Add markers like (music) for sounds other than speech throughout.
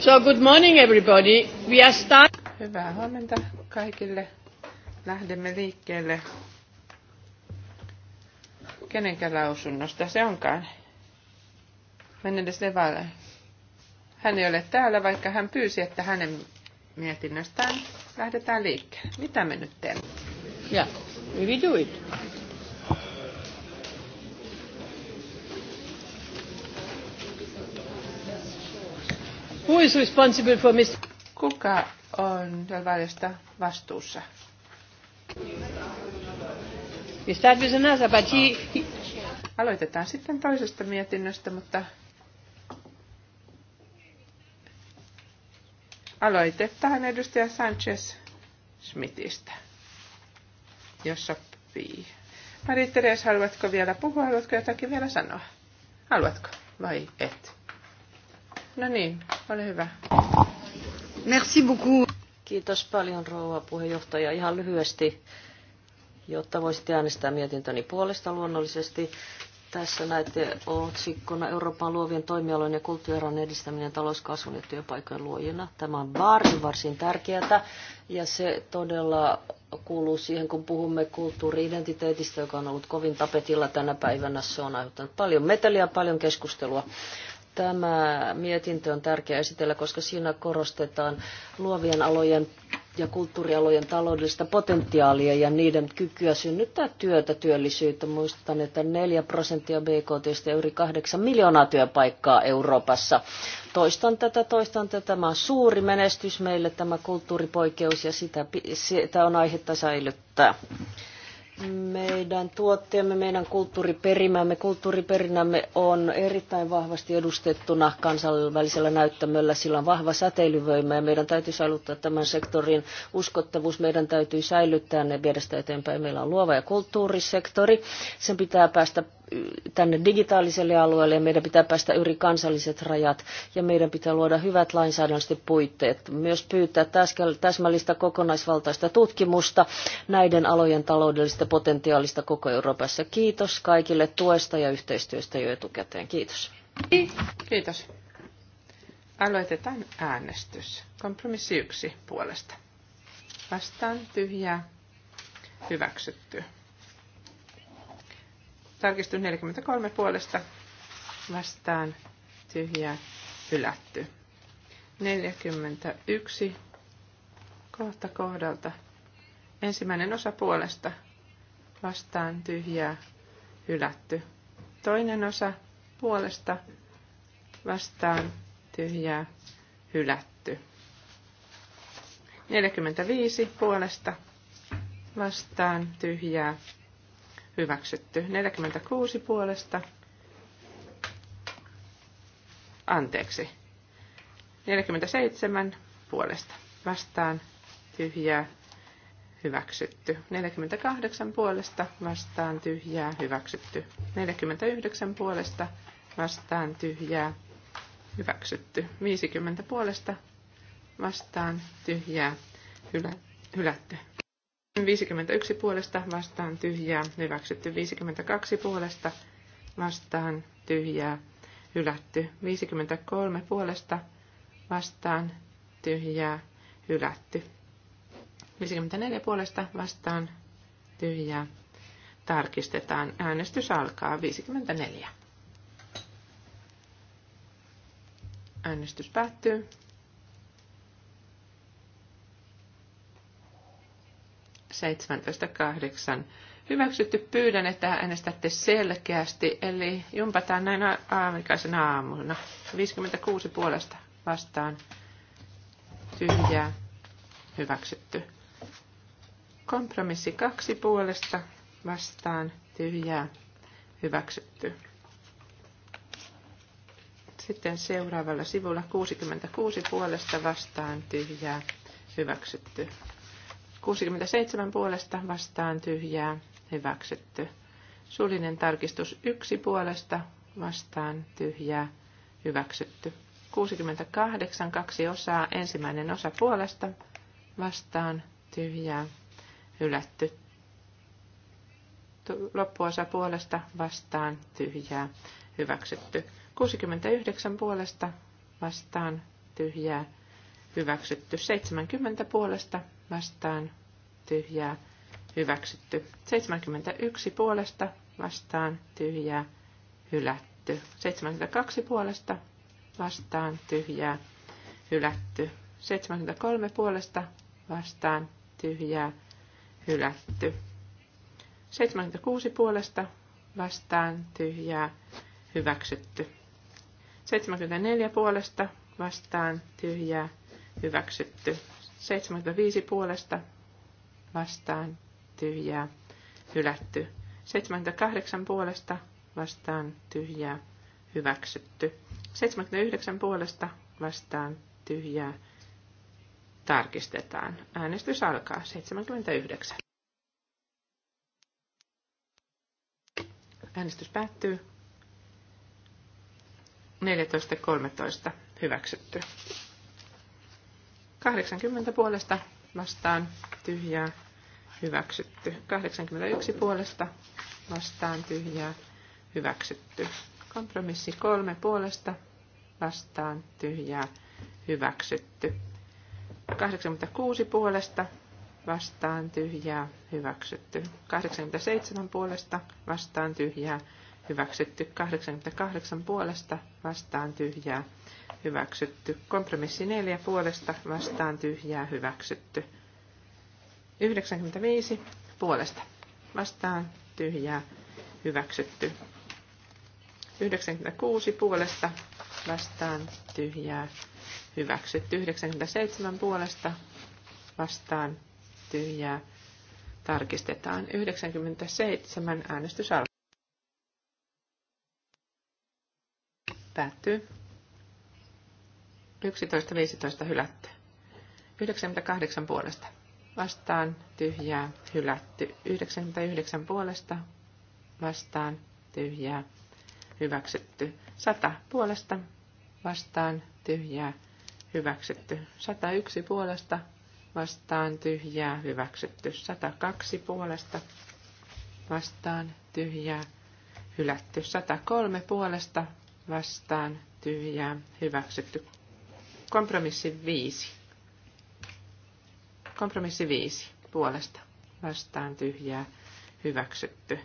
So good morning everybody. We are start... Hyvää huomenta kaikille. Lähdemme liikkeelle. Kenenkä lausunnosta se onkaan? edes Levalle. Hän ei ole täällä, vaikka hän pyysi, että hänen mietinnöstään lähdetään liikkeelle. Mitä me nyt teemme? Yeah, we do it. Who is responsible for Kuka on Delvaresta vastuussa? We start with another, but he, he... Aloitetaan sitten toisesta mietinnöstä, mutta aloitetaan edustaja Sanchez Smithistä, jos sopii. mari therese haluatko vielä puhua? Haluatko jotakin vielä sanoa? Haluatko vai et? No niin, ole hyvä. Merci beaucoup. Kiitos paljon rouva puheenjohtaja. Ihan lyhyesti, jotta voisitte äänestää mietintöni puolesta luonnollisesti. Tässä näette otsikkona Euroopan luovien toimialojen ja kulttuurin edistäminen talouskasvun ja työpaikojen luojina. Tämä on varsin, varsin tärkeää ja se todella kuuluu siihen, kun puhumme identiteetistä, joka on ollut kovin tapetilla tänä päivänä. Se on aiheuttanut paljon meteliä, paljon keskustelua. Tämä mietintö on tärkeä esitellä, koska siinä korostetaan luovien alojen ja kulttuurialojen taloudellista potentiaalia ja niiden kykyä synnyttää työtä, työllisyyttä. Muistan, että 4 prosenttia BKT ja yli 8 miljoonaa työpaikkaa Euroopassa. Toistan tätä, toistan tätä. Tämä on suuri menestys meille, tämä kulttuuripoikeus, ja sitä, sitä on aihetta säilyttää meidän tuotteemme, meidän kulttuuriperimämme, kulttuuriperinnämme on erittäin vahvasti edustettuna kansainvälisellä näyttämöllä. Sillä on vahva säteilyvoima ja meidän täytyy säilyttää tämän sektorin uskottavuus. Meidän täytyy säilyttää ne viedä sitä eteenpäin. Meillä on luova ja kulttuurisektori. Sen pitää päästä tänne digitaaliselle alueelle ja meidän pitää päästä yli kansalliset rajat ja meidän pitää luoda hyvät lainsäädännölliset puitteet. Myös pyytää täsmällistä kokonaisvaltaista tutkimusta näiden alojen taloudellisesta potentiaalista koko Euroopassa. Kiitos kaikille tuesta ja yhteistyöstä jo etukäteen. Kiitos. Kiitos. Aloitetaan äänestys. Kompromissi yksi puolesta. Vastaan tyhjää. Hyväksytty tarkistu 43 puolesta vastaan tyhjää hylätty. 41 kohta kohdalta. Ensimmäinen osa puolesta vastaan tyhjää hylätty. Toinen osa puolesta vastaan tyhjää hylätty. 45 puolesta vastaan tyhjää hyväksytty. 46 puolesta, anteeksi, 47 puolesta, vastaan, tyhjää, hyväksytty. 48 puolesta, vastaan, tyhjää, hyväksytty. 49 puolesta, vastaan, tyhjää, hyväksytty. 50 puolesta, vastaan, tyhjää, hylätty. 51 puolesta vastaan tyhjää, hyväksytty 52 puolesta vastaan tyhjää, hylätty 53 puolesta vastaan tyhjää, hylätty 54 puolesta vastaan tyhjää. Tarkistetaan. Äänestys alkaa 54. Äänestys päättyy. 17.8. Hyväksytty pyydän, että äänestätte selkeästi, eli jumpataan näin aamikaisena aamuna. 56 puolesta vastaan tyhjää hyväksytty. Kompromissi kaksi puolesta vastaan tyhjää hyväksytty. Sitten seuraavalla sivulla 66 puolesta vastaan tyhjää hyväksytty. 67 puolesta vastaan tyhjää hyväksytty. Suullinen tarkistus 1 puolesta vastaan tyhjää hyväksytty. 68 kaksi osaa ensimmäinen osa puolesta vastaan tyhjää hylätty. Loppuosa puolesta vastaan tyhjää hyväksytty. 69 puolesta vastaan tyhjää hyväksytty. 70 puolesta vastaan tyhjää hyväksytty. 71 puolesta vastaan tyhjää hylätty. 72 puolesta vastaan tyhjää hylätty. 73 puolesta vastaan tyhjää hylätty. 76 puolesta vastaan tyhjää hyväksytty. 74 puolesta vastaan tyhjää hyväksytty. 75 puolesta vastaan tyhjää hylätty. 78 puolesta vastaan tyhjää hyväksytty. 79 puolesta vastaan tyhjää tarkistetaan. Äänestys alkaa 79. Äänestys päättyy. 14.13. Hyväksytty. 80 puolesta vastaan tyhjää hyväksytty. 81 puolesta vastaan tyhjää hyväksytty. Kompromissi 3 puolesta vastaan tyhjää hyväksytty. 86 puolesta vastaan tyhjää hyväksytty. 87 puolesta vastaan tyhjää hyväksytty. 88 puolesta vastaan tyhjää hyväksytty. Kompromissi 4 puolesta vastaan tyhjää hyväksytty. 95 puolesta vastaan tyhjää hyväksytty. 96 puolesta vastaan tyhjää hyväksytty. 97 puolesta vastaan tyhjää tarkistetaan. 97 äänestys alkaa. Päättyy. 11.15 hylätty. 98 puolesta. Vastaan tyhjää hylätty. 99 puolesta. Vastaan tyhjää hyväksytty. 100 puolesta. Vastaan tyhjää hyväksytty. 101 puolesta. Vastaan tyhjää hyväksytty. 102 puolesta. Vastaan tyhjää hylätty. 103 puolesta. Vastaan tyhjää hyväksytty. Kompromissi viisi. Kompromissi viisi puolesta. Vastaan tyhjää. Hyväksytty.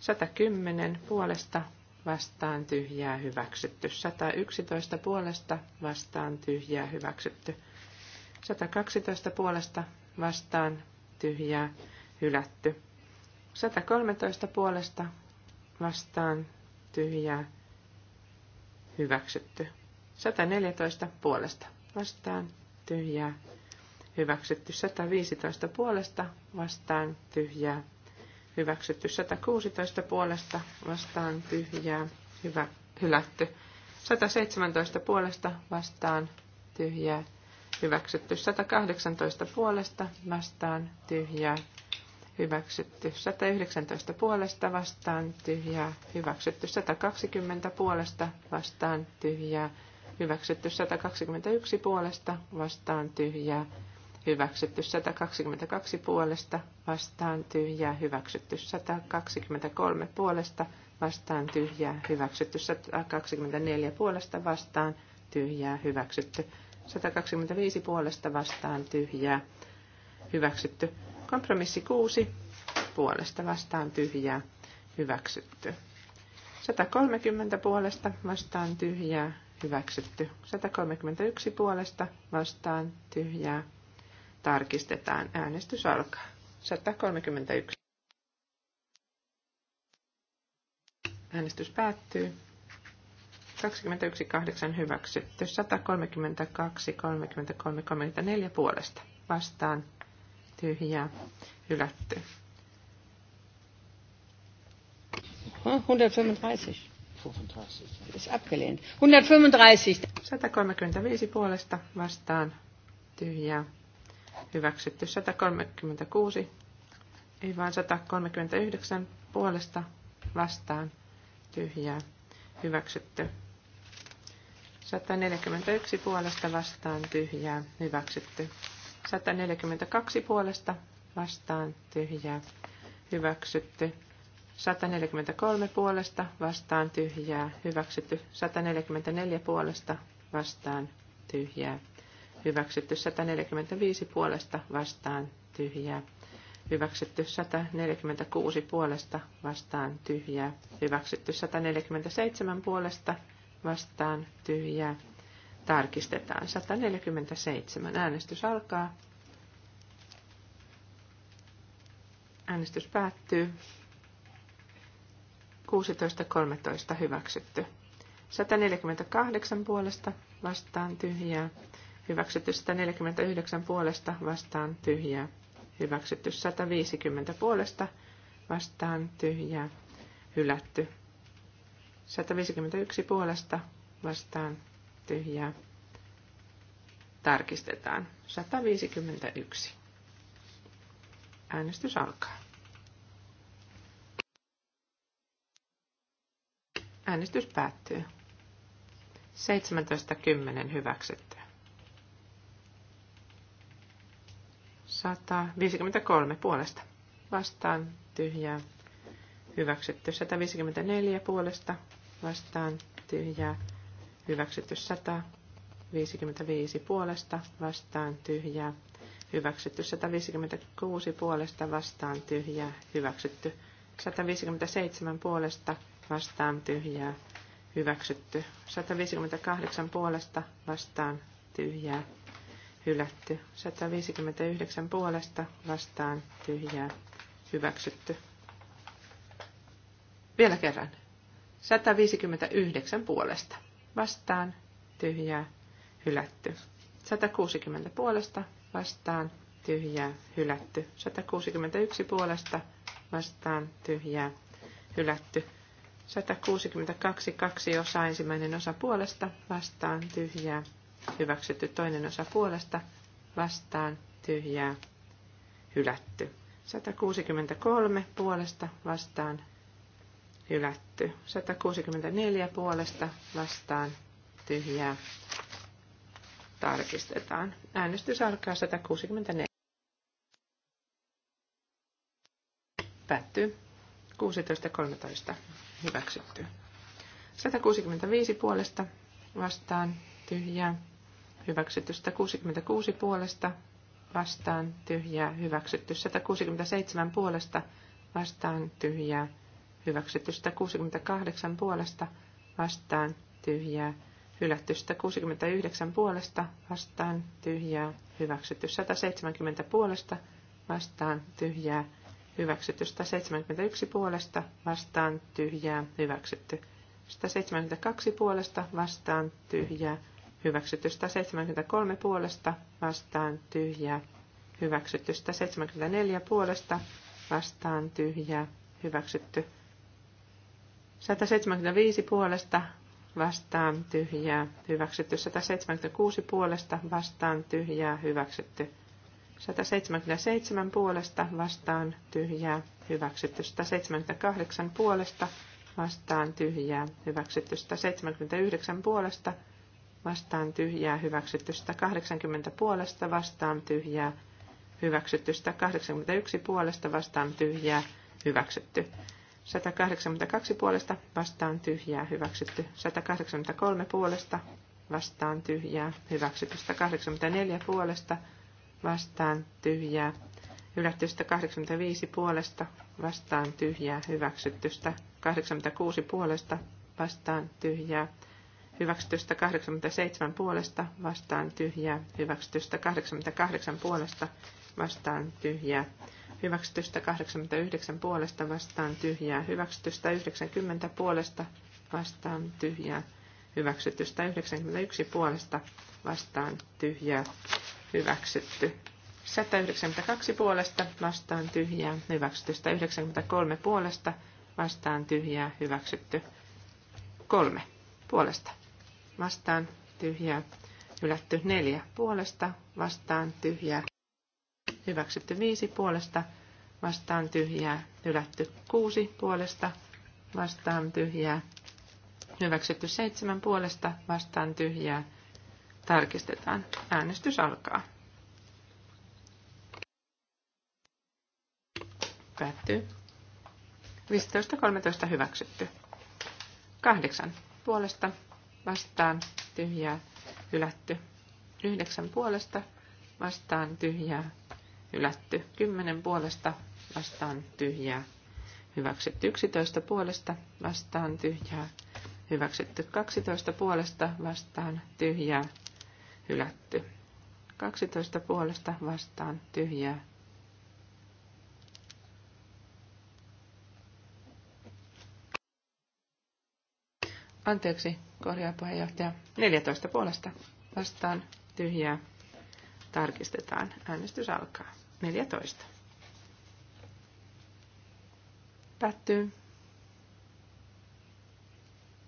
110 puolesta vastaan tyhjää hyväksytty. 111 puolesta vastaan tyhjää hyväksytty. 112 puolesta vastaan tyhjää hylätty. 113 puolesta vastaan tyhjää hyväksytty. 114 puolesta vastaan tyhjää. Hyväksytty 115 puolesta vastaan tyhjää. Hyväksytty 116 puolesta vastaan tyhjää. Hyvä, hylätty 117 puolesta vastaan tyhjää. Hyväksytty 118 puolesta vastaan tyhjää. Hyväksytty 119 puolesta vastaan tyhjää. Hyväksytty 120 puolesta vastaan tyhjää Hyväksytty 121 puolesta vastaan tyhjää. Hyväksytty 122 puolesta vastaan tyhjää. Hyväksytty 123 puolesta vastaan tyhjää. Hyväksytty 124 puolesta vastaan tyhjää. Hyväksytty 125 puolesta vastaan tyhjää. Hyväksytty. Kompromissi 6 puolesta vastaan tyhjää. Hyväksytty. 130 puolesta vastaan tyhjää hyväksytty. 131 puolesta vastaan tyhjää. Tarkistetaan. Äänestys alkaa. 131. Äänestys päättyy. 21.8 hyväksytty. 132, 33, 34 puolesta. Vastaan tyhjää. Hylätty. 135 abgelehnt. 135. 135 puolesta vastaan tyhjää. Hyväksytty 136. Ei vaan 139 puolesta vastaan tyhjää. Hyväksytty. 141 puolesta vastaan tyhjää. Hyväksytty. 142 puolesta vastaan tyhjää. Hyväksytty. 143 puolesta vastaan tyhjää hyväksytty. 144 puolesta vastaan tyhjää hyväksytty. 145 puolesta vastaan tyhjää hyväksytty 146 puolesta vastaan tyhjää, hyväksytty 147 puolesta vastaan tyhjää. Tarkistetaan 147. Äänestys alkaa. Äänestys päättyy. 16.13 hyväksytty. 148 puolesta vastaan tyhjää. Hyväksytty 149 puolesta vastaan tyhjää. Hyväksytty 150 puolesta vastaan tyhjää. Hylätty 151 puolesta vastaan tyhjää. Tarkistetaan. 151. Äänestys alkaa. Äänestys päättyy. 17.10 hyväksytty. 153 puolesta. Vastaan tyhjää. Hyväksytty 154 puolesta. Vastaan tyhjää. Hyväksytty 155 puolesta. Vastaan tyhjää. Hyväksytty 156 puolesta. Vastaan tyhjää. Hyväksytty 157 puolesta vastaan tyhjää hyväksytty. 158 puolesta vastaan tyhjää hylätty. 159 puolesta vastaan tyhjää hyväksytty. Vielä kerran. 159 puolesta vastaan tyhjää hylätty. 160 puolesta vastaan tyhjää hylätty. 161 puolesta vastaan tyhjää hylätty. 162, kaksi osa, ensimmäinen osa puolesta, vastaan, tyhjää, hyväksytty. Toinen osa puolesta, vastaan, tyhjää, hylätty. 163 puolesta, vastaan, hylätty. 164 puolesta, vastaan, tyhjää, tarkistetaan. Äänestys alkaa 164. Päättyy. 16.13. Hyväksytty. 165 puolesta vastaan tyhjää. Hyväksytty 166 puolesta vastaan tyhjää. Hyväksytty 167 puolesta vastaan tyhjää. Hyväksytty 168 puolesta vastaan tyhjää. Hylätty 169 puolesta vastaan tyhjää. Hyväksytty 170 puolesta vastaan tyhjää hyväksytystä 71 puolesta vastaan tyhjää hyväksytty. 172 puolesta vastaan tyhjää hyväksytystä 73 puolesta vastaan tyhjää hyväksytystä 74 puolesta vastaan tyhjää hyväksytty 175 puolesta vastaan tyhjää hyväksytty 176 puolesta vastaan tyhjää hyväksytty 177 puolesta vastaan tyhjää hyväksytty. 178 puolesta vastaan tyhjää hyväksytty. 179 puolesta vastaan tyhjää hyväksytty. 180 puolesta vastaan tyhjää hyväksytty. 181 puolesta vastaan tyhjää hyväksytty. 182 puolesta vastaan tyhjää hyväksytty. 183 puolesta vastaan tyhjää hyväksytty. 184 puolesta vastaan, tyhjää, hyväksytty vastaan tyhjää. Hylätty 85 puolesta vastaan tyhjää. hyväksytystä 86 puolesta vastaan tyhjää. Hyväksytystä 87 puolesta vastaan tyhjää. Hyväksytystä 88 puolesta vastaan tyhjää. Hyväksytystä 89 puolesta vastaan tyhjää. Hyväksytystä 90 puolesta vastaan tyhjää. Hyväksytystä 91 puolesta vastaan tyhjää hyväksytty. 192 puolesta vastaan tyhjää hyväksytty. 193 puolesta vastaan tyhjää hyväksytty. 3 puolesta vastaan tyhjää hylätty. 4 puolesta vastaan tyhjää hyväksytty. 5 puolesta vastaan tyhjää hylätty. 6 puolesta vastaan tyhjää hyväksytty. 7 puolesta vastaan tyhjää tarkistetaan. Äänestys alkaa. Päättyy. 15.13 hyväksytty. 8 puolesta vastaan tyhjää hylätty. 9 puolesta vastaan tyhjää hylätty. 10 puolesta vastaan tyhjää hyväksytty. 11 puolesta vastaan tyhjää hyväksytty. 12 puolesta vastaan tyhjää hylätty. 12 puolesta vastaan tyhjää. Anteeksi, korjaa puheenjohtaja. 14 puolesta vastaan tyhjää. Tarkistetaan. Äänestys alkaa. 14. Päättyy.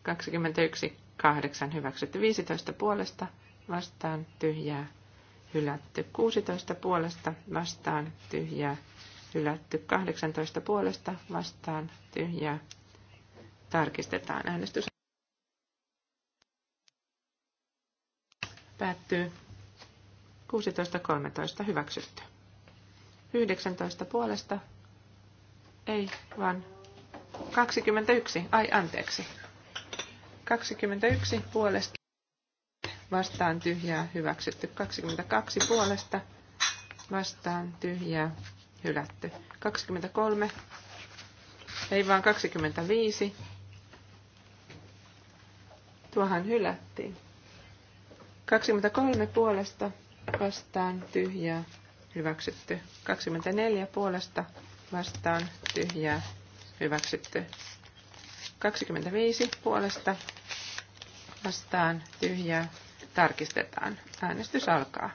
21, 8 hyväksytty 15 puolesta vastaan tyhjää hylätty 16 puolesta vastaan tyhjää hylätty 18 puolesta vastaan tyhjää. Tarkistetaan äänestys. Päättyy 16.13 hyväksytty. 19 puolesta ei, vaan 21. Ai anteeksi. 21 puolesta vastaan tyhjää hyväksytty. 22 puolesta vastaan tyhjää hylätty. 23, ei vaan 25. Tuohan hylättiin. 23 puolesta vastaan tyhjää hyväksytty. 24 puolesta vastaan tyhjää hyväksytty. 25 puolesta vastaan tyhjää tarkistetaan. Äänestys alkaa.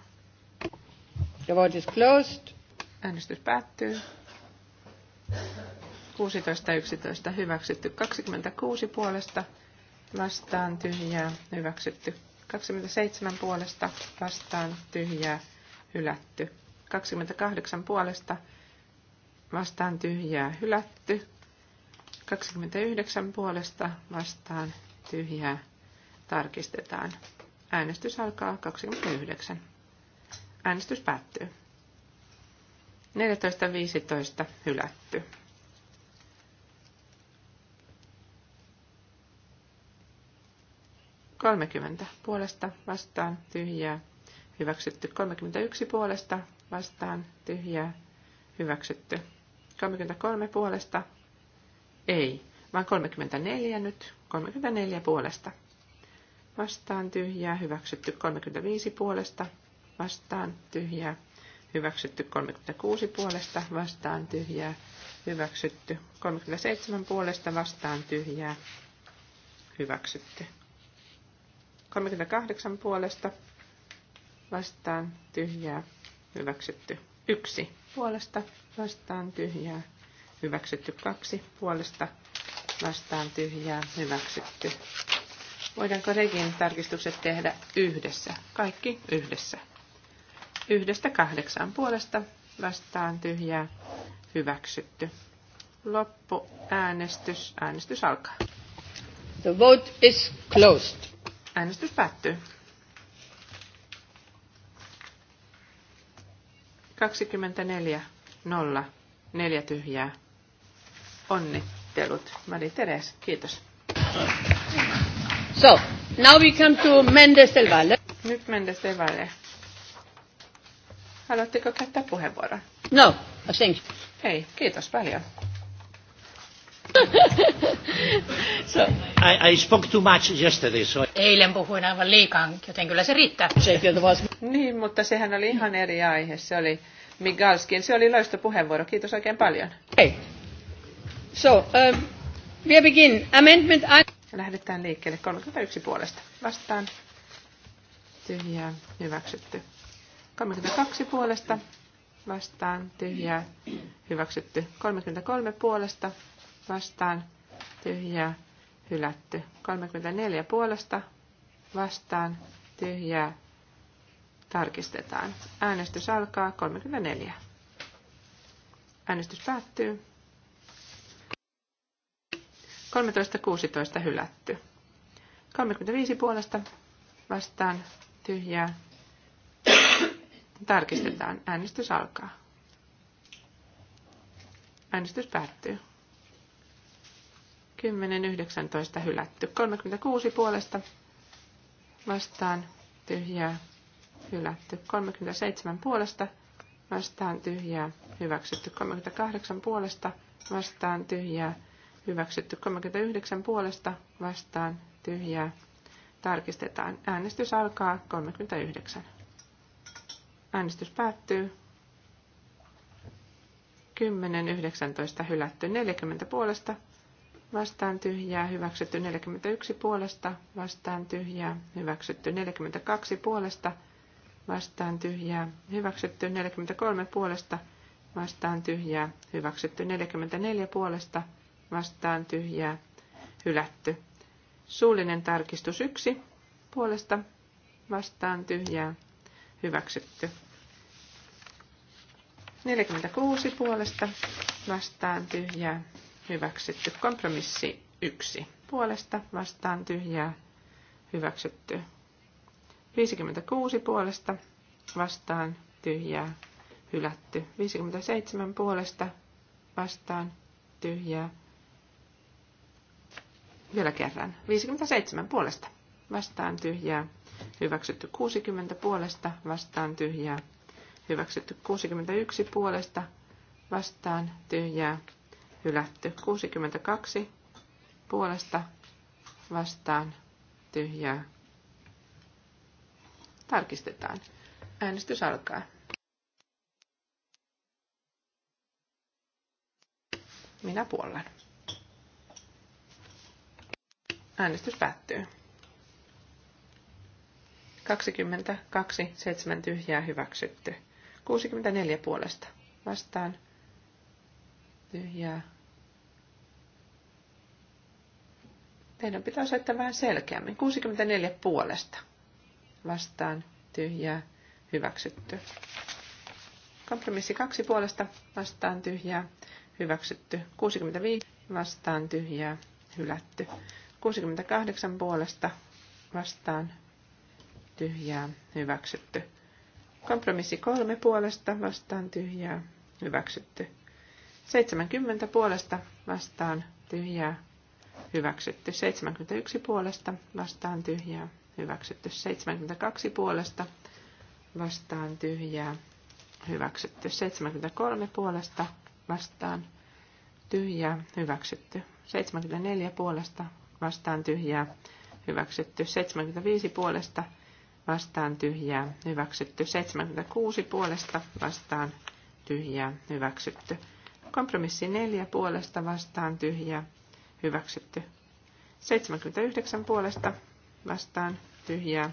The vote is closed. Äänestys päättyy. 16.11 hyväksytty 26 puolesta vastaan tyhjää hyväksytty 27 puolesta vastaan tyhjää hylätty 28 puolesta vastaan tyhjää hylätty 29 puolesta vastaan tyhjää tarkistetaan. Äänestys alkaa 29. Äänestys päättyy. 14.15 hylätty. Kolmekymmentä puolesta vastaan tyhjää. Hyväksytty. 31 puolesta vastaan tyhjää. Hyväksytty. 33 puolesta ei, vaan 34 nyt. 34 puolesta vastaan tyhjää, hyväksytty 35 puolesta, vastaan tyhjää, hyväksytty 36 puolesta, vastaan tyhjää, hyväksytty 37 puolesta, vastaan tyhjää, hyväksytty 38 puolesta, vastaan tyhjää, hyväksytty 1 puolesta, vastaan tyhjää, hyväksytty 2 puolesta, vastaan tyhjää, hyväksytty Voidaanko regin tarkistukset tehdä yhdessä? Kaikki yhdessä. Yhdestä kahdeksaan puolesta vastaan tyhjää hyväksytty. Loppu äänestys. Äänestys alkaa. The vote is closed. Äänestys päättyy. 24 0 4 tyhjää. Onnittelut. Mari Teres, kiitos. So, now we come to Mendes del Valle. Nyt Mendes del Valle. Haluatteko käyttää puheenvuoroa? No, I think. Hei, kiitos paljon. (laughs) so, I, I spoke too much yesterday, so... Eilen puhuin aivan liikaa, joten kyllä se riittää. niin, mutta sehän oli ihan eri aihe. Se oli Migalskin. Se oli loista puheenvuoro. Kiitos oikein paljon. Hei. So, um, we begin. Amendment... Lähdetään liikkeelle 31 puolesta. Vastaan. Tyhjää. Hyväksytty. 32 puolesta. Vastaan. Tyhjää. Hyväksytty. 33 puolesta. Vastaan. Tyhjää. Hylätty. 34 puolesta. Vastaan. Tyhjää. Tarkistetaan. Äänestys alkaa 34. Äänestys päättyy. 13.16 hylätty. 35 puolesta vastaan tyhjää. Tarkistetaan. Äänestys alkaa. Äänestys päättyy. 10.19 hylätty. 36 puolesta vastaan tyhjää hylätty. 37 puolesta vastaan tyhjää hyväksytty. 38 puolesta vastaan tyhjää Hyväksytty 39 puolesta vastaan tyhjää. Tarkistetaan. Äänestys alkaa 39. Äänestys päättyy. 10, 19 hylätty 40 puolesta vastaan tyhjää, hyväksytty 41 puolesta, vastaan tyhjää, hyväksytty 42 puolesta, vastaan tyhjää, hyväksytty 43 puolesta, vastaan tyhjää, hyväksytty 44 puolesta, vastaan tyhjää hylätty. Suullinen tarkistus 1 puolesta vastaan tyhjää hyväksytty. 46 puolesta vastaan tyhjää hyväksytty. Kompromissi 1 puolesta vastaan tyhjää hyväksytty. 56 puolesta vastaan tyhjää hylätty. 57 puolesta vastaan tyhjää vielä kerran. 57 puolesta. Vastaan tyhjää. Hyväksytty 60 puolesta. Vastaan tyhjää. Hyväksytty 61 puolesta. Vastaan tyhjää. Hylätty 62 puolesta. Vastaan tyhjää. Tarkistetaan. Äänestys alkaa. Minä puollan. Äänestys päättyy. 22, 7 tyhjää hyväksytty. 64 puolesta. Vastaan. Tyhjää. Teidän pitää osoittaa vähän selkeämmin. 64 puolesta. Vastaan. Tyhjää. Hyväksytty. Kompromissi 2 puolesta. Vastaan. Tyhjää. Hyväksytty. 65 vastaan. Tyhjää. Hylätty. 68 puolesta vastaan tyhjää hyväksytty. Kompromissi 3 puolesta vastaan tyhjää hyväksytty. 70 puolesta vastaan tyhjää hyväksytty. 71 puolesta vastaan tyhjää hyväksytty. 72 puolesta vastaan tyhjää hyväksytty. 73 puolesta vastaan tyhjää hyväksytty. 74 puolesta vastaan tyhjää, hyväksytty 75 puolesta, vastaan tyhjää, hyväksytty 76 puolesta, vastaan tyhjää, hyväksytty. Kompromissi 4 puolesta, vastaan tyhjää, hyväksytty. 79 puolesta, vastaan tyhjää,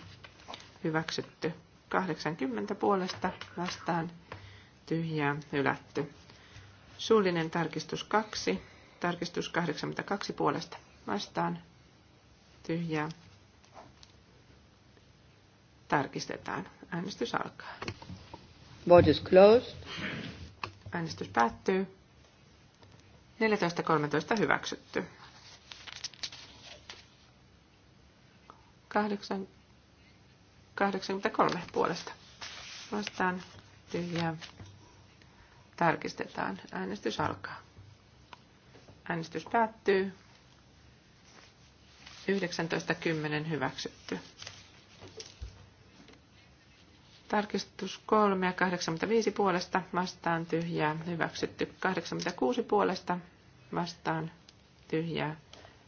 hyväksytty. 80 puolesta, vastaan tyhjää, hylätty. Suullinen tarkistus 2, tarkistus 82 puolesta vastaan tyhjää. Tarkistetaan. Äänestys alkaa. Vote is closed. Äänestys päättyy. 14.13 hyväksytty. 8, 83 puolesta. Vastaan tyhjää. Tarkistetaan. Äänestys alkaa. Äänestys päättyy. 19.10 hyväksytty. Tarkistus 3 ja 85 puolesta vastaan tyhjää hyväksytty. 86 puolesta vastaan tyhjää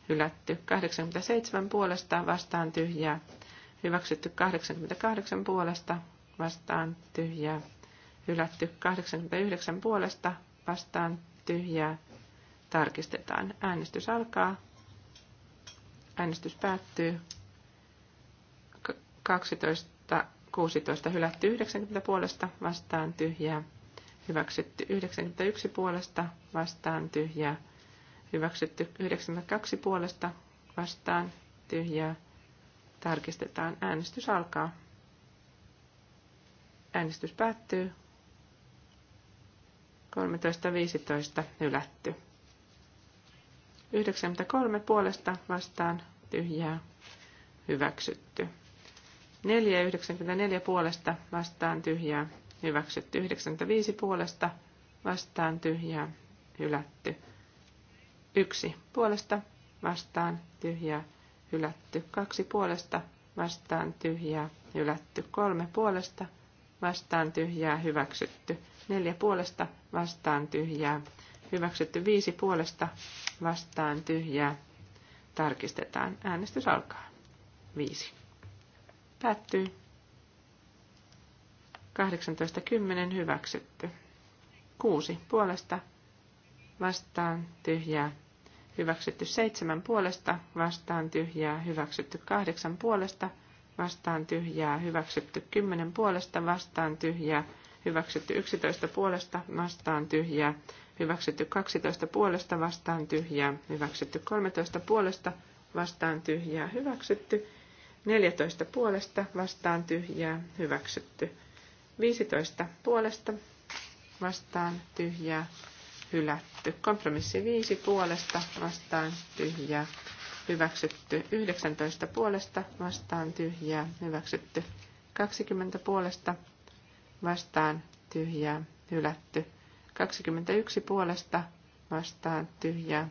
hylätty. 87 puolesta vastaan tyhjää hyväksytty. 88 puolesta vastaan tyhjää hylätty. 89 puolesta vastaan tyhjää tarkistetaan. Äänestys alkaa. Äänestys päättyy. 12, 16 hylätty 90 puolesta vastaan tyhjää. Hyväksytty 91 puolesta vastaan tyhjää. Hyväksytty 92 puolesta vastaan tyhjää. Tarkistetaan. Äänestys alkaa. Äänestys päättyy. 13.15 hylätty. 93 puolesta vastaan tyhjää hyväksytty. 494 puolesta vastaan tyhjää hyväksytty. 95 puolesta vastaan tyhjää hylätty. 1 puolesta vastaan tyhjää hylätty. 2 puolesta vastaan tyhjää hylätty. 3 puolesta vastaan tyhjää hyväksytty. 4 puolesta vastaan tyhjää Hyväksytty viisi puolesta vastaan tyhjää. Tarkistetaan. Äänestys alkaa. Viisi. Päättyy. 18.10 hyväksytty. Kuusi puolesta vastaan tyhjää. Hyväksytty seitsemän puolesta vastaan tyhjää. Hyväksytty kahdeksan puolesta vastaan tyhjää. Hyväksytty kymmenen puolesta vastaan tyhjää. Hyväksytty yksitoista puolesta vastaan tyhjää hyväksytty 12 puolesta vastaan tyhjää, hyväksytty 13 puolesta vastaan tyhjää, hyväksytty 14 puolesta vastaan tyhjää, hyväksytty 15 puolesta vastaan tyhjää, hylätty. Kompromissi 5 puolesta vastaan tyhjää, hyväksytty 19 puolesta vastaan tyhjää, hyväksytty 20 puolesta vastaan tyhjää, hylätty 21 puolesta vastaan tyhjää.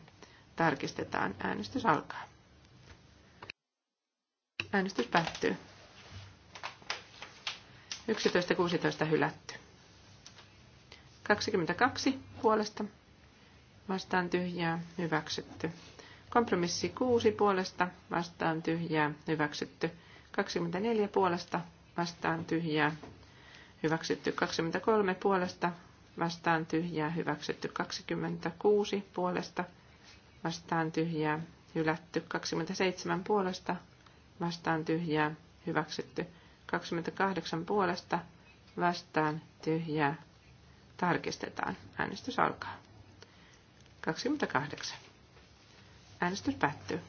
Tarkistetaan. Äänestys alkaa. Äänestys päättyy. 11.16 hylätty. 22 puolesta vastaan tyhjää, hyväksytty. Kompromissi 6 puolesta vastaan tyhjää, hyväksytty. 24 puolesta vastaan tyhjää, hyväksytty. 23 puolesta vastaan tyhjää hyväksytty 26 puolesta, vastaan tyhjää hylätty 27 puolesta, vastaan tyhjää hyväksytty 28 puolesta, vastaan tyhjää tarkistetaan. Äänestys alkaa. 28. Äänestys päättyy.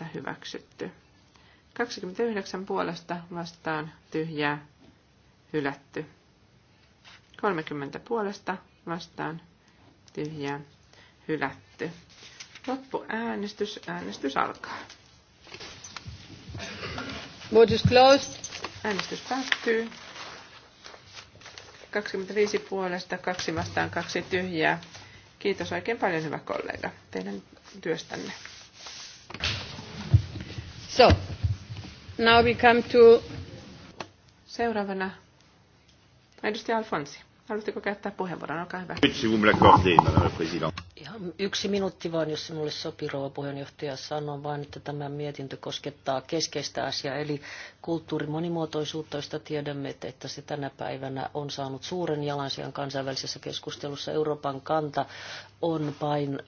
15.14 hyväksytty. 29 puolesta vastaan tyhjää hylätty. 30 puolesta vastaan tyhjää hylätty. Loppu Äänestys alkaa. Vote is closed. Äänestys päättyy. 25 puolesta, kaksi vastaan, kaksi tyhjää. Kiitos oikein paljon, hyvä kollega, teidän työstänne. So, now we come to... Seuraavana Edustaja Alfonsi, haluatteko käyttää puheenvuoron? Olkaa hyvä. Ihan yksi minuutti vain, jos sinulle sopii rouva puheenjohtaja. Sanon vain, että tämä mietintö koskettaa keskeistä asiaa, eli kulttuurin monimuotoisuutta, josta tiedämme, että se tänä päivänä on saanut suuren jalansijan kansainvälisessä keskustelussa. Euroopan kanta on, pain,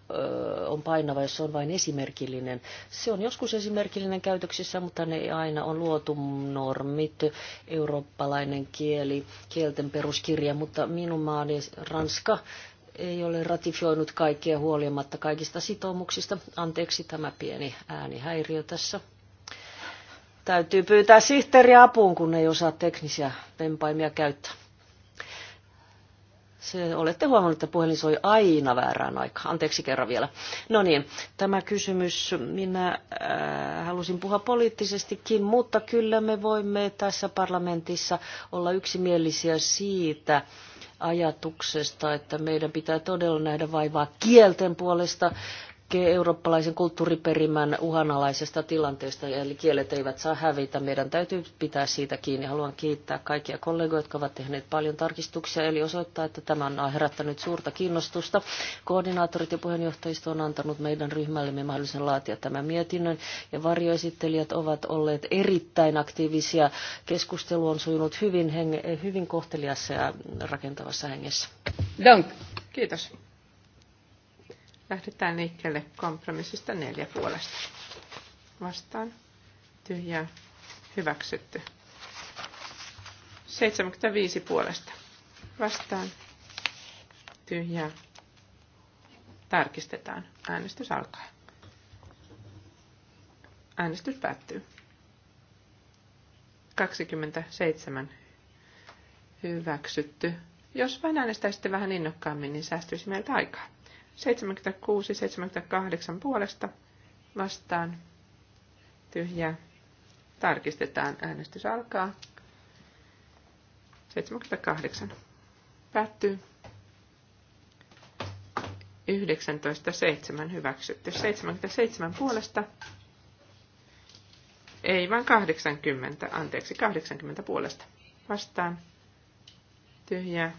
on painava, jos se on vain esimerkillinen. Se on joskus esimerkillinen käytöksissä, mutta ne ei aina on luotu normit, eurooppalainen kieli, kielten peruskirja, mutta minun maani Ranska ei ole ratifioinut kaikkea huolimatta kaikista sitoumuksista. Anteeksi tämä pieni äänihäiriö tässä. Täytyy pyytää sihteeri apuun, kun ei osaa teknisiä vempaimia käyttää. Se, olette huomannut, että puhelin soi aina väärään aikaan. Anteeksi kerran vielä. No niin, tämä kysymys, minä äh, halusin puhua poliittisestikin, mutta kyllä me voimme tässä parlamentissa olla yksimielisiä siitä ajatuksesta, että meidän pitää todella nähdä vaivaa kielten puolesta eurooppalaisen kulttuuriperimän uhanalaisesta tilanteesta, eli kielet eivät saa hävitä. Meidän täytyy pitää siitä kiinni. Haluan kiittää kaikkia kollegoja, jotka ovat tehneet paljon tarkistuksia, eli osoittaa, että tämä on herättänyt suurta kiinnostusta. Koordinaattorit ja puheenjohtajisto on antanut meidän ryhmällemme mahdollisen laatia tämän mietinnön, ja varjoesittelijät ovat olleet erittäin aktiivisia. Keskustelu on sujunut hyvin, henge, hyvin kohteliassa ja rakentavassa hengessä. Dank. Kiitos. Lähdetään liikkeelle kompromissista neljä puolesta. Vastaan. Tyhjää. Hyväksytty. 75 puolesta. Vastaan. Tyhjää. Tarkistetaan. Äänestys alkaa. Äänestys päättyy. 27 hyväksytty. Jos vain äänestäisitte vähän innokkaammin, niin säästyisi meiltä aikaa. 76, 78 puolesta vastaan tyhjää. Tarkistetaan. Äänestys alkaa. 78. Päättyy. 19.7 hyväksytty. 77 puolesta. Ei vaan 80, anteeksi, 80 puolesta. Vastaan. Tyhjää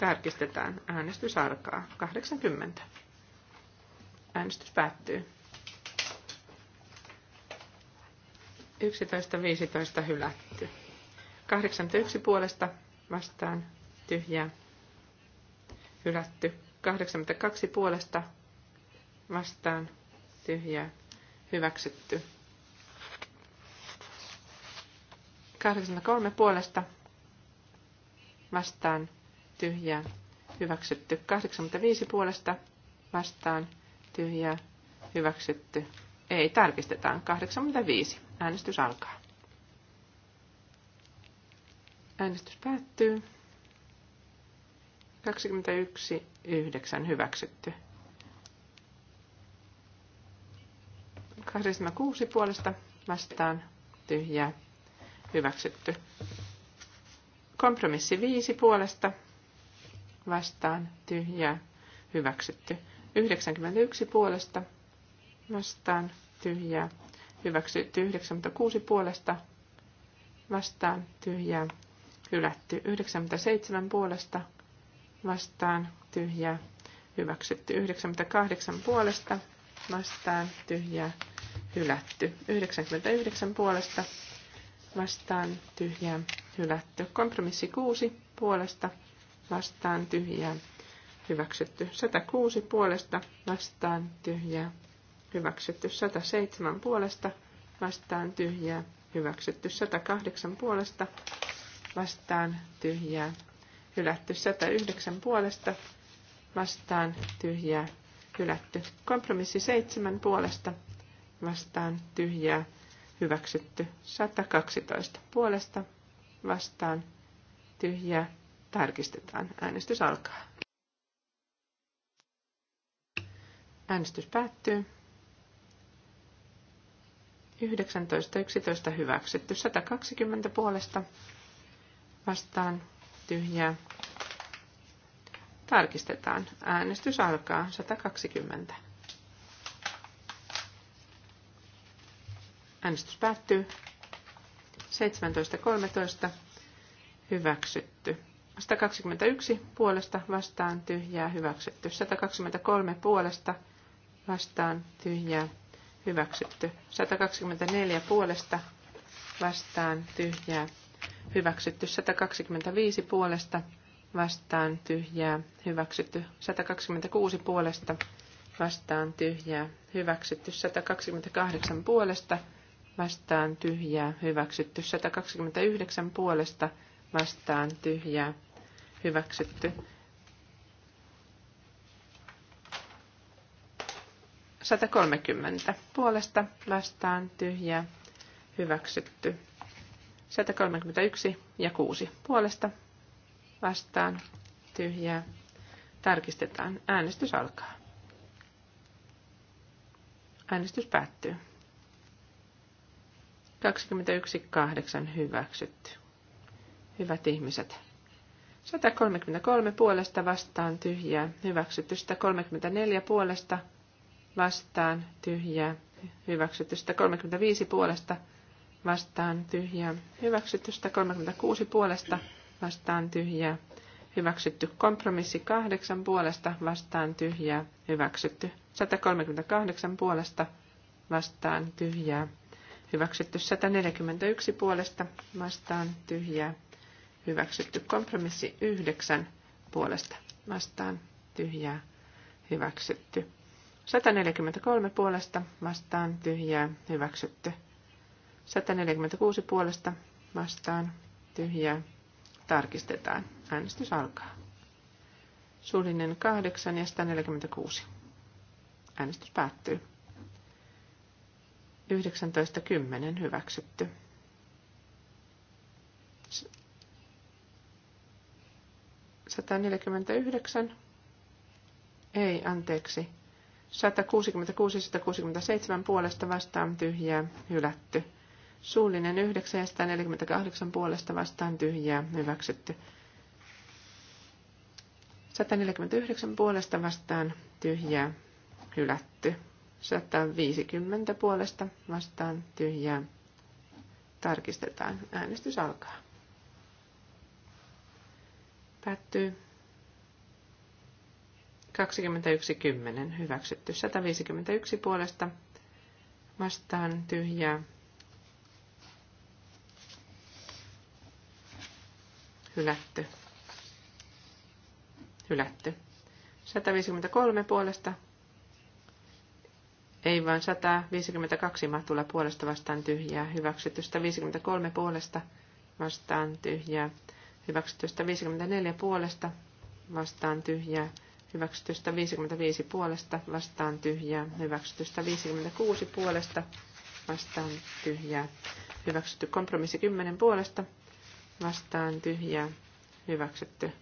Tarkistetaan. Äänestys alkaa. 80. Äänestys päättyy. 11.15 hylätty. 81 puolesta vastaan tyhjää. Hylätty. 82 puolesta vastaan tyhjää. Hyväksytty. 83 puolesta vastaan tyhjää, hyväksytty. 85 puolesta vastaan, tyhjää, hyväksytty. Ei, tarkistetaan. 85. Äänestys alkaa. Äänestys päättyy. 21, 9 hyväksytty. 86 puolesta vastaan tyhjää hyväksytty. Kompromissi 5 puolesta vastaan tyhjää hyväksytty. 91 puolesta vastaan tyhjää hyväksytty. 96 puolesta vastaan tyhjää hylätty. 97 puolesta vastaan tyhjää hyväksytty. 98 puolesta vastaan tyhjää hylätty. 99 puolesta vastaan tyhjää hylätty. Kompromissi 6 puolesta vastaan tyhjää, hyväksytty 106 puolesta, vastaan tyhjää, hyväksytty 107 puolesta, vastaan tyhjää, hyväksytty 108 puolesta, vastaan tyhjää, hylätty 109 puolesta, vastaan tyhjää, hylätty. Kompromissi 7 puolesta, vastaan tyhjää, hyväksytty 112 puolesta, vastaan tyhjää, tarkistetaan. Äänestys alkaa. Äänestys päättyy. 19.11 hyväksytty. 120 puolesta vastaan tyhjää. Tarkistetaan. Äänestys alkaa. 120. Äänestys päättyy. 17.13. Hyväksytty. 121 puolesta vastaan tyhjää hyväksytty. 123 puolesta vastaan tyhjää hyväksytty. 124 puolesta vastaan tyhjää hyväksytty. 125 puolesta vastaan tyhjää hyväksytty. 126 puolesta vastaan tyhjää hyväksytty. 128 puolesta vastaan tyhjää hyväksytty. 129 puolesta vastaan tyhjää hyväksytty. 130 puolesta vastaan tyhjää hyväksytty. 131 ja 6 puolesta vastaan tyhjää. Tarkistetaan. Äänestys alkaa. Äänestys päättyy. 21.8. hyväksytty. Hyvät ihmiset. 133 puolesta vastaan tyhjää, hyväksytty 134 puolesta vastaan tyhjää, hyväksytty 135 puolesta vastaan tyhjää, hyväksytty 136 puolesta vastaan tyhjää, hyväksytty kompromissi 8 puolesta vastaan tyhjää, hyväksytty 138 puolesta vastaan tyhjää, hyväksytty 141 puolesta vastaan tyhjää, hyväksytty. Kompromissi 9 puolesta vastaan tyhjää hyväksytty. 143 puolesta vastaan tyhjää hyväksytty. 146 puolesta vastaan tyhjää tarkistetaan. Äänestys alkaa. Suullinen 8 ja 146. Äänestys päättyy. 19.10 hyväksytty. 149. Ei, anteeksi. 166-167 puolesta vastaan tyhjää, hylätty. Suullinen 9 ja 148 puolesta vastaan tyhjää, hyväksytty. 149 puolesta vastaan tyhjää, hylätty. 150 puolesta vastaan tyhjää. Tarkistetaan. Äänestys alkaa. Päättyy. 21.10. Hyväksytty. 151 puolesta. Vastaan tyhjää. Hylätty. Hylätty. 153 puolesta. Ei vaan 152 matula puolesta vastaan tyhjää. Hyväksytystä 53 puolesta vastaan tyhjää hyväksytystä 54 puolesta vastaan tyhjää, hyväksytystä 55 puolesta vastaan tyhjää, hyväksytystä 56 puolesta vastaan tyhjää, hyväksytty kompromissi 10 puolesta vastaan tyhjää, hyväksytty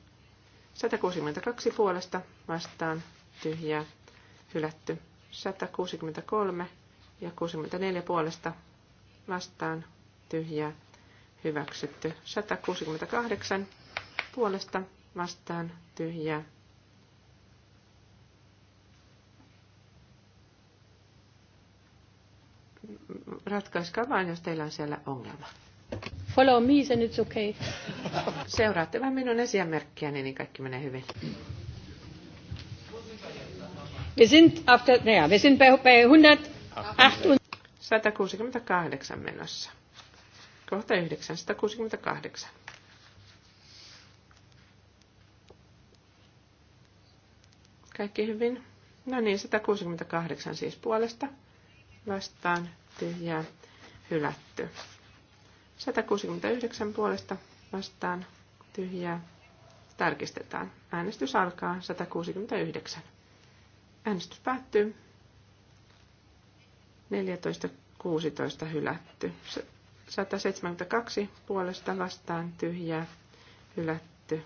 162 puolesta vastaan tyhjää, hylätty 163 ja 64 puolesta vastaan tyhjää, hyväksytty. 168 puolesta vastaan tyhjää. Ratkaiskaa vain, jos teillä on siellä ongelma. Follow me, sen it's okay. Seuraatte vain minun esimerkkiä, niin kaikki menee hyvin. Wir sind after, der, naja, wir sind bei, bei 168 menossa kohta 968. Kaikki hyvin? No niin, 168 siis puolesta. Vastaan tyhjää hylätty. 169 puolesta vastaan tyhjää. Tarkistetaan. Äänestys alkaa 169. Äänestys päättyy. 14.16 hylätty. 172 puolesta vastaan tyhjää hylätty.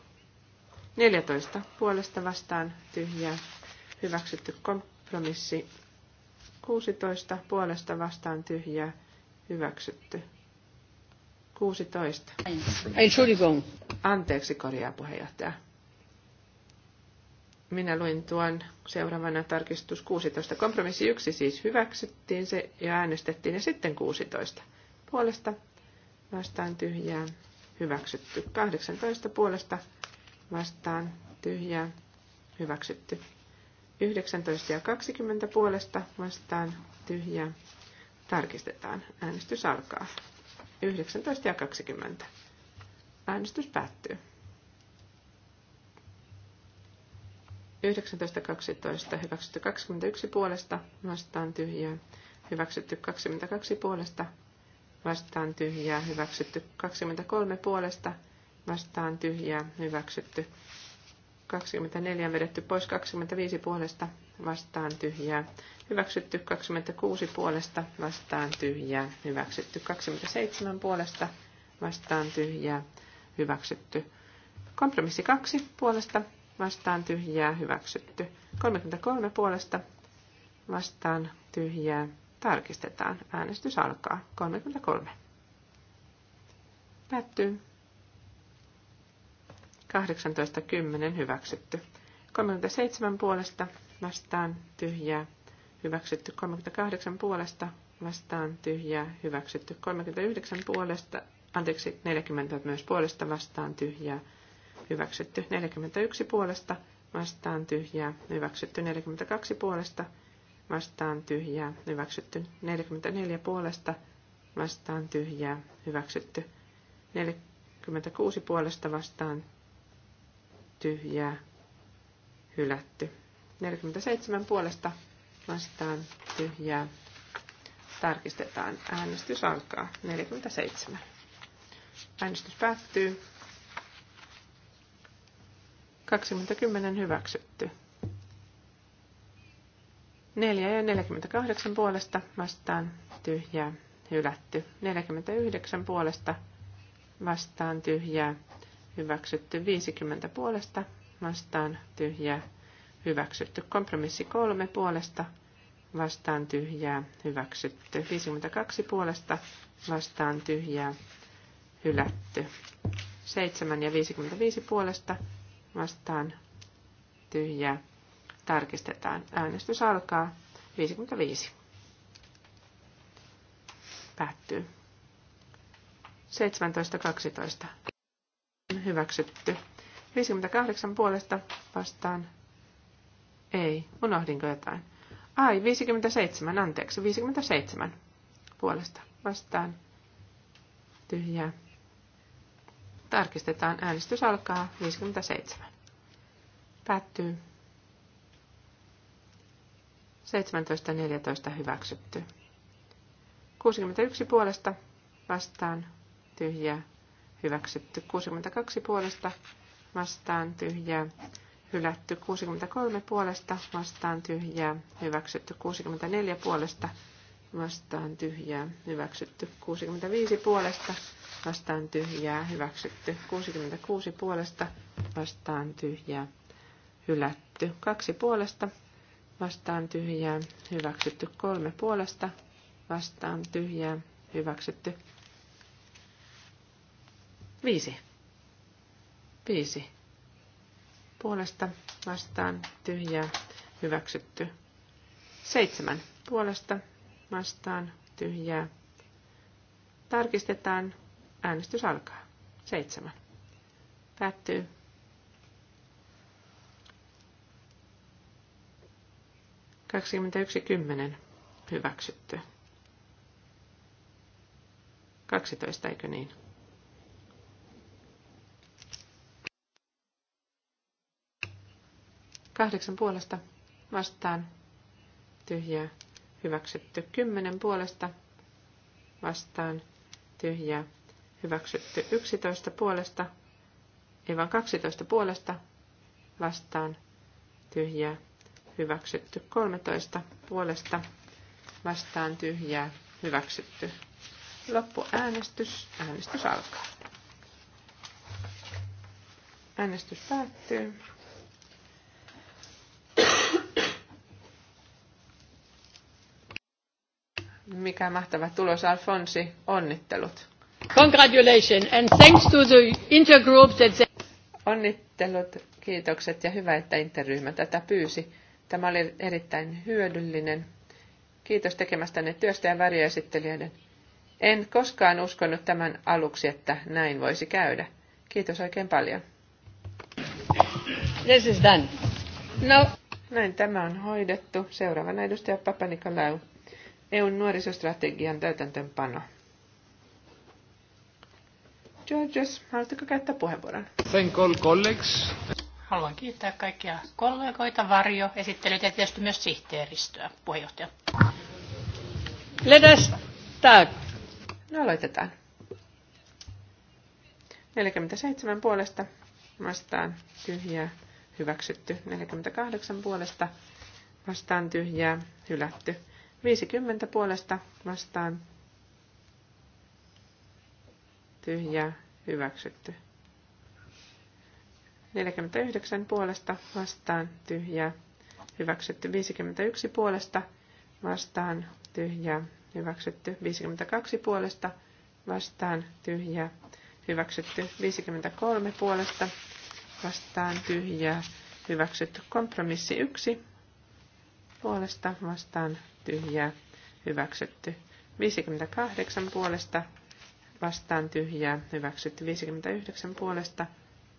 14 puolesta vastaan tyhjää hyväksytty kompromissi. 16 puolesta vastaan tyhjää hyväksytty. 16. Entschuldigung. Anteeksi korjaa puheenjohtaja. Minä luin tuon seuraavana tarkistus 16. Kompromissi 1 siis hyväksyttiin se ja äänestettiin ja sitten 16 puolesta vastaan tyhjää hyväksytty. 18 puolesta vastaan tyhjää hyväksytty. 19 ja 20 puolesta vastaan tyhjää. Tarkistetaan. Äänestys alkaa. 19 ja 20. Äänestys päättyy. 19.12. Hyväksytty 21 puolesta, vastaan tyhjää. Hyväksytty 22 puolesta, vastaan tyhjää hyväksytty. 23 puolesta vastaan tyhjää hyväksytty. 24 vedetty pois 25 puolesta vastaan tyhjää. Hyväksytty 26 puolesta vastaan tyhjää. Hyväksytty 27 puolesta vastaan tyhjää. Hyväksytty. Kompromissi 2 puolesta vastaan tyhjää. Hyväksytty. 33 puolesta vastaan tyhjää. Tarkistetaan. Äänestys alkaa. 33. Päättyy. 18.10. Hyväksytty. 37 puolesta vastaan tyhjää. Hyväksytty 38 puolesta vastaan tyhjää. Hyväksytty 39 puolesta. Anteeksi, 40 myös puolesta vastaan tyhjää. Hyväksytty 41 puolesta vastaan tyhjää. Hyväksytty 42 puolesta vastaan, vastaan tyhjää, hyväksytty. 44 puolesta vastaan tyhjää, hyväksytty. 46 puolesta vastaan tyhjää, hylätty. 47 puolesta vastaan tyhjää. Tarkistetaan. Äänestys alkaa. 47. Äänestys päättyy. 2010 hyväksytty. 4 ja 48 puolesta vastaan tyhjää hylätty. 49 puolesta vastaan tyhjää hyväksytty. 50 puolesta vastaan tyhjää hyväksytty. Kompromissi 3 puolesta vastaan tyhjää hyväksytty. 52 puolesta vastaan tyhjää hylätty. 7 ja 55 puolesta vastaan tyhjää tarkistetaan. Äänestys alkaa 55. Päättyy. 17.12. Hyväksytty. 58 puolesta vastaan. Ei, unohdinko jotain. Ai, 57, anteeksi, 57 puolesta vastaan. Tyhjää. Tarkistetaan, äänestys alkaa 57. Päättyy 17.12. 17.14 hyväksytty. 61 puolesta vastaan tyhjää hyväksytty. 62 puolesta vastaan tyhjää hylätty. 63 puolesta vastaan tyhjää hyväksytty. 64 puolesta vastaan tyhjää hyväksytty. 65 puolesta vastaan tyhjää hyväksytty. 66 puolesta vastaan tyhjää hylätty. 2 puolesta vastaan tyhjää, hyväksytty kolme puolesta, vastaan tyhjää, hyväksytty viisi. Viisi. Puolesta vastaan tyhjää, hyväksytty seitsemän. Puolesta vastaan tyhjää. Tarkistetaan, äänestys alkaa. Seitsemän. Päättyy. 21.10. Hyväksytty. 12, eikö niin? Kahdeksan puolesta vastaan tyhjää hyväksytty. Kymmenen puolesta vastaan tyhjää hyväksytty. Yksitoista puolesta, ei vaan kaksitoista puolesta vastaan tyhjää hyväksytty. 13 puolesta vastaan tyhjää, hyväksytty. Loppuäänestys, äänestys alkaa. Äänestys päättyy. Mikä mahtava tulos, Alfonsi, onnittelut. Congratulations and thanks to the intergroup that... Onnittelut, kiitokset ja hyvä, että interryhmä tätä pyysi. Tämä oli erittäin hyödyllinen. Kiitos tekemästänne työstä ja väriesittelijöiden. En koskaan uskonut tämän aluksi, että näin voisi käydä. Kiitos oikein paljon. This is done. No. Näin tämä on hoidettu. Seuraavana edustaja Papanikolaou. EUn nuorisostrategian täytäntöönpano. Georges, haluatteko käyttää puheenvuoron? Thank all colleagues. Haluan kiittää kaikkia kollegoita, Varjo, esittelyt ja tietysti myös sihteeristöä, puheenjohtaja. Ledes tag. No aloitetaan. 47 puolesta vastaan tyhjää, hyväksytty. 48 puolesta vastaan tyhjää, hylätty. 50 puolesta vastaan tyhjää, hyväksytty. 49 puolesta vastaan tyhjää hyväksytty 51 puolesta vastaan tyhjää hyväksytty 52 puolesta vastaan tyhjää hyväksytty 53 puolesta vastaan tyhjää hyväksytty kompromissi 1 puolesta vastaan tyhjää hyväksytty 58 puolesta vastaan tyhjää hyväksytty 59 puolesta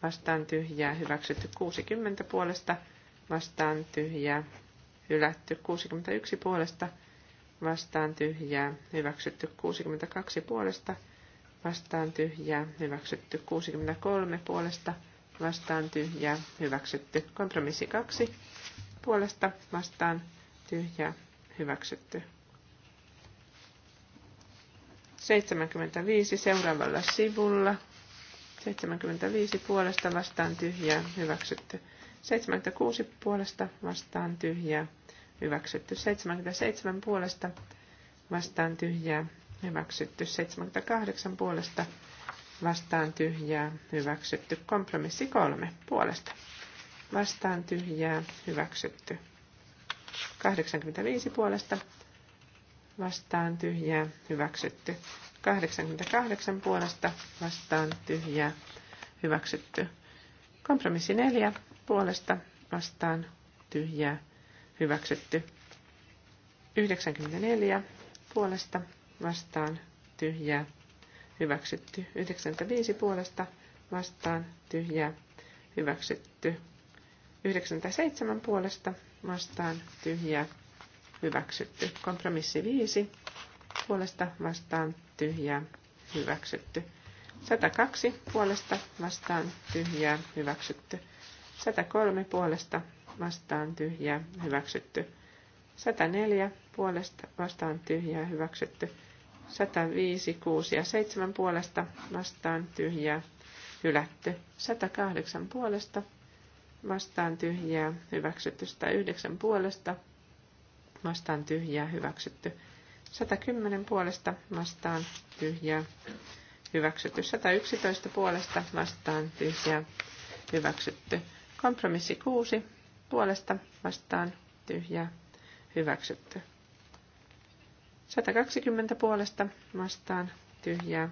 vastaan tyhjää, hyväksytty 60 puolesta, vastaan tyhjää, hylätty 61 puolesta, vastaan tyhjää, hyväksytty 62 puolesta, vastaan tyhjää, hyväksytty 63 puolesta, vastaan tyhjää, hyväksytty kompromissi 2 puolesta, vastaan tyhjää, hyväksytty 75 seuraavalla sivulla 75 puolesta vastaan tyhjää, hyväksytty. 76 puolesta vastaan tyhjää, hyväksytty. 77 puolesta vastaan tyhjää, hyväksytty. 78 puolesta vastaan tyhjää, hyväksytty. Kompromissi 3 puolesta vastaan tyhjää, hyväksytty. 85 puolesta vastaan tyhjää, hyväksytty. 88 puolesta vastaan tyhjää hyväksytty. Kompromissi 4 puolesta vastaan tyhjää hyväksytty. 94 puolesta vastaan tyhjää hyväksytty. 95 puolesta vastaan tyhjää hyväksytty. 97 puolesta vastaan tyhjää hyväksytty. Kompromissi 5 puolesta vastaan tyhjää, hyväksytty. 102 puolesta vastaan tyhjää, hyväksytty. 103 puolesta vastaan tyhjää, hyväksytty. 104 puolesta vastaan tyhjää, hyväksytty. 105, 6 ja 7 puolesta vastaan tyhjää, hylätty. 108 puolesta vastaan tyhjää, hyväksytty. 109 puolesta vastaan tyhjää, hyväksytty. 110 puolesta vastaan tyhjää hyväksytty. 111 puolesta vastaan tyhjää hyväksytty. Kompromissi 6 puolesta vastaan tyhjää hyväksytty. 120 puolesta vastaan tyhjää.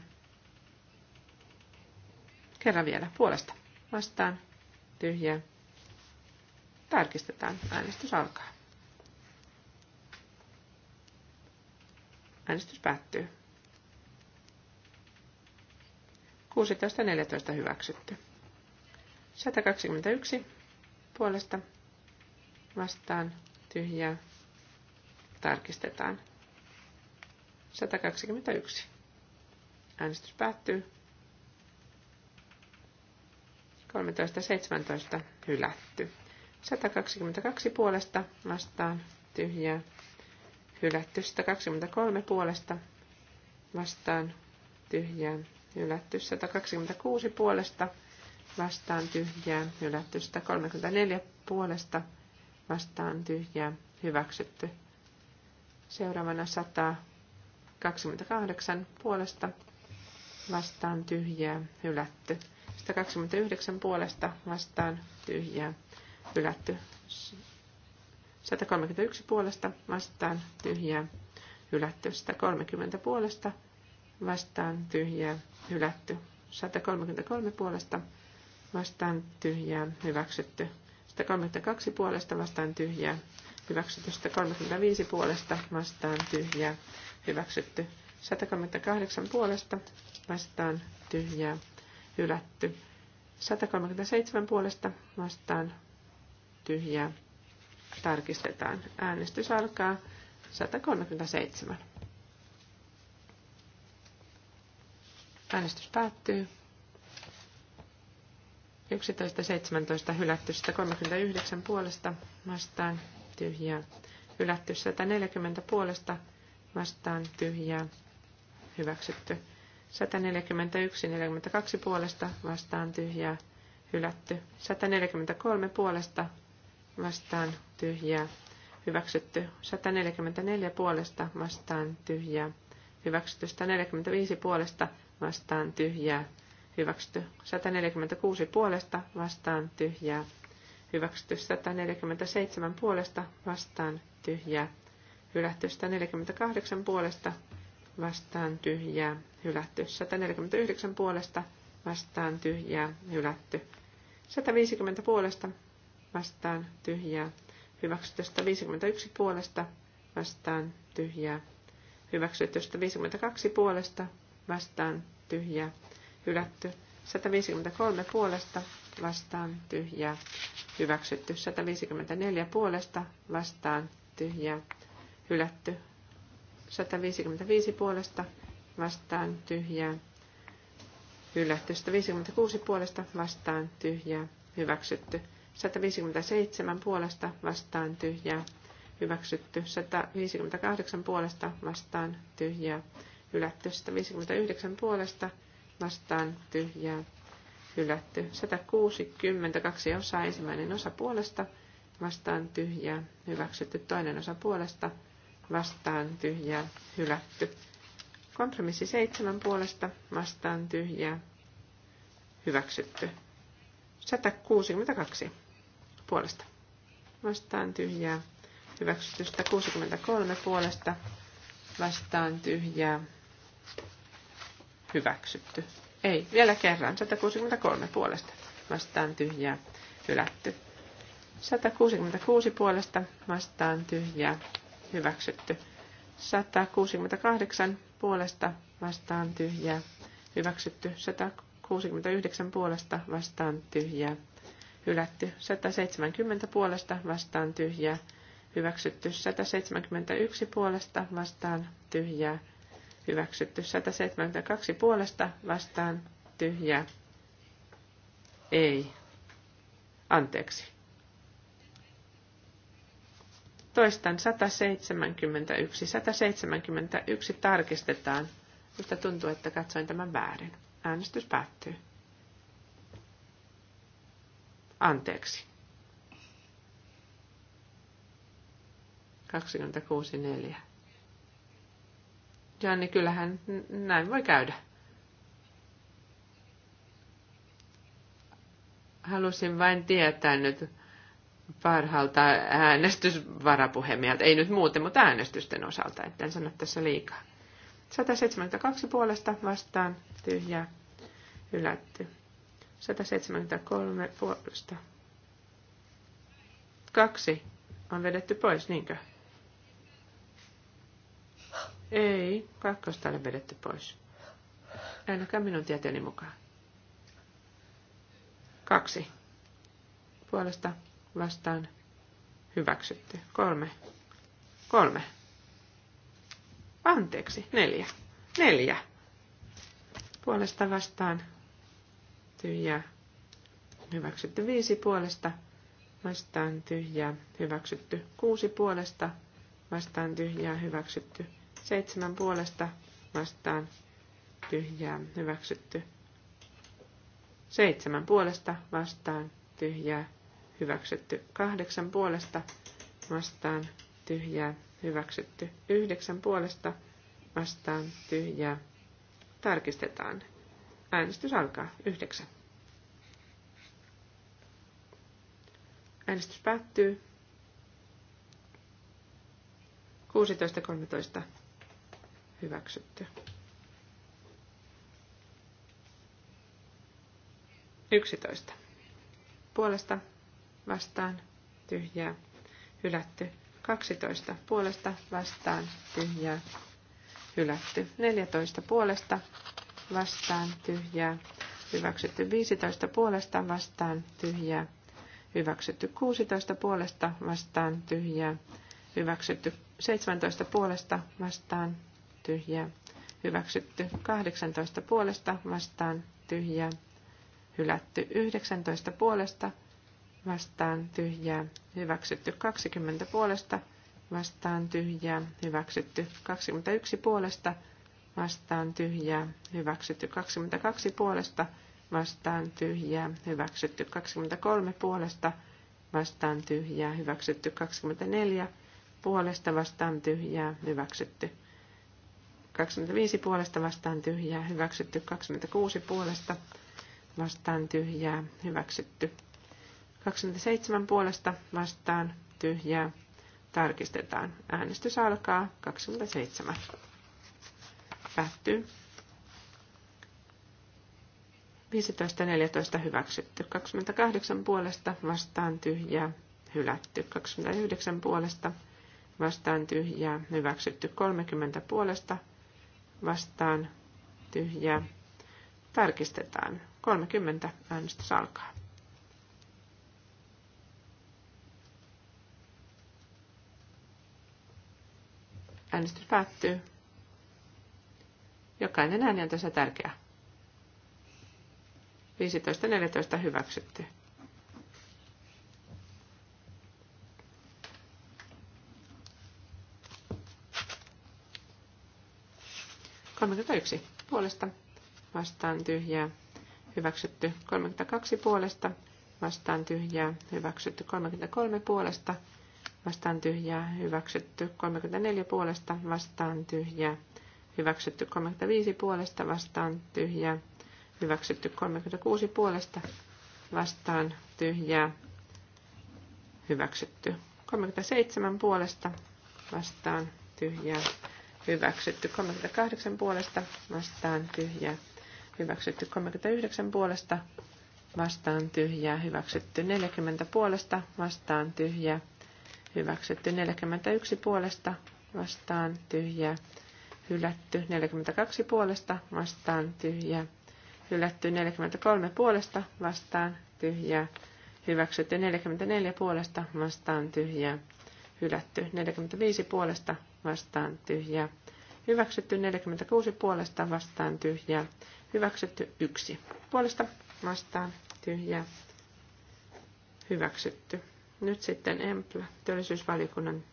Kerran vielä puolesta vastaan tyhjää. Tarkistetaan. Äänestys alkaa. Äänestys päättyy. 16.14 hyväksytty. 121 puolesta vastaan tyhjää tarkistetaan. 121. Äänestys päättyy. 13.17 hylätty. 122 puolesta vastaan tyhjää hylätty 123 puolesta vastaan tyhjään hylätty 126 puolesta vastaan tyhjään hylätty 134 puolesta vastaan tyhjään hyväksytty. Seuraavana 128 puolesta vastaan tyhjää hylätty. 129 puolesta vastaan tyhjää hylätty. 131 puolesta vastaan tyhjää hylätty. 130 puolesta vastaan tyhjää hylätty. 133 puolesta vastaan tyhjää hyväksytty. 132 puolesta vastaan tyhjää hyväksytty. 135 puolesta vastaan tyhjää hyväksytty. 138 puolesta vastaan tyhjää hylätty. 137 puolesta vastaan tyhjää tarkistetaan. Äänestys alkaa 137. Äänestys päättyy. 11.17 hylätty 139 puolesta vastaan tyhjää. Hylätty 140 puolesta vastaan tyhjää. Hyväksytty 141, 42 puolesta vastaan tyhjää. Hylätty 143 puolesta vastaan tyhjää, hyväksytty 144 puolesta vastaan tyhjää, hyväksytty 145 puolesta vastaan tyhjää, hyväksytty 146 puolesta vastaan tyhjää, hyväksytty 147 puolesta vastaan tyhjää, hylätty 148 puolesta vastaan tyhjää, hylätty 149 puolesta vastaan tyhjää, hylätty 150 puolesta vastaan tyhjää, hyväksytystä 51 puolesta vastaan tyhjää, Hyväksytystä 52 puolesta vastaan tyhjää, hylätty 153 puolesta vastaan tyhjää, hyväksytty 154 puolesta vastaan tyhjää, hylätty 155 puolesta vastaan tyhjää, hylätty 156 puolesta vastaan tyhjää, hyväksytty 157 puolesta vastaan tyhjää hyväksytty. 158 puolesta vastaan tyhjää hylätty. 159 puolesta vastaan tyhjää hylätty. 162 osaa ensimmäinen osa puolesta vastaan tyhjää hyväksytty. Toinen osa puolesta vastaan tyhjää hylätty. Kompromissi seitsemän puolesta vastaan tyhjää hyväksytty. 162 puolesta. Vastaan tyhjää. Hyväksytty 63 puolesta. Vastaan tyhjää. Hyväksytty. Ei, vielä kerran. 163 puolesta. Vastaan tyhjää. Hylätty. 166 puolesta. Vastaan tyhjää. Hyväksytty. 168 puolesta. Vastaan tyhjää. Hyväksytty. 169 puolesta. Vastaan tyhjää hylätty 170 puolesta vastaan tyhjää, hyväksytty 171 puolesta vastaan tyhjää, hyväksytty 172 puolesta vastaan tyhjää, ei, anteeksi. Toistan 171. 171 tarkistetaan, mutta tuntuu, että katsoin tämän väärin. Äänestys päättyy anteeksi. 26.4. Janni, kyllähän näin voi käydä. Halusin vain tietää nyt parhaalta äänestysvarapuhemieltä, ei nyt muuten, mutta äänestysten osalta, etten sano tässä liikaa. 172 puolesta vastaan tyhjää hylätty. 173 puolesta. Kaksi on vedetty pois, niinkö? Ei, kakkosta ole vedetty pois. Ainakaan minun tietoni mukaan. Kaksi. Puolesta vastaan hyväksytty. Kolme. Kolme. Anteeksi, neljä. Neljä. Puolesta vastaan tyhjää, hyväksytty viisi puolesta, vastaan tyhjää, hyväksytty kuusi puolesta, vastaan tyhjää, hyväksytty seitsemän puolesta, vastaan tyhjää, hyväksytty seitsemän puolesta, vastaan tyhjää, hyväksytty kahdeksan puolesta, vastaan tyhjää, hyväksytty yhdeksän puolesta, vastaan tyhjää, tarkistetaan Äänestys alkaa. Yhdeksän. Äänestys päättyy. 16.13. Hyväksytty. 11. Puolesta vastaan tyhjää. Hylätty. 12. Puolesta vastaan tyhjää. Hylätty. 14. Puolesta vastaan tyhjää, hyväksytty 15 puolesta vastaan tyhjää, hyväksytty 16 puolesta vastaan tyhjää, hyväksytty 17 puolesta vastaan tyhjää, hyväksytty 18 puolesta vastaan tyhjää, hylätty 19 puolesta vastaan tyhjää, hyväksytty 20 puolesta vastaan tyhjää, hyväksytty 21 puolesta vastaan, vastaan tyhjää, hyväksytty 22 puolesta, vastaan tyhjää, hyväksytty 23 puolesta, vastaan tyhjää, hyväksytty 24 puolesta, vastaan tyhjää, hyväksytty 25 puolesta, vastaan tyhjää, hyväksytty 26 puolesta, vastaan tyhjää, hyväksytty 27 puolesta, vastaan tyhjää, tarkistetaan. Äänestys alkaa 27. Päättyy. 15.14 hyväksytty. 28 puolesta vastaan tyhjää hylätty. 29 puolesta vastaan tyhjää hyväksytty. 30 puolesta vastaan tyhjää. Tarkistetaan. 30 äänestys alkaa. Äänestys päättyy. Jokainen ääni on tässä tärkeä. 15.14 hyväksytty. yksi puolesta vastaan tyhjää, hyväksytty 32 puolesta, vastaan tyhjää, hyväksytty 33 puolesta, vastaan tyhjää, hyväksytty 34 puolesta, vastaan tyhjää, hyväksytty 35 puolesta vastaan tyhjää, hyväksytty 36 puolesta vastaan tyhjää, hyväksytty 37 puolesta vastaan tyhjää, hyväksytty 38 puolesta vastaan tyhjää, hyväksytty 39 puolesta vastaan tyhjää, hyväksytty 40 puolesta vastaan tyhjää, hyväksytty 41 puolesta vastaan tyhjää, hylätty 42 puolesta vastaan tyhjä. hylätty 43 puolesta vastaan tyhjä. hyväksytty 44 puolesta vastaan tyhjä. hylätty 45 puolesta vastaan tyhjä. hyväksytty 46 puolesta vastaan tyhjä. hyväksytty 1 puolesta vastaan tyhjä. hyväksytty. Nyt sitten Empla, työllisyysvaliokunnan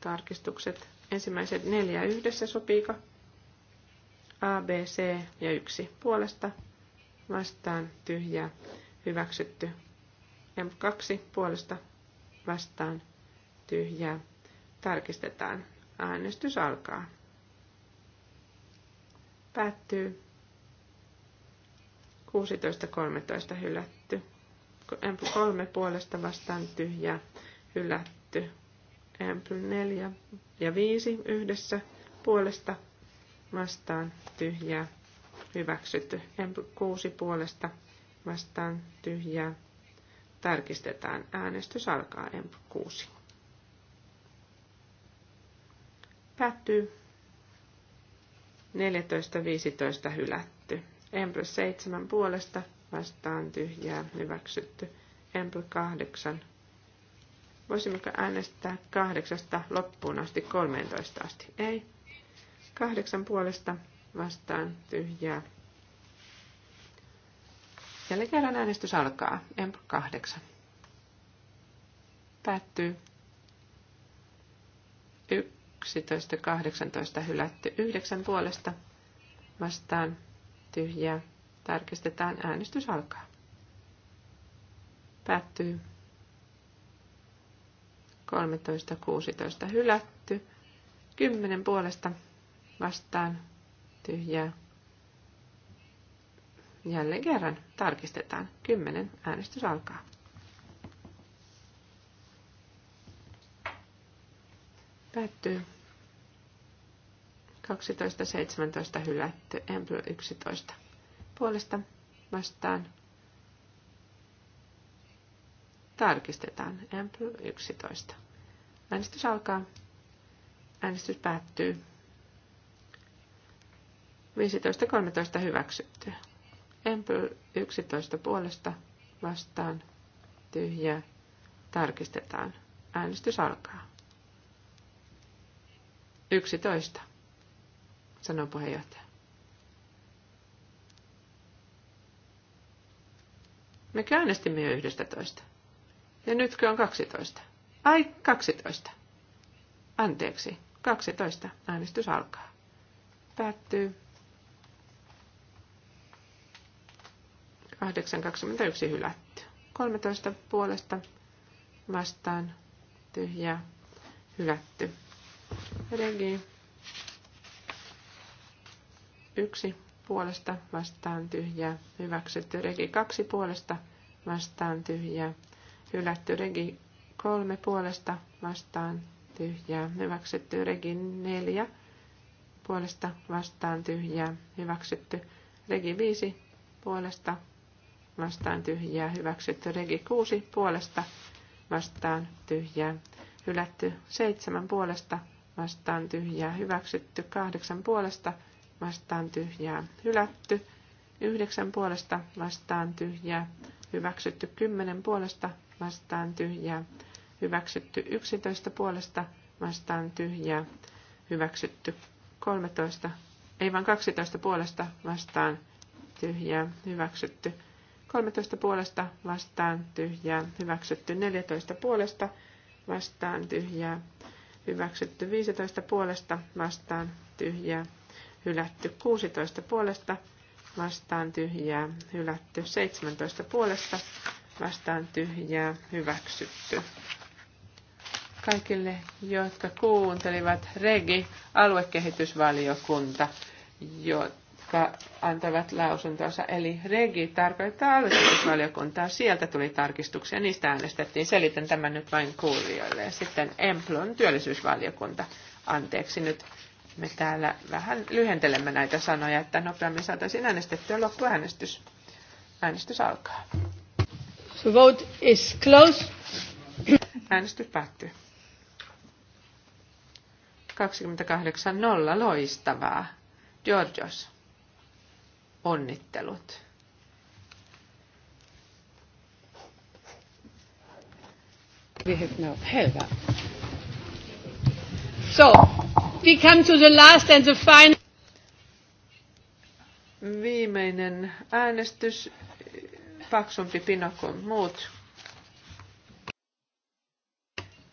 tarkistukset. Ensimmäiset neljä yhdessä sopiiko? A, B, C ja yksi puolesta. Vastaan tyhjää. Hyväksytty. Ja kaksi puolesta vastaan tyhjää. Tarkistetaan. Äänestys alkaa. Päättyy. 16.13 hylätty. M3 puolesta vastaan tyhjää. Hylätty. Ampl 4 ja 5 yhdessä puolesta vastaan tyhjää hyväksytty. Ampl 6 puolesta vastaan tyhjää tarkistetaan. Äänestys alkaa Ampl 6. Päättyy 14.15 hylätty. Ampl 7 puolesta vastaan tyhjää hyväksytty. Ampl 8 Voisimmeko äänestää kahdeksasta loppuun asti 13 asti? Ei. Kahdeksan puolesta vastaan tyhjää. Jälleen kerran äänestys alkaa. Emp 8. Päättyy. 11.18 hylätty. 9 puolesta vastaan tyhjää. Tarkistetaan äänestys alkaa. Päättyy. 13, 16 hylätty. 10 puolesta vastaan tyhjää. Jälleen kerran tarkistetaan. 10 äänestys alkaa. Päättyy. 12, 17 hylätty. Emplo 11. Puolesta vastaan Tarkistetaan. Ämpy 11. Äänestys alkaa. Äänestys päättyy. 15.13 hyväksytty. Ämpy 11 puolesta vastaan Tyhjä. Tarkistetaan. Äänestys alkaa. 11, sanoo puheenjohtaja. Me äänestimme jo 11. Ja nytkö on 12? Ai, 12. Anteeksi, 12. Äänestys alkaa. Päättyy. 8.21 hylätty. 13 puolesta vastaan tyhjä hylätty. Regi. Yksi puolesta vastaan tyhjää hyväksytty. Regi kaksi puolesta vastaan tyhjää Hylätty regi kolme puolesta vastaan tyhjää. Hyväksytty regi neljä puolesta vastaan tyhjää. Hyväksytty regi viisi puolesta vastaan tyhjää. Hyväksytty regi kuusi puolesta vastaan tyhjää. Hylätty seitsemän puolesta vastaan tyhjää. Hyväksytty kahdeksan puolesta vastaan tyhjää. Hylätty yhdeksän puolesta vastaan tyhjää. Hyväksytty kymmenen puolesta vastaan tyhjää, hyväksytty 11 puolesta vastaan tyhjää, hyväksytty 13, ei vaan 12 puolesta vastaan tyhjää, hyväksytty 13 puolesta vastaan tyhjää, hyväksytty 14 puolesta vastaan tyhjää, hyväksytty 15 puolesta vastaan tyhjää, hylätty 16 puolesta vastaan tyhjää, hylätty 17 puolesta vastaan tyhjää hyväksytty. Kaikille, jotka kuuntelivat Regi, aluekehitysvaliokunta, jotka antavat lausuntonsa. Eli Regi tarkoittaa aluekehitysvaliokuntaa. Sieltä tuli tarkistuksia, niistä äänestettiin. Selitän tämän nyt vain kuulijoille. Ja sitten Emplon työllisyysvaliokunta. Anteeksi nyt me täällä vähän lyhentelemme näitä sanoja, että nopeammin saataisiin äänestettyä loppuäänestys. Äänestys alkaa. The vote is closed. Äänestys päättyy. 28.0. Loistavaa. Georgios. Onnittelut. We have now Helga. So, we come to the last and the final. Viimeinen äänestys paksumpi pino kuin muut.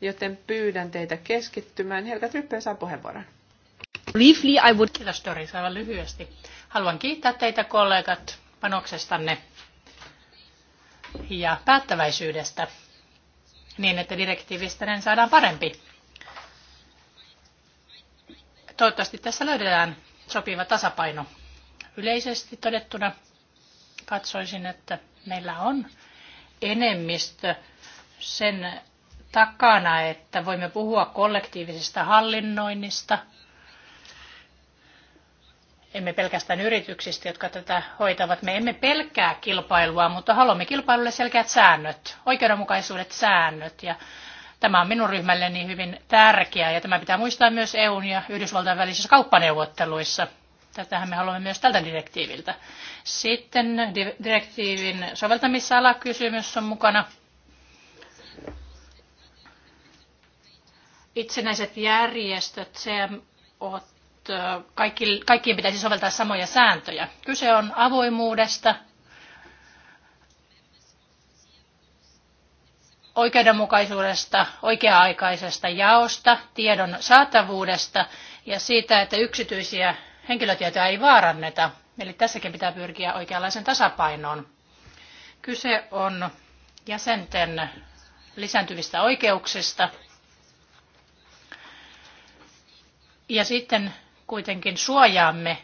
Joten pyydän teitä keskittymään. Helka Tryppö saa puheenvuoron. Briefly, I would... Kiitos Doris, aivan lyhyesti. Haluan kiittää teitä kollegat panoksestanne ja päättäväisyydestä niin, että direktiivistä ne saadaan parempi. Toivottavasti tässä löydetään sopiva tasapaino. Yleisesti todettuna katsoisin, että meillä on enemmistö sen takana, että voimme puhua kollektiivisesta hallinnoinnista. Emme pelkästään yrityksistä, jotka tätä hoitavat. Me emme pelkää kilpailua, mutta haluamme kilpailulle selkeät säännöt, oikeudenmukaisuudet säännöt. Ja tämä on minun ryhmälleni hyvin tärkeää ja tämä pitää muistaa myös EUn ja Yhdysvaltain välisissä kauppaneuvotteluissa – Tätähän me haluamme myös tältä direktiiviltä. Sitten direktiivin soveltamisalakysymys on mukana. Itsenäiset järjestöt, CMOt, kaikki, kaikkiin pitäisi soveltaa samoja sääntöjä. Kyse on avoimuudesta, oikeudenmukaisuudesta, oikea-aikaisesta jaosta, tiedon saatavuudesta ja siitä, että yksityisiä henkilötietoja ei vaaranneta. Eli tässäkin pitää pyrkiä oikeanlaisen tasapainoon. Kyse on jäsenten lisääntyvistä oikeuksista. Ja sitten kuitenkin suojaamme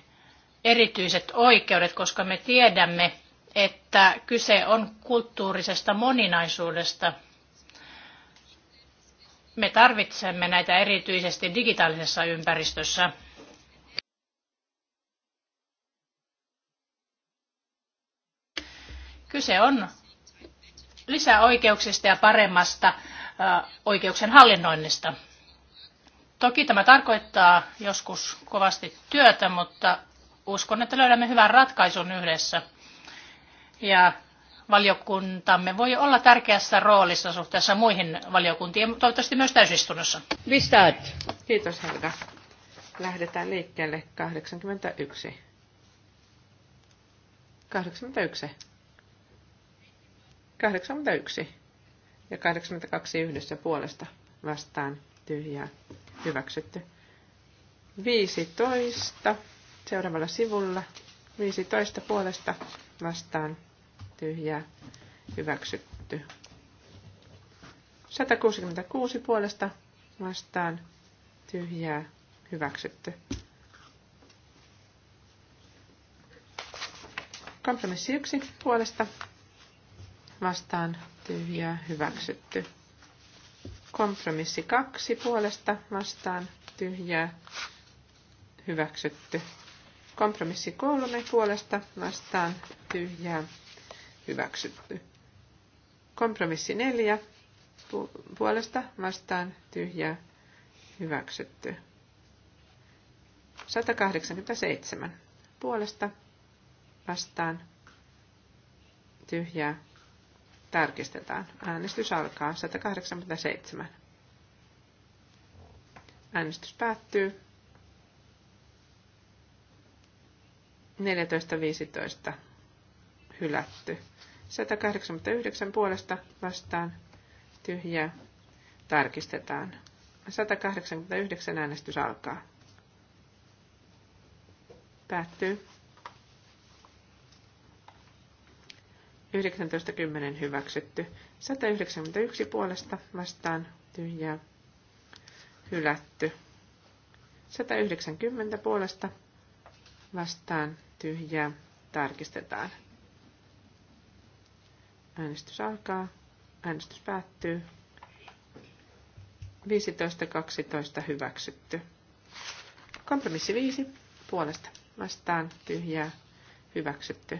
erityiset oikeudet, koska me tiedämme, että kyse on kulttuurisesta moninaisuudesta. Me tarvitsemme näitä erityisesti digitaalisessa ympäristössä. Kyse on lisäoikeuksista ja paremmasta oikeuksien hallinnoinnista. Toki tämä tarkoittaa joskus kovasti työtä, mutta uskon, että löydämme hyvän ratkaisun yhdessä. Ja valiokuntamme voi olla tärkeässä roolissa suhteessa muihin valiokuntiin, toivottavasti myös täysistunnossa. Vistaat. Kiitos Helga. Lähdetään liikkeelle 81. 81. 81 ja 82 yhdessä puolesta vastaan tyhjää hyväksytty. 15 seuraavalla sivulla 15 puolesta vastaan tyhjää hyväksytty. 166 puolesta vastaan tyhjää hyväksytty. Kompromissi 1 puolesta vastaan tyhjää hyväksytty. Kompromissi kaksi puolesta vastaan tyhjää hyväksytty. Kompromissi kolme puolesta vastaan tyhjää hyväksytty. Kompromissi neljä puolesta vastaan tyhjää hyväksytty. 187 puolesta vastaan tyhjää tarkistetaan. Äänestys alkaa 187. Äänestys päättyy. 14.15 hylätty. 189 puolesta vastaan tyhjä. Tarkistetaan. 189 äänestys alkaa. Päättyy. 19.10 hyväksytty. 191 puolesta vastaan tyhjää hylätty. 190 puolesta vastaan tyhjää tarkistetaan. Äänestys alkaa. Äänestys päättyy. 15.12 hyväksytty. Kompromissi 5 puolesta vastaan tyhjää hyväksytty.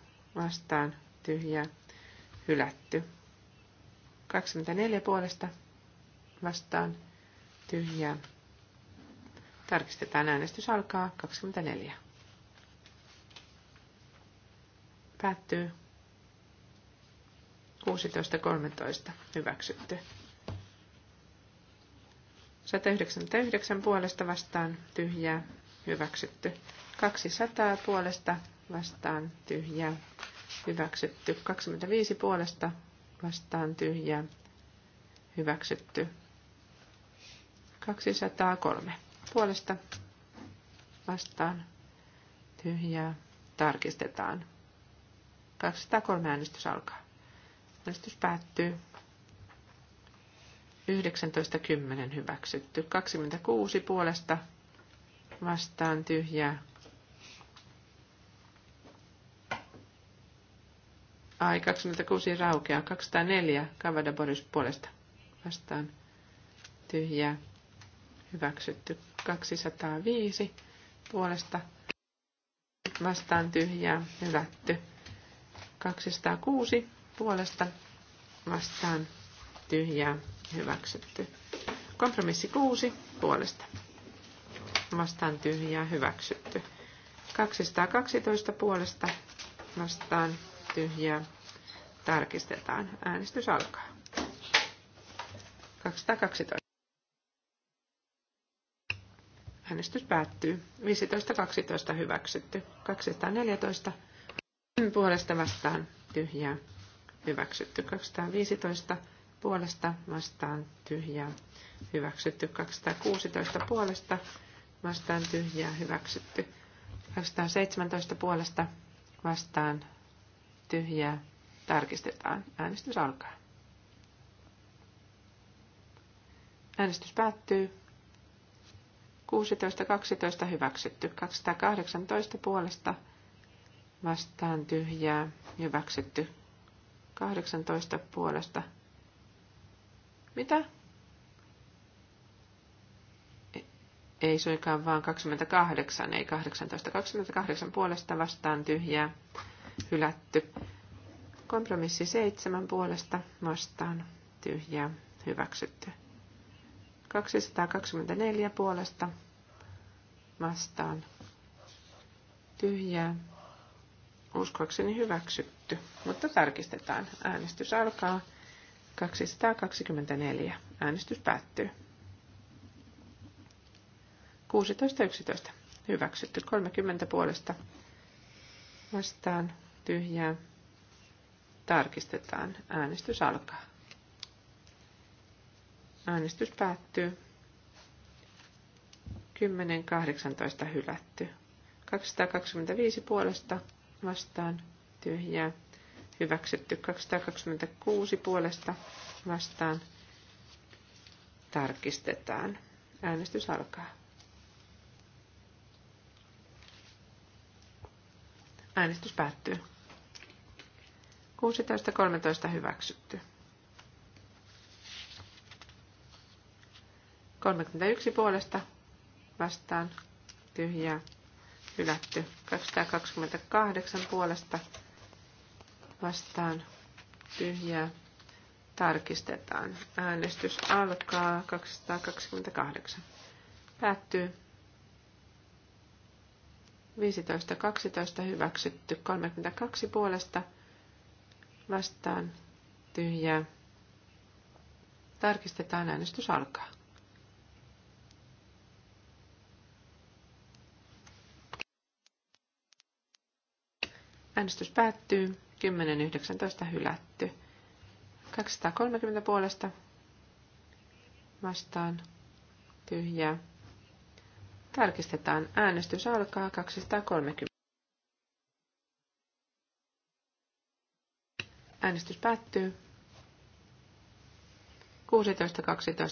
vastaan tyhjää hylätty. 24 puolesta vastaan tyhjää. Tarkistetaan äänestys alkaa 24. Päättyy 16.13. Hyväksytty. 199 puolesta vastaan tyhjää. Hyväksytty. 200 puolesta vastaan tyhjä Hyväksytty 25 puolesta vastaan tyhjä Hyväksytty 203 puolesta vastaan tyhjää. Tarkistetaan. 203 äänestys alkaa. Äänestys päättyy. 19.10 hyväksytty. 26 puolesta vastaan tyhjää Ai, 26 raukea 204 Kavada Boris puolesta. Vastaan tyhjää. Hyväksytty. 205 puolesta. Vastaan tyhjää. Hylätty. 206 puolesta. Vastaan tyhjää. Hyväksytty. Kompromissi 6 puolesta. Vastaan tyhjää. Hyväksytty. 212 puolesta. Vastaan tyhjää. Tarkistetaan. Äänestys alkaa. 212. Äänestys päättyy. 15.12 hyväksytty. 214 puolesta vastaan tyhjää. Hyväksytty. 215 puolesta vastaan tyhjää. Hyväksytty. 216 puolesta vastaan tyhjää. Hyväksytty. 217 puolesta vastaan tyhjää tarkistetaan. Äänestys alkaa. Äänestys päättyy. 16.12 hyväksytty. 218 puolesta vastaan tyhjää hyväksytty. 18 puolesta. Mitä? Ei suinkaan vaan 28, ei 18. 28 puolesta vastaan tyhjää hylätty. Kompromissi seitsemän puolesta vastaan tyhjää hyväksytty. 224 puolesta vastaan tyhjää uskoakseni hyväksytty, mutta tarkistetaan. Äänestys alkaa. 224. Äänestys päättyy. 16.11. Hyväksytty 30 puolesta vastaan tyhjää. Tarkistetaan. Äänestys alkaa. Äänestys päättyy. 10.18 hylätty. 225 puolesta vastaan tyhjää. Hyväksytty 226 puolesta vastaan. Tarkistetaan. Äänestys alkaa. Äänestys päättyy. 16.13 hyväksytty. 31 puolesta vastaan tyhjää hylätty. 228 puolesta vastaan tyhjää tarkistetaan. Äänestys alkaa 228. Päättyy 15, 12 hyväksytty, 32 puolesta vastaan tyhjää. Tarkistetaan äänestys alkaa. Äänestys päättyy. 10.19 hylätty. 230 puolesta vastaan tyhjää. Tarkistetaan. Äänestys alkaa 230. Äänestys päättyy.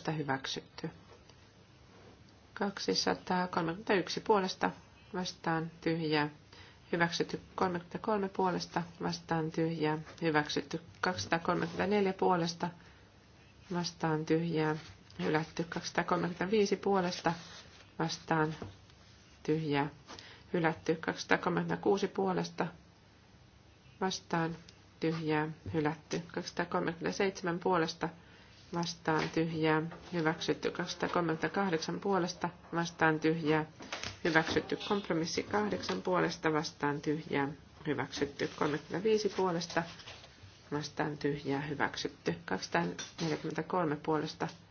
16.12 hyväksytty. 231 puolesta vastaan tyhjää. Hyväksytty 33 puolesta vastaan tyhjää. Hyväksytty 234 puolesta vastaan tyhjää. Hylätty 235 puolesta vastaan tyhjää hylätty. 236 puolesta vastaan tyhjää hylätty. 237 puolesta vastaan tyhjää hyväksytty. 238 puolesta vastaan tyhjää hyväksytty. Kompromissi 8 puolesta vastaan tyhjää hyväksytty. 35 puolesta vastaan tyhjää hyväksytty. 243 puolesta vastaan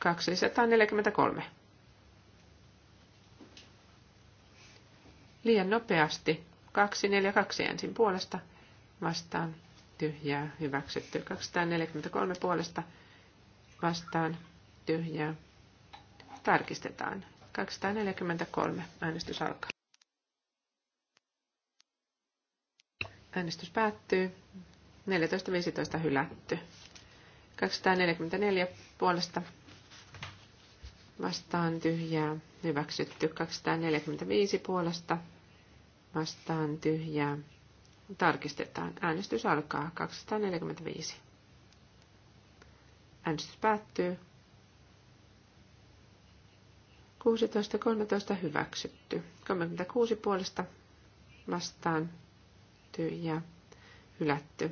243. Liian nopeasti. 242 ensin puolesta vastaan tyhjää hyväksytty. 243 puolesta vastaan tyhjää. Tarkistetaan. 243. Äänestys alkaa. Äänestys päättyy. 14.15 hylätty. 244 puolesta vastaan tyhjää, hyväksytty 245 puolesta, vastaan tyhjää, tarkistetaan, äänestys alkaa 245. Äänestys päättyy. 16.13 hyväksytty. 36 puolesta vastaan tyhjää, hylätty.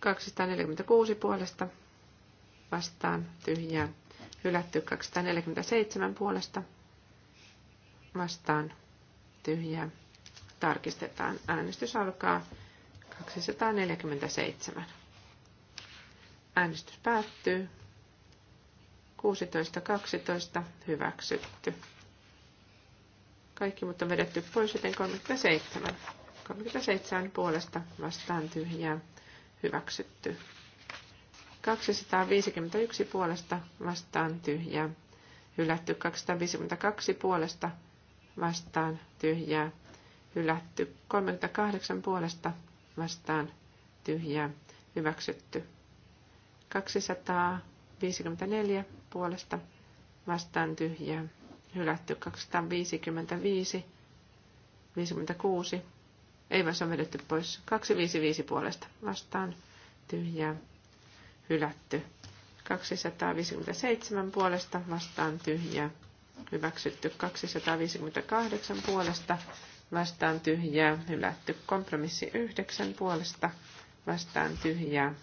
246 puolesta vastaan tyhjää hylätty 247 puolesta vastaan tyhjää. Tarkistetaan. Äänestys alkaa 247. Äänestys päättyy. 16.12. Hyväksytty. Kaikki mutta vedetty pois, joten 37. 37 puolesta vastaan tyhjää. Hyväksytty. 251 puolesta vastaan tyhjää. Hylätty 252 puolesta vastaan tyhjää. Hylätty 38 puolesta vastaan tyhjää. Hyväksytty 254 puolesta vastaan tyhjää. Hylätty 255, 56, ei vaan se on vedetty pois. 255 puolesta vastaan tyhjää hylätty. 257 puolesta vastaan tyhjää, hyväksytty 258 puolesta, vastaan tyhjää, hylätty kompromissi 9 puolesta, vastaan tyhjää,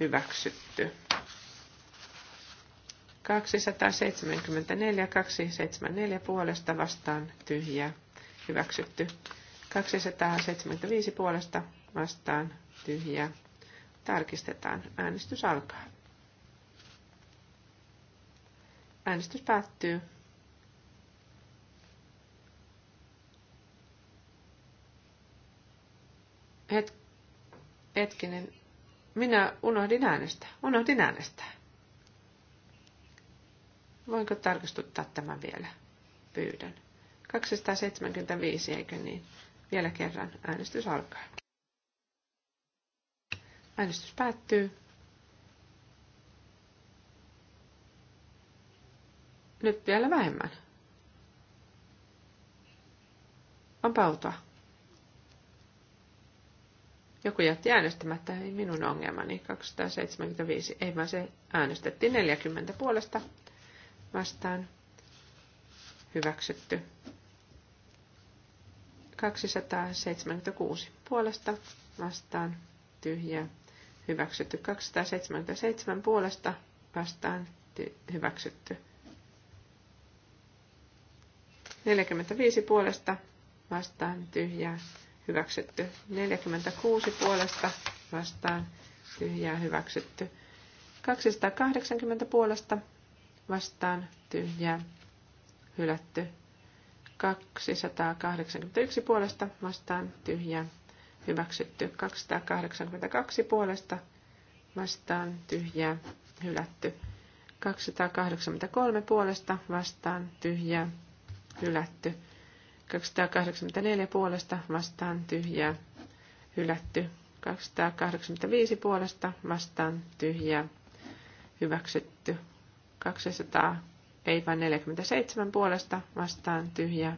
hyväksytty. 274, 274 puolesta vastaan tyhjää, hyväksytty. 275 puolesta vastaan tyhjää, Tarkistetaan. Äänestys alkaa. Äänestys päättyy. Het, hetkinen. Minä unohdin äänestää. Unohdin äänestää. Voinko tarkistuttaa tämän vielä? Pyydän. 275, eikö niin? Vielä kerran äänestys alkaa. Äänestys päättyy. Nyt vielä vähemmän. Vapauta. Joku jätti äänestämättä, ei minun ongelmani, 275, ei vaan se äänestettiin 40 puolesta vastaan hyväksytty. 276 puolesta vastaan tyhjä hyväksytty 277 puolesta vastaan hyväksytty. 45 puolesta vastaan tyhjää hyväksytty. 46 puolesta vastaan tyhjää hyväksytty. 280 puolesta vastaan tyhjää hylätty. 281 puolesta vastaan tyhjää hyväksytty 282 puolesta vastaan tyhjää hylätty 283 puolesta vastaan tyhjää hylätty 284 puolesta vastaan tyhjää hylätty 285 puolesta vastaan tyhjää hyväksytty 200 ei vaan 47 puolesta vastaan tyhjää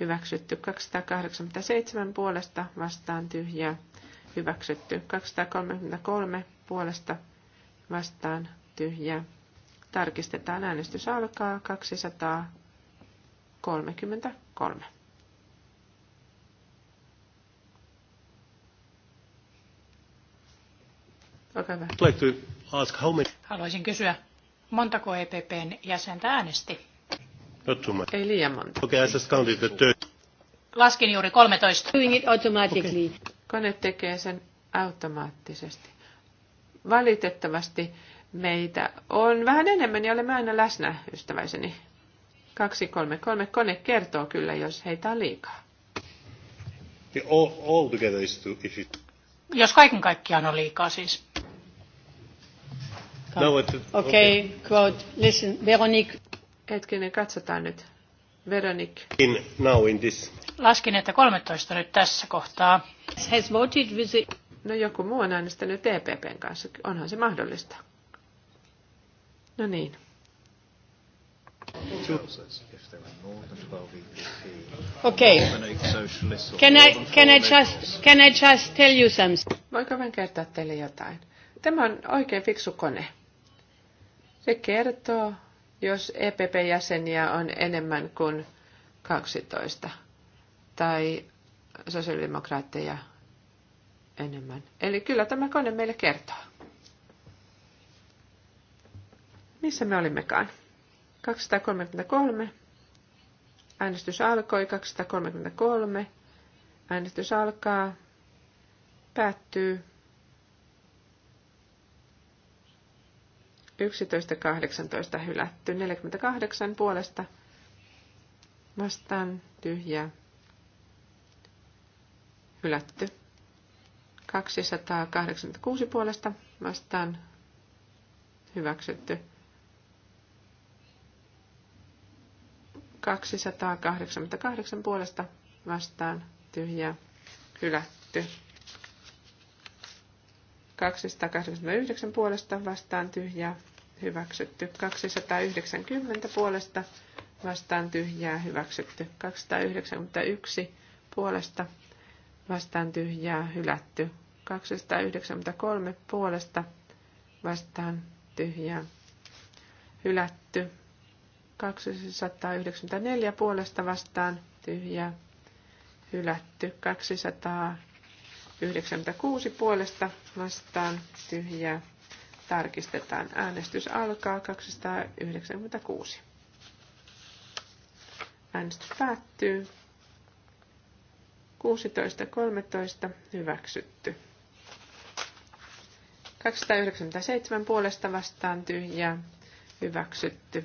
hyväksytty 287 puolesta vastaan tyhjää, hyväksytty 233 puolesta vastaan tyhjää. Tarkistetaan äänestys alkaa 233. Olkaa Haluaisin kysyä, montako EPPn jäsentä äänesti? Not too much. Ei liian monta. Okay, I just counted the third. Laskin juuri 13. Doing it automatically. Okay. Kone tekee sen automaattisesti. Valitettavasti meitä on vähän enemmän ja olemme aina läsnä, ystäväiseni. 233 kone kertoo kyllä, jos heitä on liikaa. The all, all together is to, if it... Jos kaiken kaikkiaan on liikaa siis. No, but, okay. okay, quote, listen, Veronique. Hetkinen, katsotaan nyt. Veronik. In, now in this. Laskin, että 13 nyt tässä kohtaa. Has voted with the... No joku muu on äänestänyt EPPn kanssa. Onhan se mahdollista. No niin. Okay. Can I, can, I just, can I just tell you something? Voinko vain kertoa teille jotain? Tämä on oikein fiksu kone. Se kertoo jos EPP-jäseniä on enemmän kuin 12 tai sosiaalidemokraatteja enemmän. Eli kyllä tämä kone meille kertoo. Missä me olimmekaan? 233. Äänestys alkoi 233. Äänestys alkaa. Päättyy 11.18 hylätty. 48 puolesta vastaan tyhjä, hylätty. 286 puolesta vastaan hyväksytty. 288 puolesta vastaan tyhjä, hylätty. 289 puolesta vastaan tyhjää hyväksytty. 290 puolesta vastaan tyhjää hyväksytty. 291 puolesta vastaan tyhjää hylätty. 293 puolesta vastaan tyhjää hylätty. 294 puolesta vastaan tyhjää hylätty. 200 96 puolesta vastaan tyhjää. Tarkistetaan. Äänestys alkaa 296. Äänestys päättyy. 16.13 hyväksytty. 297 puolesta vastaan tyhjää hyväksytty.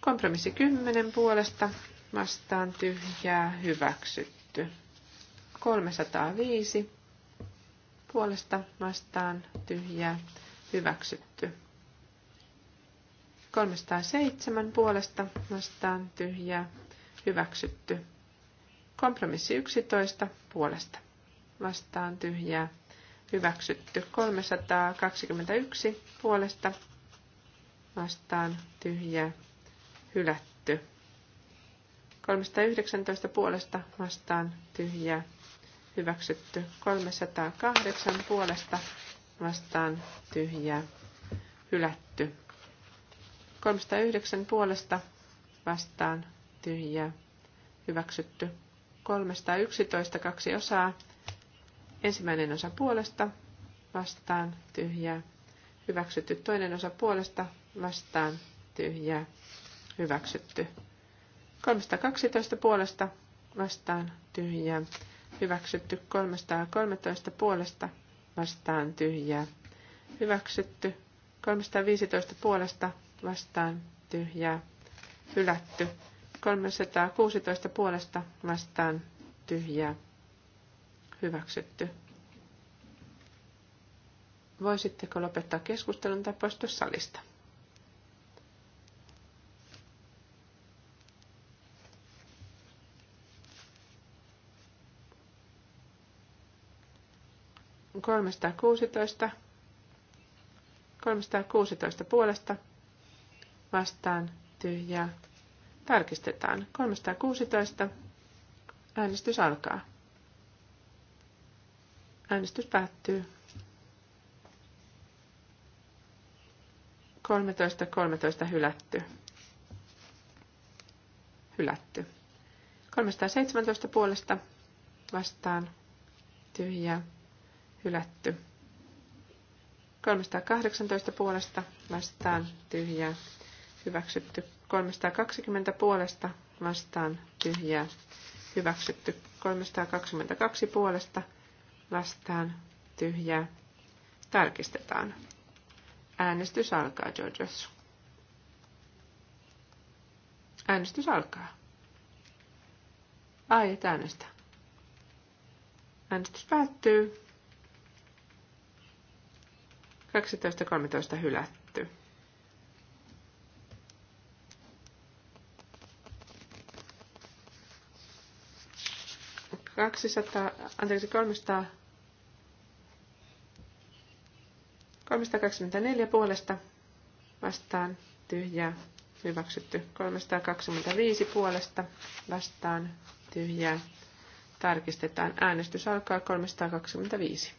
Kompromissi 10 puolesta vastaan tyhjää hyväksytty. 305 puolesta vastaan tyhjää hyväksytty. 307 puolesta vastaan tyhjää hyväksytty. Kompromissi 11 puolesta vastaan tyhjää hyväksytty. 321 puolesta vastaan tyhjää hylätty. 319 puolesta vastaan tyhjää hyväksytty 308 puolesta vastaan tyhjää hylätty. 309 puolesta vastaan tyhjää hyväksytty. 311 kaksi osaa. Ensimmäinen osa puolesta vastaan tyhjää hyväksytty. Toinen osa puolesta vastaan tyhjää hyväksytty. 312 puolesta vastaan tyhjää hyväksytty 313 puolesta vastaan tyhjää, hyväksytty 315 puolesta vastaan tyhjää, hylätty 316 puolesta vastaan tyhjää, hyväksytty. Voisitteko lopettaa keskustelun tai poistua salista? 316. 316 puolesta vastaan tyhjää. Tarkistetaan. 316. Äänestys alkaa. Äänestys päättyy. 13, 13 hylätty. Hylätty. 317 puolesta vastaan tyhjää hylätty. 318 puolesta vastaan tyhjää hyväksytty. 320 puolesta vastaan tyhjää hyväksytty. 322 puolesta vastaan tyhjää tarkistetaan. Äänestys alkaa, Georges. Äänestys alkaa. Aiot äänestä. Äänestys päättyy. 12.13 hylätty. Kaksisataa, anteeksi, 300, 324 puolesta vastaan tyhjää hyväksytty. 325 puolesta vastaan tyhjää tarkistetaan. Äänestys alkaa 325.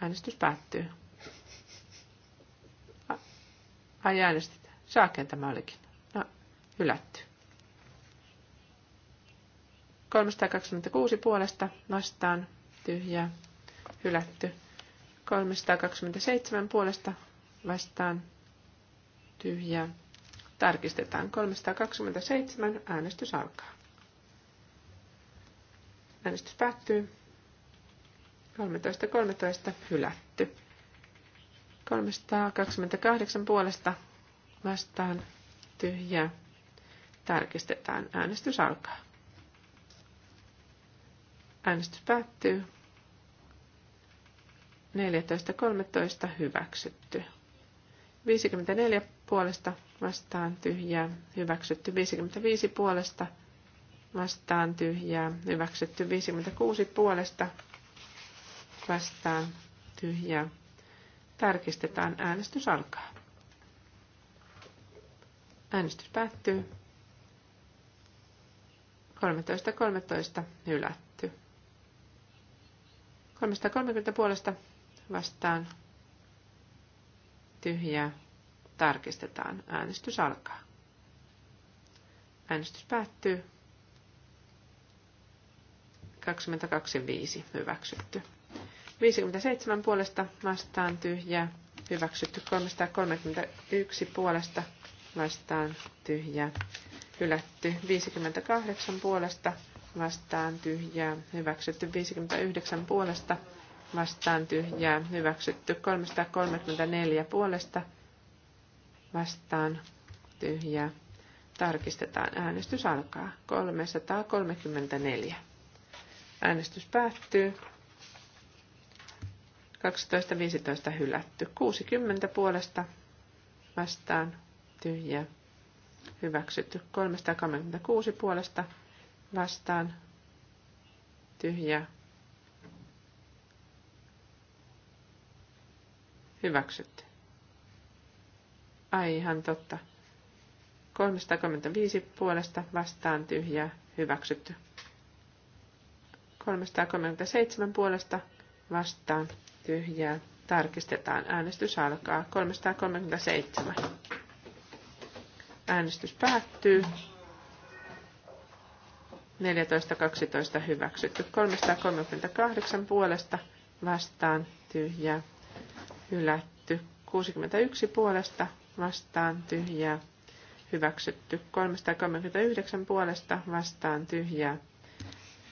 Äänestys päättyy. Ai äänestetään. Saakeen tämä olikin. No, hylätty. 326 puolesta vastaan tyhjää. Hylätty. 327 puolesta vastaan tyhjää. Tarkistetaan. 327 äänestys alkaa. Äänestys päättyy. 13.13 hylätty. 328 puolesta vastaan tyhjää. Tarkistetaan. Äänestys alkaa. Äänestys päättyy. 14.13 hyväksytty. 54 puolesta vastaan tyhjää, hyväksytty 55 puolesta vastaan tyhjää, hyväksytty 56 puolesta vastaan tyhjää. Tarkistetaan. Äänestys alkaa. Äänestys päättyy. 13.13 hylätty. 330 puolesta vastaan tyhjää. Tarkistetaan. Äänestys alkaa. Äänestys päättyy. 22.5. Hyväksytty. 57 puolesta vastaan tyhjää. Hyväksytty 331 puolesta vastaan tyhjää. Hylätty 58 puolesta vastaan tyhjää. Hyväksytty 59 puolesta vastaan tyhjää. Hyväksytty 334 puolesta vastaan tyhjää. Tarkistetaan. Äänestys alkaa. 334. Äänestys päättyy. 12.15 hylätty. 60 puolesta vastaan tyhjä hyväksytty. 336 puolesta vastaan tyhjä hyväksytty. Ai ihan totta. 335 puolesta vastaan tyhjä hyväksytty. 337 puolesta vastaan tyhjää tarkistetaan. Äänestys alkaa 337. Äänestys päättyy. 14.12 hyväksytty. 338 puolesta vastaan tyhjää hylätty. 61 puolesta vastaan tyhjää hyväksytty. 339 puolesta vastaan tyhjää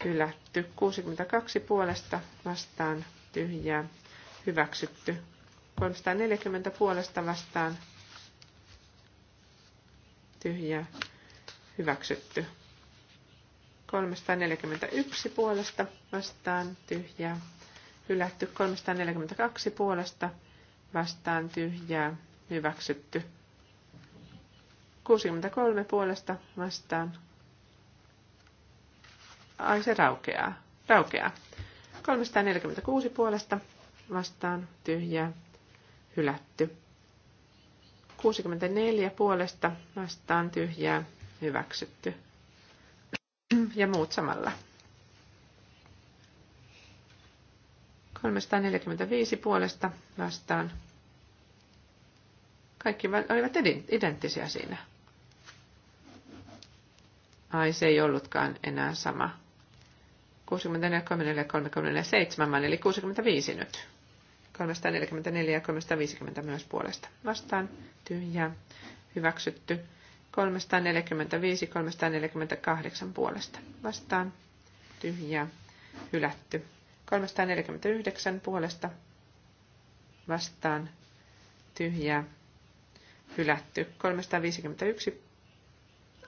hylätty. 62 puolesta vastaan tyhjää hyväksytty. 340 puolesta vastaan tyhjää hyväksytty. 341 puolesta vastaan tyhjää hylätty. 342 puolesta vastaan tyhjää hyväksytty. 63 puolesta vastaan. Ai se raukeaa. Raukeaa. 346 puolesta vastaan tyhjää hylätty. 64 puolesta vastaan tyhjää hyväksytty. Ja muut samalla. 345 puolesta vastaan. Kaikki olivat identtisiä siinä. Ai se ei ollutkaan enää sama. 64, 34, 37, eli 65 nyt. 344 ja 350 myös puolesta. Vastaan tyhjää. Hyväksytty. 345, 348 puolesta. Vastaan tyhjää. Hylätty. 349 puolesta. Vastaan tyhjää. Hylätty. 351.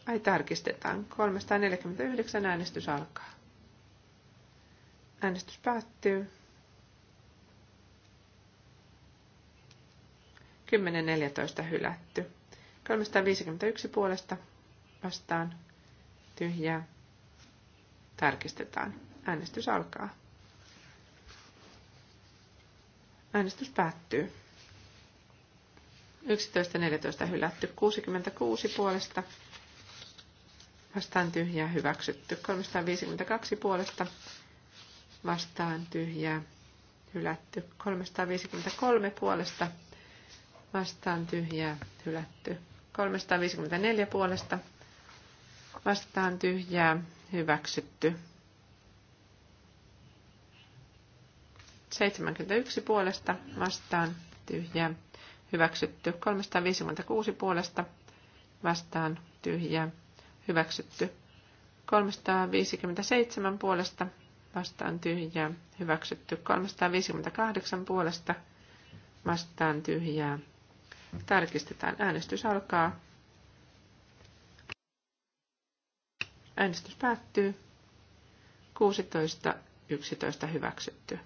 Ai tarkistetaan. 349 äänestys alkaa. Äänestys päättyy. 10.14 hylätty. 351 puolesta vastaan tyhjää. Tarkistetaan. Äänestys alkaa. Äänestys päättyy. 11.14 hylätty. 66 puolesta vastaan tyhjää hyväksytty. 352 puolesta vastaan tyhjää hylätty. 353 puolesta vastaan tyhjää hylätty. 354 puolesta vastaan tyhjää hyväksytty. 71 puolesta vastaan tyhjää hyväksytty. 356 puolesta vastaan tyhjää hyväksytty. 357 puolesta vastaan tyhjää hyväksytty. 358 puolesta vastaan tyhjää Tarkistetaan. Äänestys alkaa. Äänestys päättyy. 16.11 hyväksytty.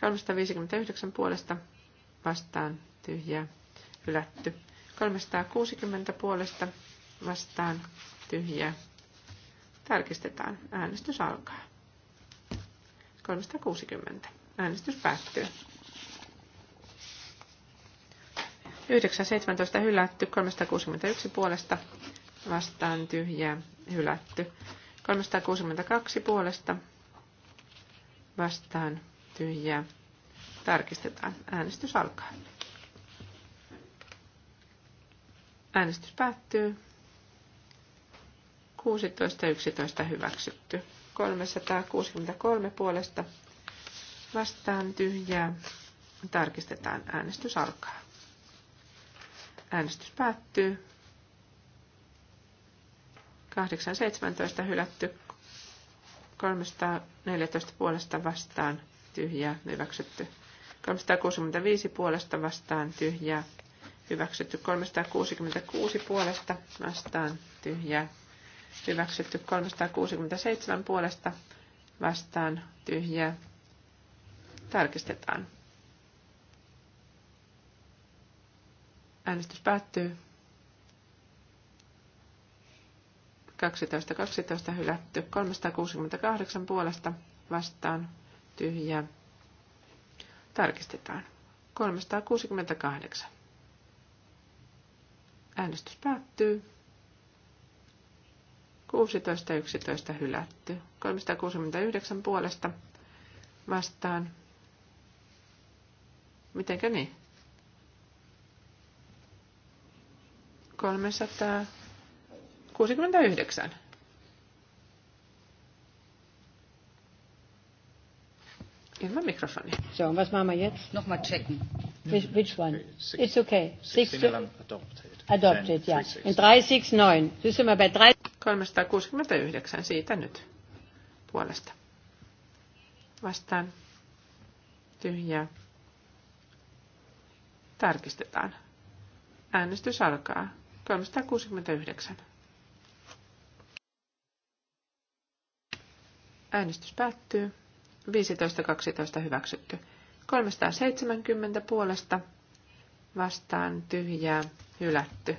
359 puolesta vastaan tyhjää hylätty. 360 puolesta vastaan tyhjää. Tarkistetaan. Äänestys alkaa. 360. Äänestys päättyy. 9.17 hylätty, 361 puolesta vastaan tyhjää hylätty. 362 puolesta vastaan tyhjää. Tarkistetaan. Äänestys alkaa. Äänestys päättyy. 16.11 hyväksytty. 363 puolesta vastaan tyhjää. Tarkistetaan. Äänestys alkaa. Äänestys päättyy. 817 hylätty. 314 puolesta vastaan tyhjää hyväksytty. 365 puolesta vastaan tyhjää hyväksytty. 366 puolesta vastaan tyhjää hyväksytty. 367 puolesta vastaan tyhjää tarkistetaan. Äänestys päättyy. 12, 12 hylätty. 368 puolesta vastaan tyhjää. Tarkistetaan. 368. Äänestys päättyy. 16, 11 hylätty. 369 puolesta vastaan. Mitenkä niin? 369. Ilman mikrofoni? So, was machen wir jetzt? Nochmal checken. Which, which one? Six, It's okay. 16 adopted. Adopted, ja. Yeah. In 369. Siis me bei 369 siitä nyt puolesta. Vastaan tyhjää. Tarkistetaan. Äänestys alkaa. 369. Äänestys päättyy. 15.12 hyväksytty. 370 puolesta vastaan tyhjää hylätty.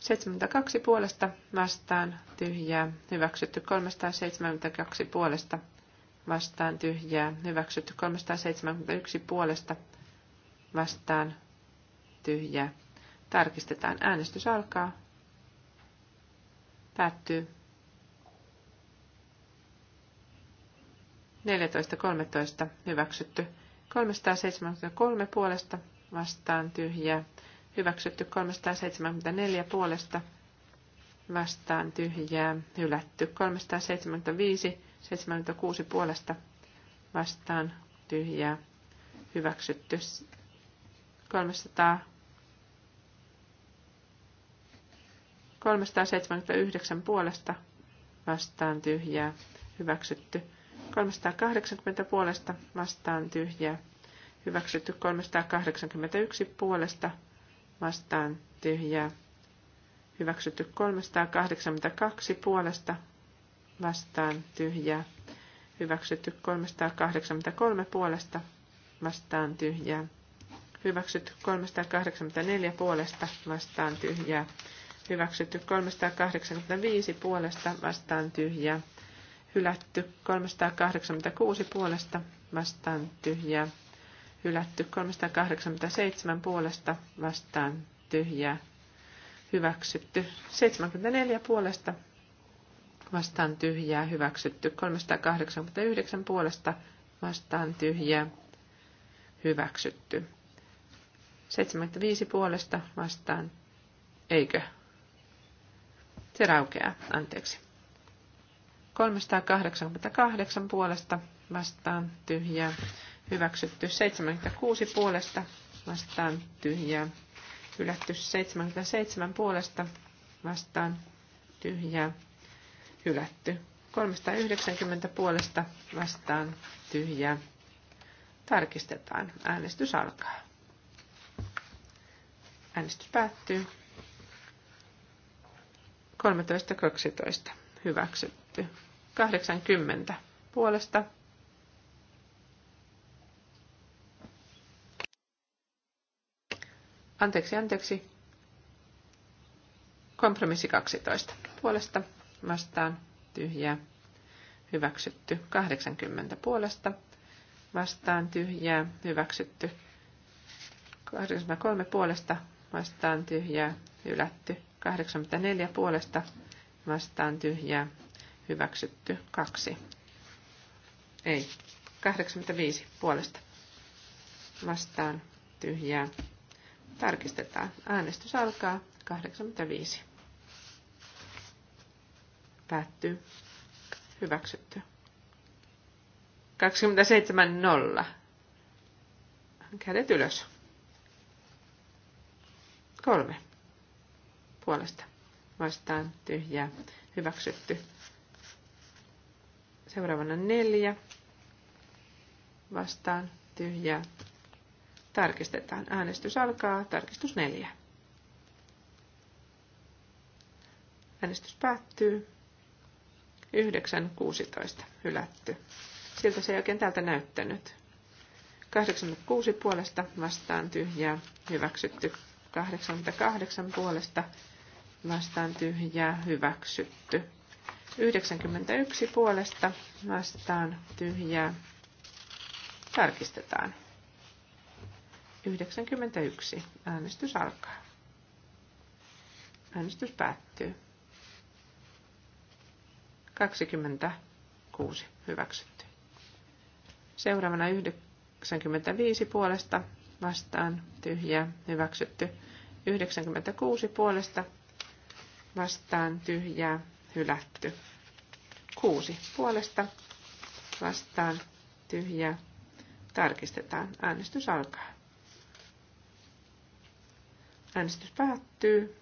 72 puolesta vastaan tyhjää hyväksytty. 372 puolesta vastaan tyhjää hyväksytty. 371 puolesta vastaan tyhjää Tarkistetaan. Äänestys alkaa. Päättyy. 14.13. Hyväksytty. 373 puolesta vastaan tyhjää. Hyväksytty 374 puolesta vastaan tyhjää. Hylätty 375, 76 puolesta vastaan tyhjää. Hyväksytty 300 379 puolesta vastaan tyhjää hyväksytty. 380 puolesta vastaan tyhjää hyväksytty. 381 puolesta vastaan tyhjää hyväksytty. 382 puolesta vastaan tyhjää hyväksytty. 383 puolesta vastaan tyhjää hyväksytty. 384 puolesta vastaan tyhjää hyväksytty 385 puolesta vastaan tyhjä. hylätty 386 puolesta vastaan tyhjä. hylätty 387 puolesta vastaan tyhjä. hyväksytty 74 puolesta vastaan tyhjää, hyväksytty 389 puolesta vastaan tyhjää, hyväksytty. 75 puolesta vastaan, eikö, se raukeaa, anteeksi. 388 puolesta vastaan tyhjää. Hyväksytty 76 puolesta vastaan tyhjää. Hylätty 77 puolesta vastaan tyhjää. Hylätty 390 puolesta vastaan tyhjää. Tarkistetaan. Äänestys alkaa. Äänestys päättyy. 13.12. Hyväksytty. 80 puolesta. Anteeksi, anteeksi. Kompromissi 12. Puolesta vastaan tyhjää. Hyväksytty. 80 puolesta vastaan tyhjää. Hyväksytty. 83 puolesta vastaan tyhjää. Hylätty. 84 puolesta vastaan tyhjää hyväksytty 2. Ei, 85 puolesta vastaan tyhjää. Tarkistetaan. Äänestys alkaa 85. Päättyy. Hyväksytty. 27.0. Kädet ylös. Kolme puolesta vastaan tyhjää hyväksytty. Seuraavana neljä vastaan tyhjää. Tarkistetaan. Äänestys alkaa. Tarkistus neljä. Äänestys päättyy. 9.16 hylätty. Siltä se ei oikein täältä näyttänyt. 86 puolesta vastaan tyhjää hyväksytty. 88 puolesta vastaan tyhjää hyväksytty. 91 puolesta vastaan tyhjää. Tarkistetaan. 91. Äänestys alkaa. Äänestys päättyy. 26. Hyväksytty. Seuraavana 95 puolesta vastaan tyhjää. Hyväksytty. 96 puolesta vastaan tyhjää hylätty. Kuusi puolesta vastaan tyhjää. Tarkistetaan. Äänestys alkaa. Äänestys päättyy.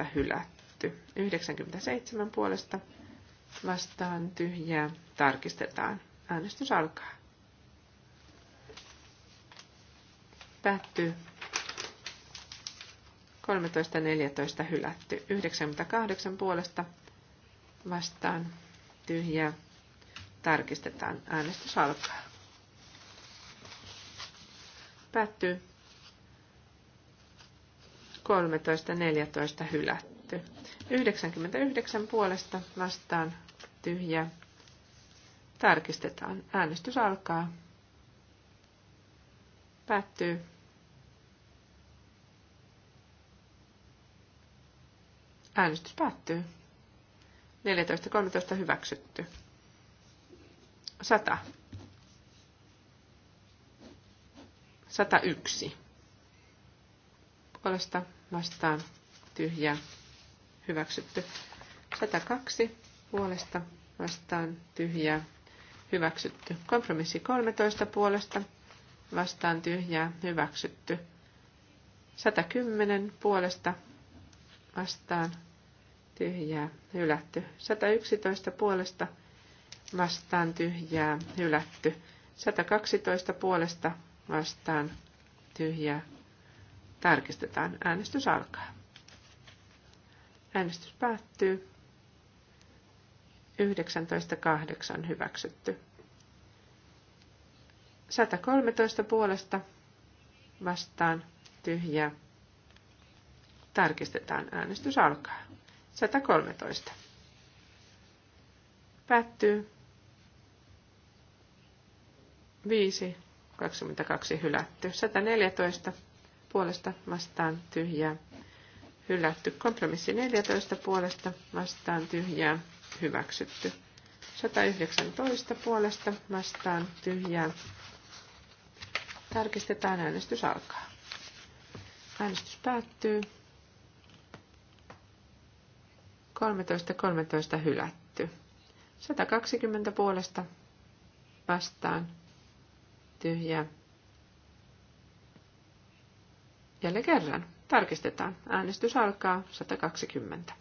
12.15 hylätty. 97 puolesta vastaan tyhjää. Tarkistetaan. Äänestys alkaa. Päättyy. 13.14 hylätty. 98 puolesta vastaan tyhjää. Tarkistetaan. Äänestys alkaa. Päättyy. 13.14 hylätty. 99 puolesta vastaan tyhjä. Tarkistetaan. Äänestys alkaa. Päättyy. Äänestys päättyy. 14.13 hyväksytty. 100. 101. Puolesta vastaan tyhjä. hyväksytty. 102. Puolesta vastaan tyhjä. hyväksytty. Kompromissi 13 puolesta vastaan tyhjää hyväksytty. 110 puolesta vastaan tyhjää hylätty. 111 puolesta vastaan tyhjää hylätty. 112 puolesta vastaan tyhjää. Tarkistetaan. Äänestys alkaa. Äänestys päättyy. 19.8 hyväksytty. 113 puolesta vastaan tyhjää Tarkistetaan. Äänestys alkaa. 113. Päättyy. 5. 22 hylätty. 114 puolesta vastaan tyhjää. Hylätty. Kompromissi 14 puolesta vastaan tyhjää. Hyväksytty. 119 puolesta vastaan tyhjää. Tarkistetaan äänestys alkaa. Äänestys päättyy. 13, 13 hylätty. 120 puolesta vastaan tyhjä, Jälleen kerran. Tarkistetaan. Äänestys alkaa 120.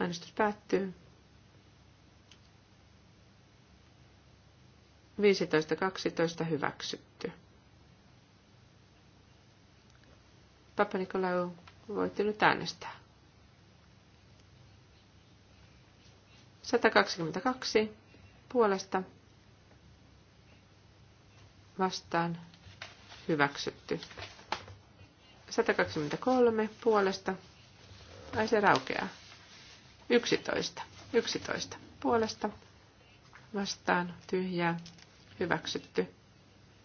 Äänestys päättyy. 15.12 hyväksytty. Papa Nikolaou voitte nyt äänestää. 122 puolesta vastaan hyväksytty. 123 puolesta. Ai se raukeaa. 11. 11 puolesta vastaan tyhjää hyväksytty.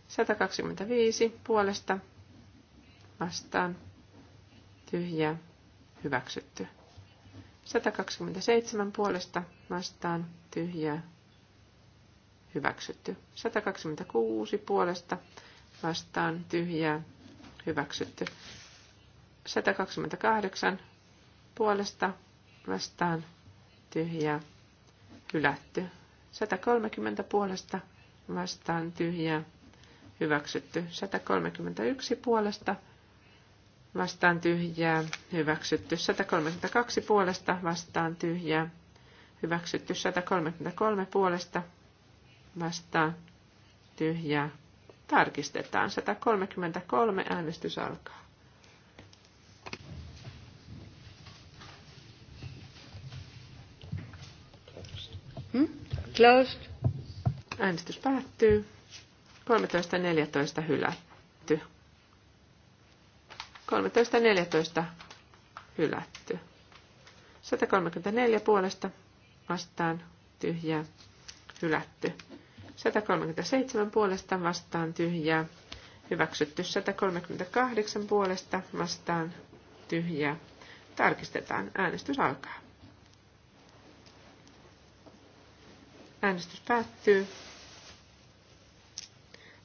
125 puolesta vastaan tyhjää hyväksytty. 127 puolesta vastaan tyhjää hyväksytty. 126 puolesta vastaan tyhjää hyväksytty. 128 puolesta vastaan tyhjää hylätty. 130 puolesta vastaan tyhjää hyväksytty. 131 puolesta vastaan tyhjää, hyväksytty 132 puolesta, vastaan tyhjää, hyväksytty 133 puolesta, vastaan tyhjää. Tarkistetaan 133, äänestys alkaa. Hmm? Closed. Äänestys päättyy. 13.14 hylätty. 13.14 hylätty. 134 puolesta vastaan tyhjää hylätty. 137 puolesta vastaan tyhjää hyväksytty. 138 puolesta vastaan tyhjää. Tarkistetaan. Äänestys alkaa. Äänestys päättyy.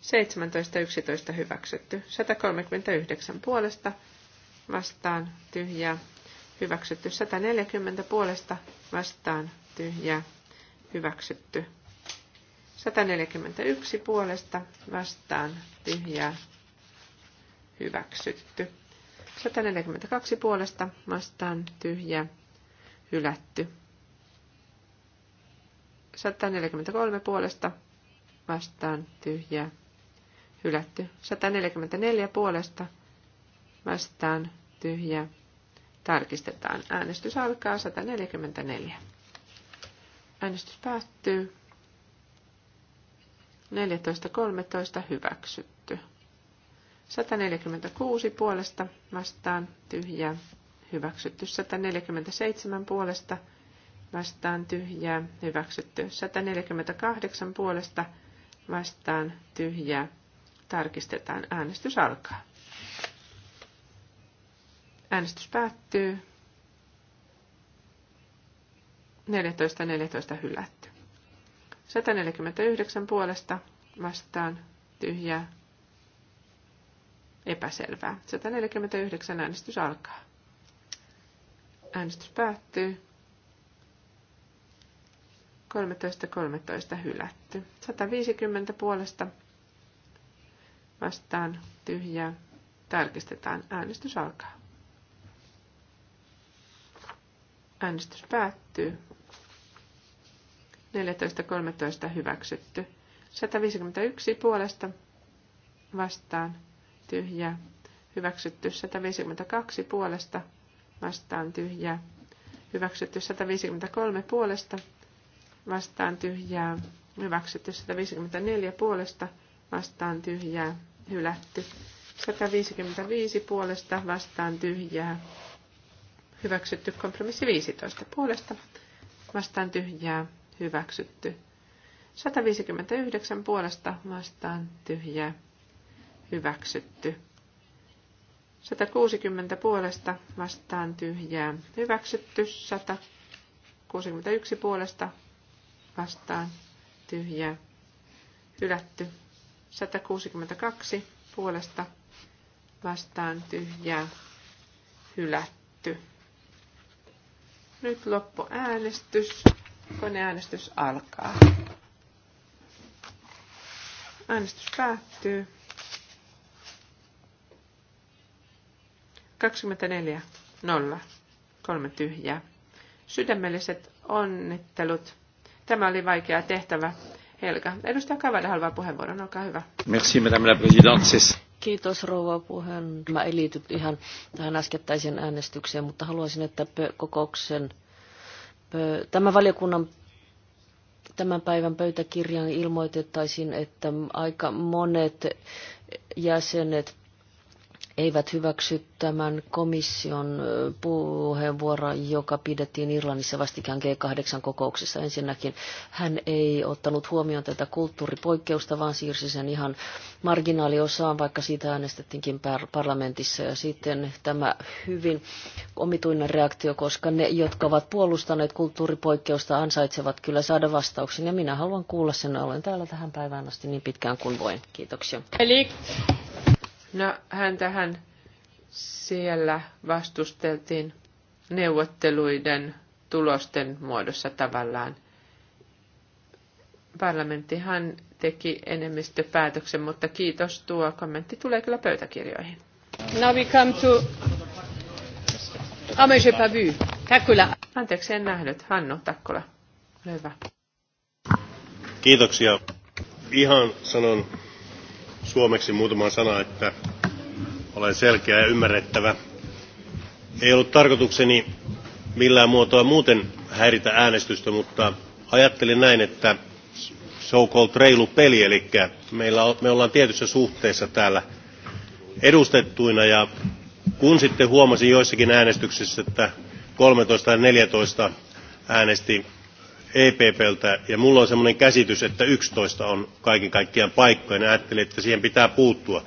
17.11 hyväksytty. 139 puolesta vastaan tyhjää hyväksytty. 140 puolesta vastaan tyhjää hyväksytty. 141 puolesta vastaan tyhjää hyväksytty. 142 puolesta vastaan tyhjä hylätty. 143 puolesta vastaan tyhjä hylätty. 144 puolesta vastaan tyhjä. Tarkistetaan. Äänestys alkaa 144. Äänestys päättyy. 14.13 hyväksytty. 146 puolesta vastaan tyhjä. Hyväksytty 147 puolesta vastaan tyhjää. Hyväksytty 148 puolesta vastaan tyhjää tarkistetaan. Äänestys alkaa. Äänestys päättyy. 14.14 14 hylätty. 149 puolesta vastaan tyhjää epäselvää. 149 äänestys alkaa. Äänestys päättyy. 13.13 13, hylätty. 150 puolesta vastaan tyhjää. Tarkistetaan. Äänestys alkaa. Äänestys päättyy. 14.13 hyväksytty. 151 puolesta vastaan tyhjää. Hyväksytty 152 puolesta vastaan tyhjää. Hyväksytty 153 puolesta vastaan tyhjää. Hyväksytty 154 puolesta vastaan tyhjää hylätty. 155 puolesta vastaan tyhjää. Hyväksytty kompromissi 15 puolesta vastaan tyhjää. Hyväksytty. 159 puolesta vastaan tyhjää. Hyväksytty. 160 puolesta vastaan tyhjää. Hyväksytty. 161 puolesta vastaan tyhjää. Hylätty. 162 puolesta vastaan tyhjää hylätty. Nyt loppu äänestys, Koneäänestys alkaa. Äänestys päättyy. 24. 0. Kolme tyhjää. Sydämelliset onnittelut. Tämä oli vaikea tehtävä Helga. Edustaja Kavada haluaa puheenvuoron, olkaa hyvä. Merci, madame la présidente. Kiitos rouva puheen. Mä en liity ihan tähän äskettäiseen äänestykseen, mutta haluaisin, että kokouksen, tämä valiokunnan tämän päivän pöytäkirjan ilmoitettaisiin, että aika monet jäsenet eivät hyväksy tämän komission puheenvuoro, joka pidettiin Irlannissa vastikään G8-kokouksessa. Ensinnäkin hän ei ottanut huomioon tätä kulttuuripoikkeusta, vaan siirsi sen ihan marginaaliosaan, vaikka siitä äänestettiinkin parlamentissa. Ja sitten tämä hyvin omituinen reaktio, koska ne, jotka ovat puolustaneet kulttuuripoikkeusta, ansaitsevat kyllä saada vastauksen. Ja minä haluan kuulla sen. Olen täällä tähän päivään asti niin pitkään kuin voin. Kiitoksia. Eli No tähän siellä vastusteltiin neuvotteluiden tulosten muodossa tavallaan. Parlamenttihan teki enemmistöpäätöksen, mutta kiitos, tuo kommentti tulee kyllä pöytäkirjoihin. Now we come to... Ah, mais pas vu. Takkula. Anteeksi, en nähnyt. Hannu Takkola. Ole hyvä. Kiitoksia. Ihan sanon suomeksi muutama sana, että olen selkeä ja ymmärrettävä. Ei ollut tarkoitukseni millään muotoa muuten häiritä äänestystä, mutta ajattelin näin, että so-called reilu peli, eli meillä, me ollaan tietyssä suhteessa täällä edustettuina ja kun sitten huomasin joissakin äänestyksissä, että 13 ja 14 äänesti EPPltä, ja mulla on semmoinen käsitys, että 11 on kaiken kaikkiaan paikkoja, ja niin ajattelin, että siihen pitää puuttua.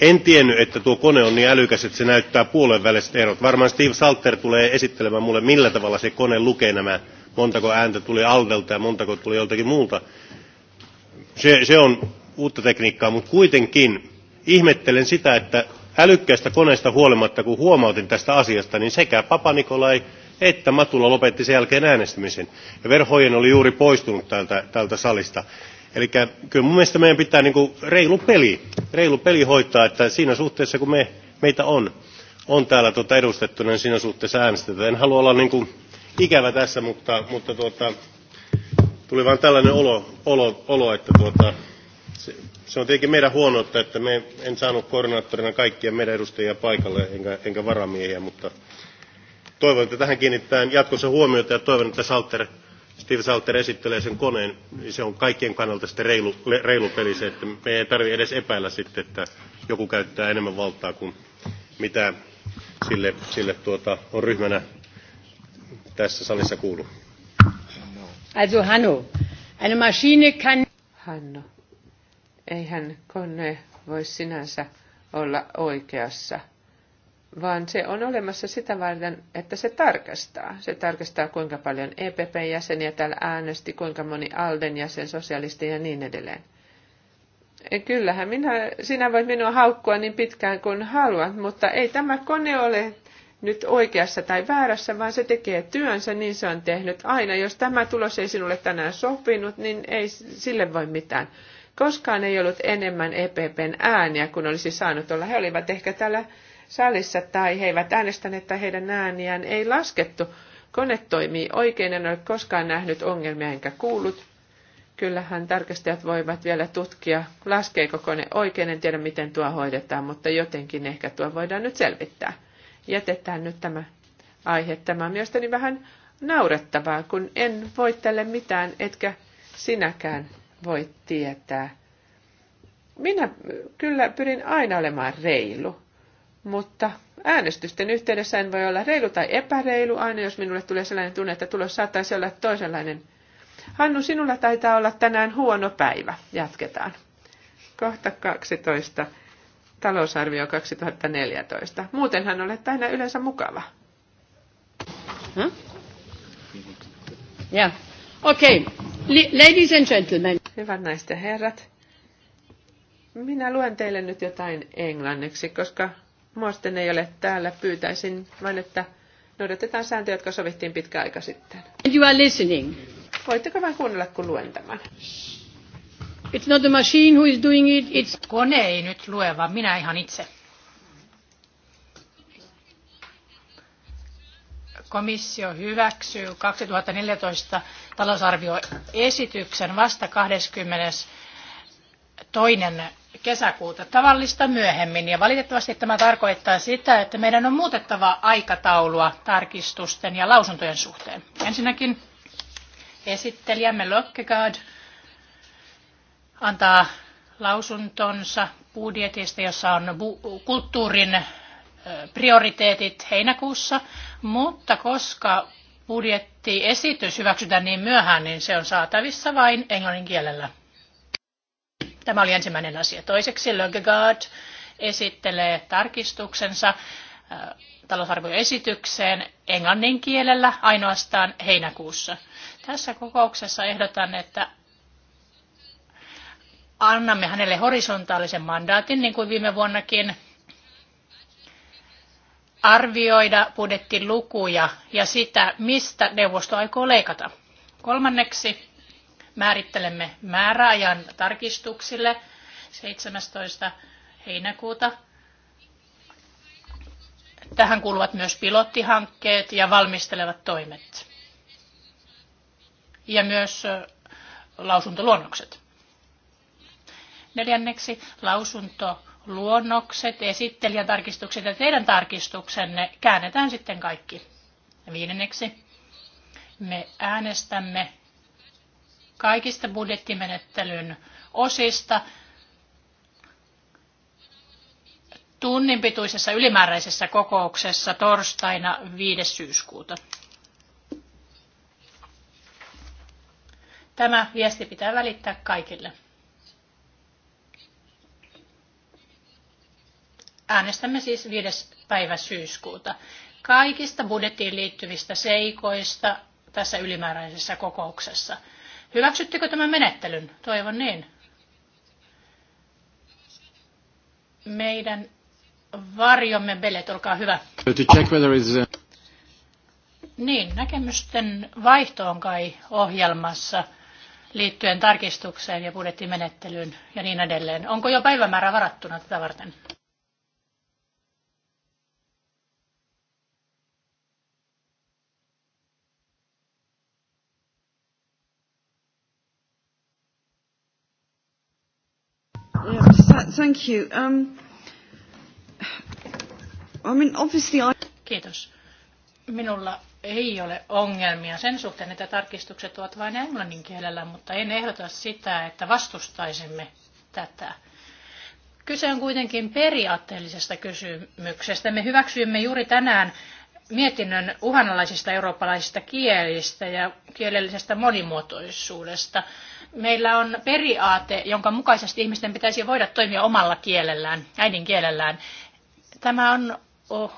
En tiennyt, että tuo kone on niin älykäs, että se näyttää puolen väliset erot. Varmaan Steve Salter tulee esittelemään mulle, millä tavalla se kone lukee nämä, montako ääntä tuli Aldelta ja montako tuli joltakin muulta. Se, se on uutta tekniikkaa, mutta kuitenkin ihmettelen sitä, että älykkäästä koneesta huolimatta, kun huomautin tästä asiasta, niin sekä Papa Nikolai että Matula lopetti sen jälkeen äänestämisen. Ja Verhojen oli juuri poistunut tältä, täältä salista. Eli kyllä mun mielestä meidän pitää niinku reilu peli, reilu peli hoitaa, että siinä suhteessa kun me, meitä on, on täällä tuota edustettuna, niin siinä suhteessa äänestetään. En halua olla niinku ikävä tässä, mutta, mutta tuota, tuli vain tällainen olo, olo, olo että tuota, se, se, on tietenkin meidän huonoutta, että me en saanut koordinaattorina kaikkia meidän edustajia paikalle, enkä, enkä varamiehiä, mutta Toivon, että tähän kiinnitetään jatkossa huomiota ja toivon, että Salter, Steve Salter esittelee sen koneen. Niin se on kaikkien kannalta sitten reilu, reilu peli se, että me ei tarvitse edes epäillä sitten, että joku käyttää enemmän valtaa kuin mitä sille, sille tuota, on ryhmänä tässä salissa kuulu. Also Hanno, eine Maschine kann... Hanno, eihän kone voi sinänsä olla oikeassa – vaan se on olemassa sitä varten, että se tarkastaa. Se tarkastaa, kuinka paljon EPP-jäseniä täällä äänesti, kuinka moni ALDEn jäsen, sosialisti ja niin edelleen. Ja eh, kyllähän minä, sinä voit minua haukkua niin pitkään kuin haluat, mutta ei tämä kone ole nyt oikeassa tai väärässä, vaan se tekee työnsä, niin se on tehnyt aina. Jos tämä tulos ei sinulle tänään sopinut, niin ei sille voi mitään. Koskaan ei ollut enemmän EPPn ääniä kuin olisi saanut olla. He olivat ehkä täällä salissa tai he eivät äänestäneet tai heidän ääniään ei laskettu. Kone toimii oikein, en ole koskaan nähnyt ongelmia enkä kuullut. Kyllähän tarkastajat voivat vielä tutkia, laskeeko kone oikein, en tiedä miten tuo hoidetaan, mutta jotenkin ehkä tuo voidaan nyt selvittää. Jätetään nyt tämä aihe. Tämä on mielestäni vähän naurettavaa, kun en voi tälle mitään, etkä sinäkään voi tietää. Minä kyllä pyrin aina olemaan reilu. Mutta äänestysten yhteydessä en voi olla reilu tai epäreilu, aina jos minulle tulee sellainen tunne, että tulos saattaisi olla toisenlainen. Hannu, sinulla taitaa olla tänään huono päivä. Jatketaan. Kohta 12. Talousarvio 2014. Muutenhan olet aina yleensä mukava. Huh? Yeah. Okay. Ladies and gentlemen. Hyvät naiset ja herrat. Minä luen teille nyt jotain englanniksi, koska Morsten ei ole täällä. Pyytäisin vain, että noudatetaan sääntöjä, jotka sovittiin pitkä aika sitten. You are listening. Voitteko vain kuunnella, kun luen tämän? It's not the machine who is doing it, it's... Kone ei nyt lue, vaan minä ihan itse. komissio hyväksyy 2014 talousarvioesityksen vasta 22 kesäkuuta tavallista myöhemmin. Ja valitettavasti tämä tarkoittaa sitä, että meidän on muutettava aikataulua tarkistusten ja lausuntojen suhteen. Ensinnäkin esittelijämme Lokkegaard antaa lausuntonsa budjetista, jossa on kulttuurin prioriteetit heinäkuussa, mutta koska budjettiesitys hyväksytään niin myöhään, niin se on saatavissa vain englannin kielellä. Tämä oli ensimmäinen asia. Toiseksi Lögegaard esittelee tarkistuksensa äh, talousarvioesitykseen englannin kielellä ainoastaan heinäkuussa. Tässä kokouksessa ehdotan, että annamme hänelle horisontaalisen mandaatin, niin kuin viime vuonnakin, arvioida budjettilukuja ja sitä, mistä neuvosto aikoo leikata. Kolmanneksi määrittelemme määräajan tarkistuksille 17. heinäkuuta. Tähän kuuluvat myös pilottihankkeet ja valmistelevat toimet. Ja myös lausuntoluonnokset. Neljänneksi lausunto luonnokset, esittelijän tarkistukset ja teidän tarkistuksenne käännetään sitten kaikki. Viidenneksi me äänestämme kaikista budjettimenettelyn osista tunnin pituisessa ylimääräisessä kokouksessa torstaina 5. syyskuuta. Tämä viesti pitää välittää kaikille. Äänestämme siis 5. päivä syyskuuta. Kaikista budjettiin liittyvistä seikoista tässä ylimääräisessä kokouksessa – Hyväksyttekö tämän menettelyn? Toivon niin. Meidän varjomme belet, olkaa hyvä. Uh, niin, näkemysten vaihto on kai ohjelmassa liittyen tarkistukseen ja budjettimenettelyyn ja niin edelleen. Onko jo päivämäärä varattuna tätä varten? thank you. Um, I mean, obviously I... Kiitos. Minulla ei ole ongelmia sen suhteen, että tarkistukset ovat vain englannin kielellä, mutta en ehdota sitä, että vastustaisimme tätä. Kyse on kuitenkin periaatteellisesta kysymyksestä. Me hyväksyimme juuri tänään mietinnön uhanalaisista eurooppalaisista kielistä ja kielellisestä monimuotoisuudesta. Meillä on periaate, jonka mukaisesti ihmisten pitäisi voida toimia omalla kielellään, äidinkielellään. Tämä on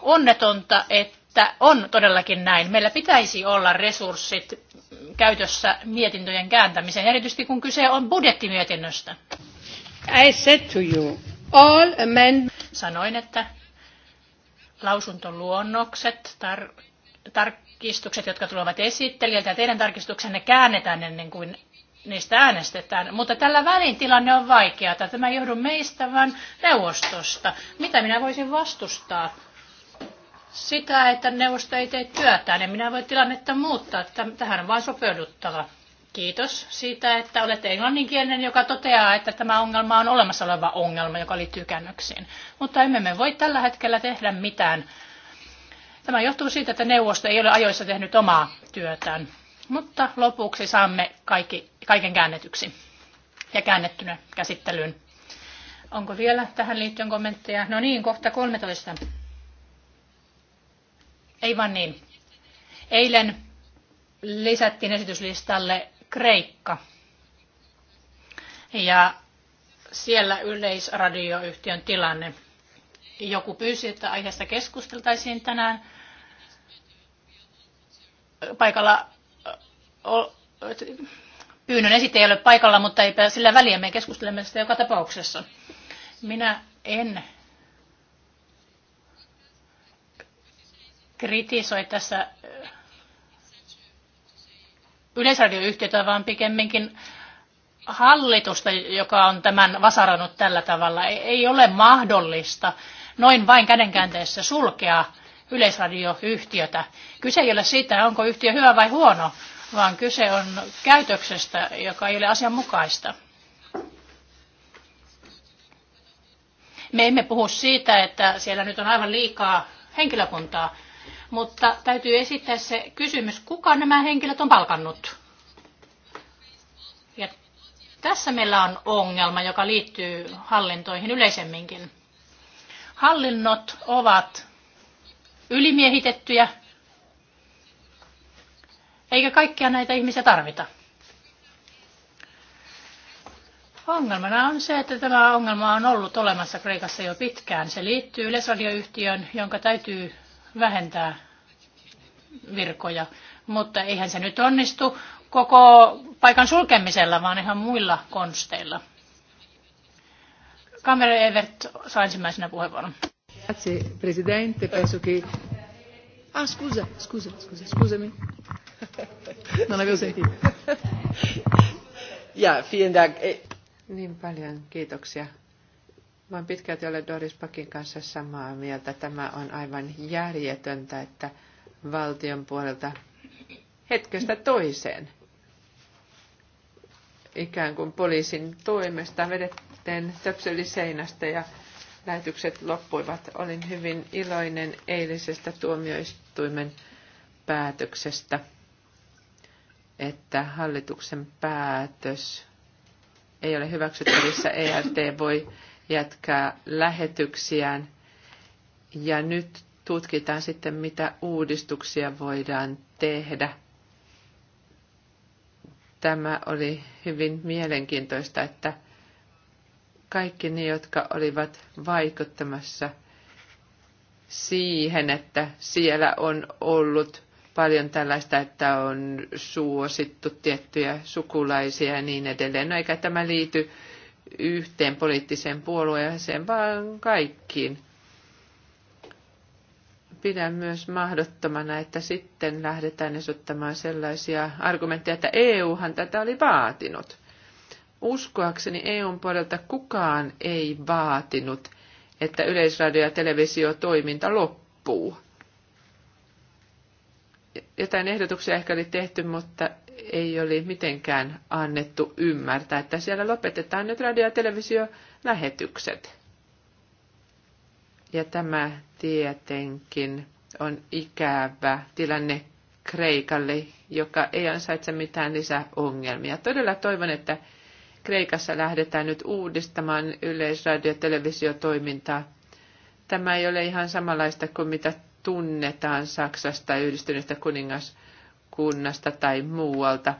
onnetonta, että on todellakin näin. Meillä pitäisi olla resurssit käytössä mietintöjen kääntämiseen, erityisesti kun kyse on budjettimietinnöstä. I said to you, all men... Sanoin, että lausuntoluonnokset, tar- tarkistukset, jotka tulevat esittelijältä ja teidän tarkistuksenne käännetään ennen kuin niistä äänestetään. Mutta tällä välin tilanne on vaikeaa. Tämä ei johdu meistä, vaan neuvostosta. Mitä minä voisin vastustaa? Sitä, että neuvosto ei tee työtään, niin minä voi tilannetta muuttaa. Tähän on vain sopeuduttava. Kiitos siitä, että olette englanninkielinen, joka toteaa, että tämä ongelma on olemassa oleva ongelma, joka liittyy käännöksiin. Mutta emme me voi tällä hetkellä tehdä mitään. Tämä johtuu siitä, että neuvosto ei ole ajoissa tehnyt omaa työtään. Mutta lopuksi saamme kaikki kaiken käännetyksi ja käännettynä käsittelyyn. Onko vielä tähän liittyen kommentteja? No niin, kohta 13. Ei vaan niin. Eilen lisättiin esityslistalle Kreikka. Ja siellä yleisradioyhtiön tilanne. Joku pyysi, että aiheesta keskusteltaisiin tänään. Paikalla Pyynnön esite ei ole paikalla, mutta eipä sillä väliä. Me keskustelemme sitä joka tapauksessa. Minä en kritisoi tässä äh, yleisradioyhtiötä, vaan pikemminkin hallitusta, joka on tämän vasarannut tällä tavalla. Ei ole mahdollista noin vain kädenkäänteessä sulkea yleisradioyhtiötä. Kyse ei ole siitä, onko yhtiö hyvä vai huono, vaan kyse on käytöksestä, joka ei ole asianmukaista. Me emme puhu siitä, että siellä nyt on aivan liikaa henkilökuntaa, mutta täytyy esittää se kysymys, kuka nämä henkilöt on palkannut. Ja tässä meillä on ongelma, joka liittyy hallintoihin yleisemminkin. Hallinnot ovat ylimiehitettyjä, eikä kaikkia näitä ihmisiä tarvita. Ongelmana on se, että tämä ongelma on ollut olemassa Kreikassa jo pitkään. Se liittyy yleisradioyhtiöön, jonka täytyy vähentää virkoja. Mutta eihän se nyt onnistu koko paikan sulkemisella, vaan ihan muilla konsteilla. Kamera Evert saa ensimmäisenä puheenvuoron. Grazie, Presidente. Penso che... Ah, scusa, scusa, scusa, scusami. Non no avevo sentito. Ja, vielen Dank. Eh, niin paljon kiitoksia. Voin pitkälti ollut Doris Pakin kanssa samaa mieltä. Tämä on aivan järjetöntä, että valtion puolelta hetkestä toiseen ikään kuin poliisin toimesta vedettiin töpseli seinästä ja lähetykset loppuivat. Olin hyvin iloinen eilisestä tuomioistuimen päätöksestä että hallituksen päätös ei ole hyväksyttävissä. ERT voi jatkaa lähetyksiään ja nyt tutkitaan sitten, mitä uudistuksia voidaan tehdä. Tämä oli hyvin mielenkiintoista, että kaikki ne, jotka olivat vaikuttamassa siihen, että siellä on ollut paljon tällaista, että on suosittu tiettyjä sukulaisia ja niin edelleen. No eikä tämä liity yhteen poliittiseen puolueeseen, vaan kaikkiin. Pidän myös mahdottomana, että sitten lähdetään esittämään sellaisia argumentteja, että EUhan tätä oli vaatinut. Uskoakseni EUn puolelta kukaan ei vaatinut, että yleisradio- ja televisiotoiminta loppuu jotain ehdotuksia ehkä oli tehty, mutta ei oli mitenkään annettu ymmärtää, että siellä lopetetaan nyt radio- ja televisiolähetykset. Ja tämä tietenkin on ikävä tilanne Kreikalle, joka ei ansaitse mitään lisäongelmia. Todella toivon, että Kreikassa lähdetään nyt uudistamaan yleisradio- ja televisiotoimintaa. Tämä ei ole ihan samanlaista kuin mitä tunnetaan Saksasta, yhdistyneestä kuningaskunnasta tai muualta.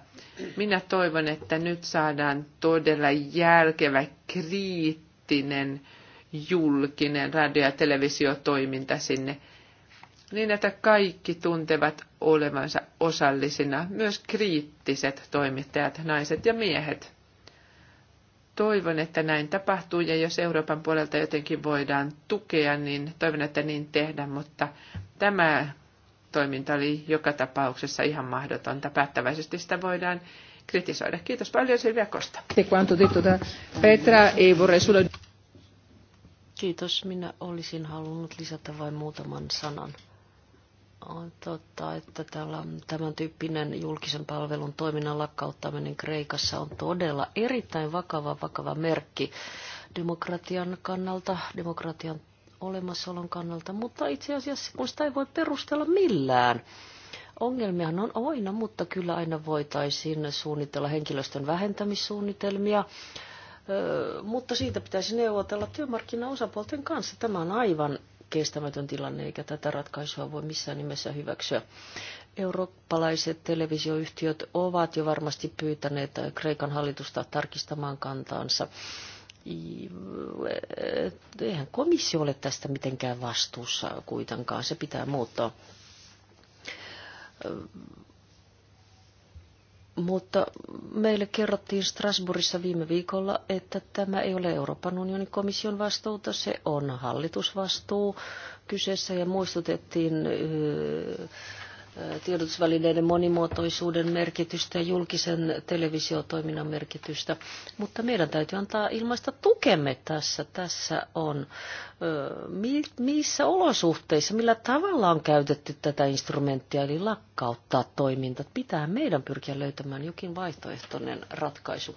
Minä toivon, että nyt saadaan todella järkevä, kriittinen, julkinen radio- ja televisiotoiminta sinne, niin että kaikki tuntevat olevansa osallisina, myös kriittiset toimittajat, naiset ja miehet toivon, että näin tapahtuu ja jos Euroopan puolelta jotenkin voidaan tukea, niin toivon, että niin tehdään, mutta tämä toiminta oli joka tapauksessa ihan mahdotonta. Päättäväisesti sitä voidaan kritisoida. Kiitos paljon Silvia Kosta. Petra e ei Kiitos. Minä olisin halunnut lisätä vain muutaman sanan. On totta, että tämän tyyppinen julkisen palvelun toiminnan lakkauttaminen Kreikassa on todella erittäin vakava, vakava merkki demokratian kannalta, demokratian olemassaolon kannalta, mutta itse asiassa kun sitä ei voi perustella millään. Ongelmiahan on aina, mutta kyllä aina voitaisiin suunnitella henkilöstön vähentämissuunnitelmia, mutta siitä pitäisi neuvotella työmarkkinaosapuolten kanssa. Tämä on aivan kestämätön tilanne, eikä tätä ratkaisua voi missään nimessä hyväksyä. Eurooppalaiset televisioyhtiöt ovat jo varmasti pyytäneet Kreikan hallitusta tarkistamaan kantaansa. Eihän komissio ole tästä mitenkään vastuussa kuitenkaan, se pitää muuttaa mutta meille kerrottiin Strasbourgissa viime viikolla, että tämä ei ole Euroopan unionin komission vastuuta, se on hallitusvastuu kyseessä ja muistutettiin tiedotusvälineiden monimuotoisuuden merkitystä ja julkisen televisiotoiminnan merkitystä. Mutta meidän täytyy antaa ilmaista tukemme tässä. Tässä on, missä olosuhteissa, millä tavalla on käytetty tätä instrumenttia, eli lakkauttaa toiminta. Pitää meidän pyrkiä löytämään jokin vaihtoehtoinen ratkaisu.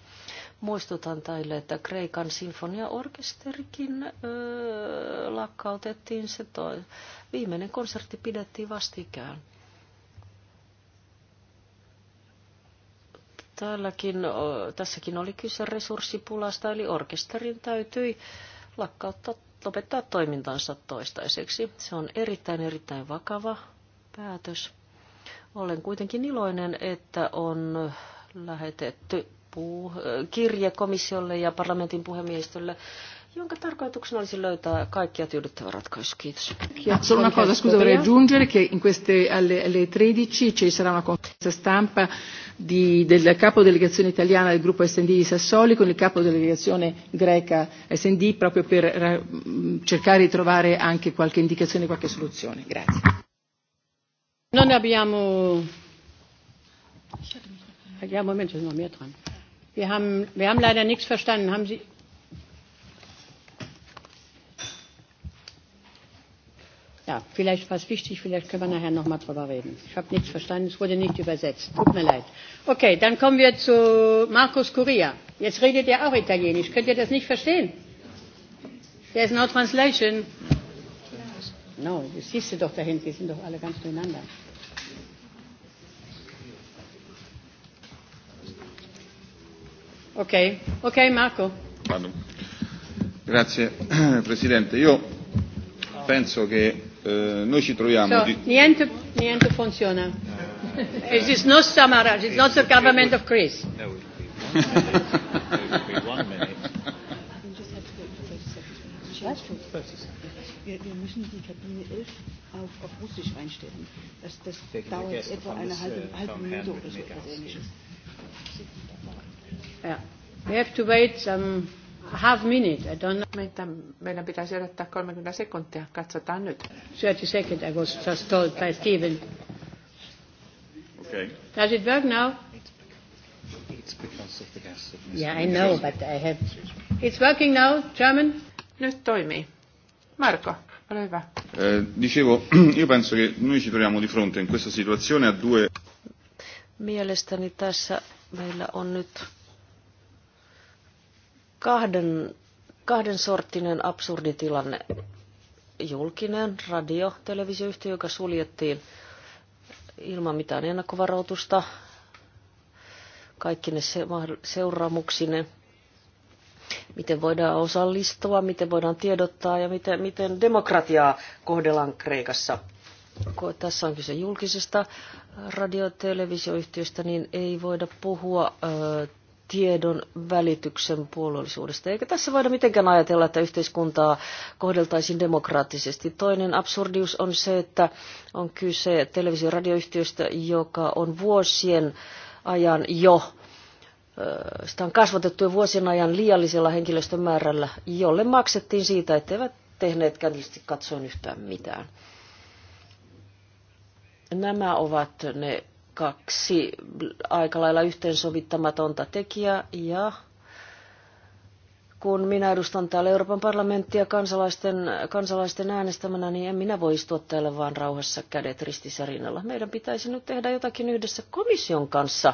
Muistutan teille, että Kreikan sinfoniaorkesterikin öö, lakkautettiin. Se toi. Viimeinen konsertti pidettiin vastikään. Täälläkin, tässäkin oli kyse resurssipulasta, eli orkesterin täytyi lakkauttaa, lopettaa toimintansa toistaiseksi. Se on erittäin, erittäin vakava päätös. Olen kuitenkin iloinen, että on lähetetty puu, kirje komissiolle ja parlamentin puhemiehistölle, jonka tarkoituksena olisi löytää kaikkia tyydyttävä ratkaisu. Kiitos. Solo una cosa, scusa, vorrei aggiungere che in queste alle, alle 13 ci sarà una conferenza stampa di, del capo delegazione italiana del gruppo SD di Sassoli con il capo delegazione greca SD proprio per cercare di trovare anche qualche indicazione, qualche soluzione. Grazie. Non abbiamo... No, wir haben, wir haben leider nichts verstanden. Haben Sie, Ja, vielleicht was wichtig, vielleicht können wir nachher noch mal drüber reden. Ich habe nichts verstanden, es wurde nicht übersetzt. Tut mir leid. Okay, dann kommen wir zu Markus Curia. Jetzt redet er auch Italienisch. Könnt ihr das nicht verstehen? There is no translation. No, das siehst du doch dahin, die sind doch alle ganz durcheinander. Okay, okay Marco. Grazie (clears throat) Presidente. Io penso che Eh, noi ci troviamo... So, di... niente, niente funziona. It is not Samaras, it's not the government of Greece. (laughs) No, wir, müssen die Kabine 11 auf, auf Russisch einstellen. Das, das dauert etwa eine uh, halbe, halbe Minute oder so We have to wait some half minute, I don't know. meidän pitäisi odottaa 30 sekuntia, katsotaan nyt. 30 seconds, I was just told by Steven. Okay. Does it work now? It's because of the gas Yeah, I know, but I have... It's working now, German? Nyt toimii. Marco, ole hyvä. Eh, dicevo, (clears throat) io penso che noi ci troviamo di fronte in questa situazione a due... Mielestäni tässä meillä on nyt kahden, kahden sorttinen absurditilanne. Julkinen radio, televisioyhtiö, joka suljettiin ilman mitään ennakkovaroitusta, kaikki ne seuraamuksine, miten voidaan osallistua, miten voidaan tiedottaa ja miten, miten demokratiaa kohdellaan Kreikassa. Kun tässä on kyse julkisesta radio radiotelevisioyhtiöstä, niin ei voida puhua ö, tiedon välityksen puolueellisuudesta. Eikä tässä voida mitenkään ajatella, että yhteiskuntaa kohdeltaisiin demokraattisesti. Toinen absurdius on se, että on kyse televisio- ja radioyhtiöstä, joka on vuosien ajan jo sitä on kasvatettu jo vuosien ajan liiallisella henkilöstön määrällä, jolle maksettiin siitä, etteivät tehneet käytännöllisesti katsoen yhtään mitään. Nämä ovat ne kaksi aika lailla yhteensovittamatonta tekijää ja kun minä edustan täällä Euroopan parlamenttia kansalaisten, kansalaisten äänestämänä, niin en minä voi istua täällä vaan rauhassa kädet ristissä rinnalla. Meidän pitäisi nyt tehdä jotakin yhdessä komission kanssa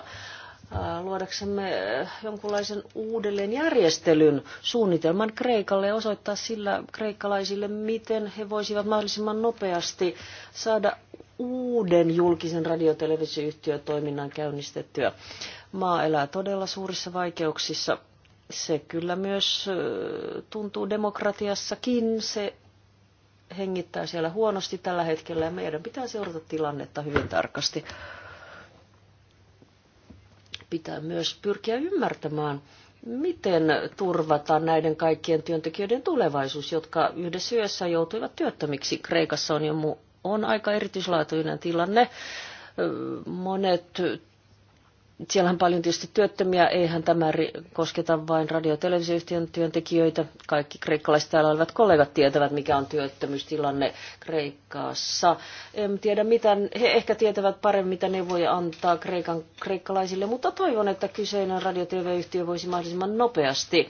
Äh, luodaksemme äh, jonkunlaisen uudelleenjärjestelyn suunnitelman Kreikalle ja osoittaa sillä kreikkalaisille, miten he voisivat mahdollisimman nopeasti saada uuden julkisen radiotelevisioyhtiötoiminnan käynnistettyä. Maa elää todella suurissa vaikeuksissa. Se kyllä myös äh, tuntuu demokratiassakin. Se hengittää siellä huonosti tällä hetkellä ja meidän pitää seurata tilannetta hyvin tarkasti. Pitää myös pyrkiä ymmärtämään, miten turvata näiden kaikkien työntekijöiden tulevaisuus, jotka yhdessä yössä joutuivat työttömiksi. Kreikassa on jo mu- on aika erityislaatuinen tilanne. Monet siellä on paljon tietysti työttömiä, eihän tämä kosketa vain radio- ja televisioyhtiön työntekijöitä. Kaikki kreikkalaiset täällä olevat kollegat tietävät, mikä on työttömyystilanne Kreikassa. En tiedä, mitä, he ehkä tietävät paremmin, mitä voi antaa Kreikan, kreikkalaisille, mutta toivon, että kyseinen radio- ja TV-yhtiö voisi mahdollisimman nopeasti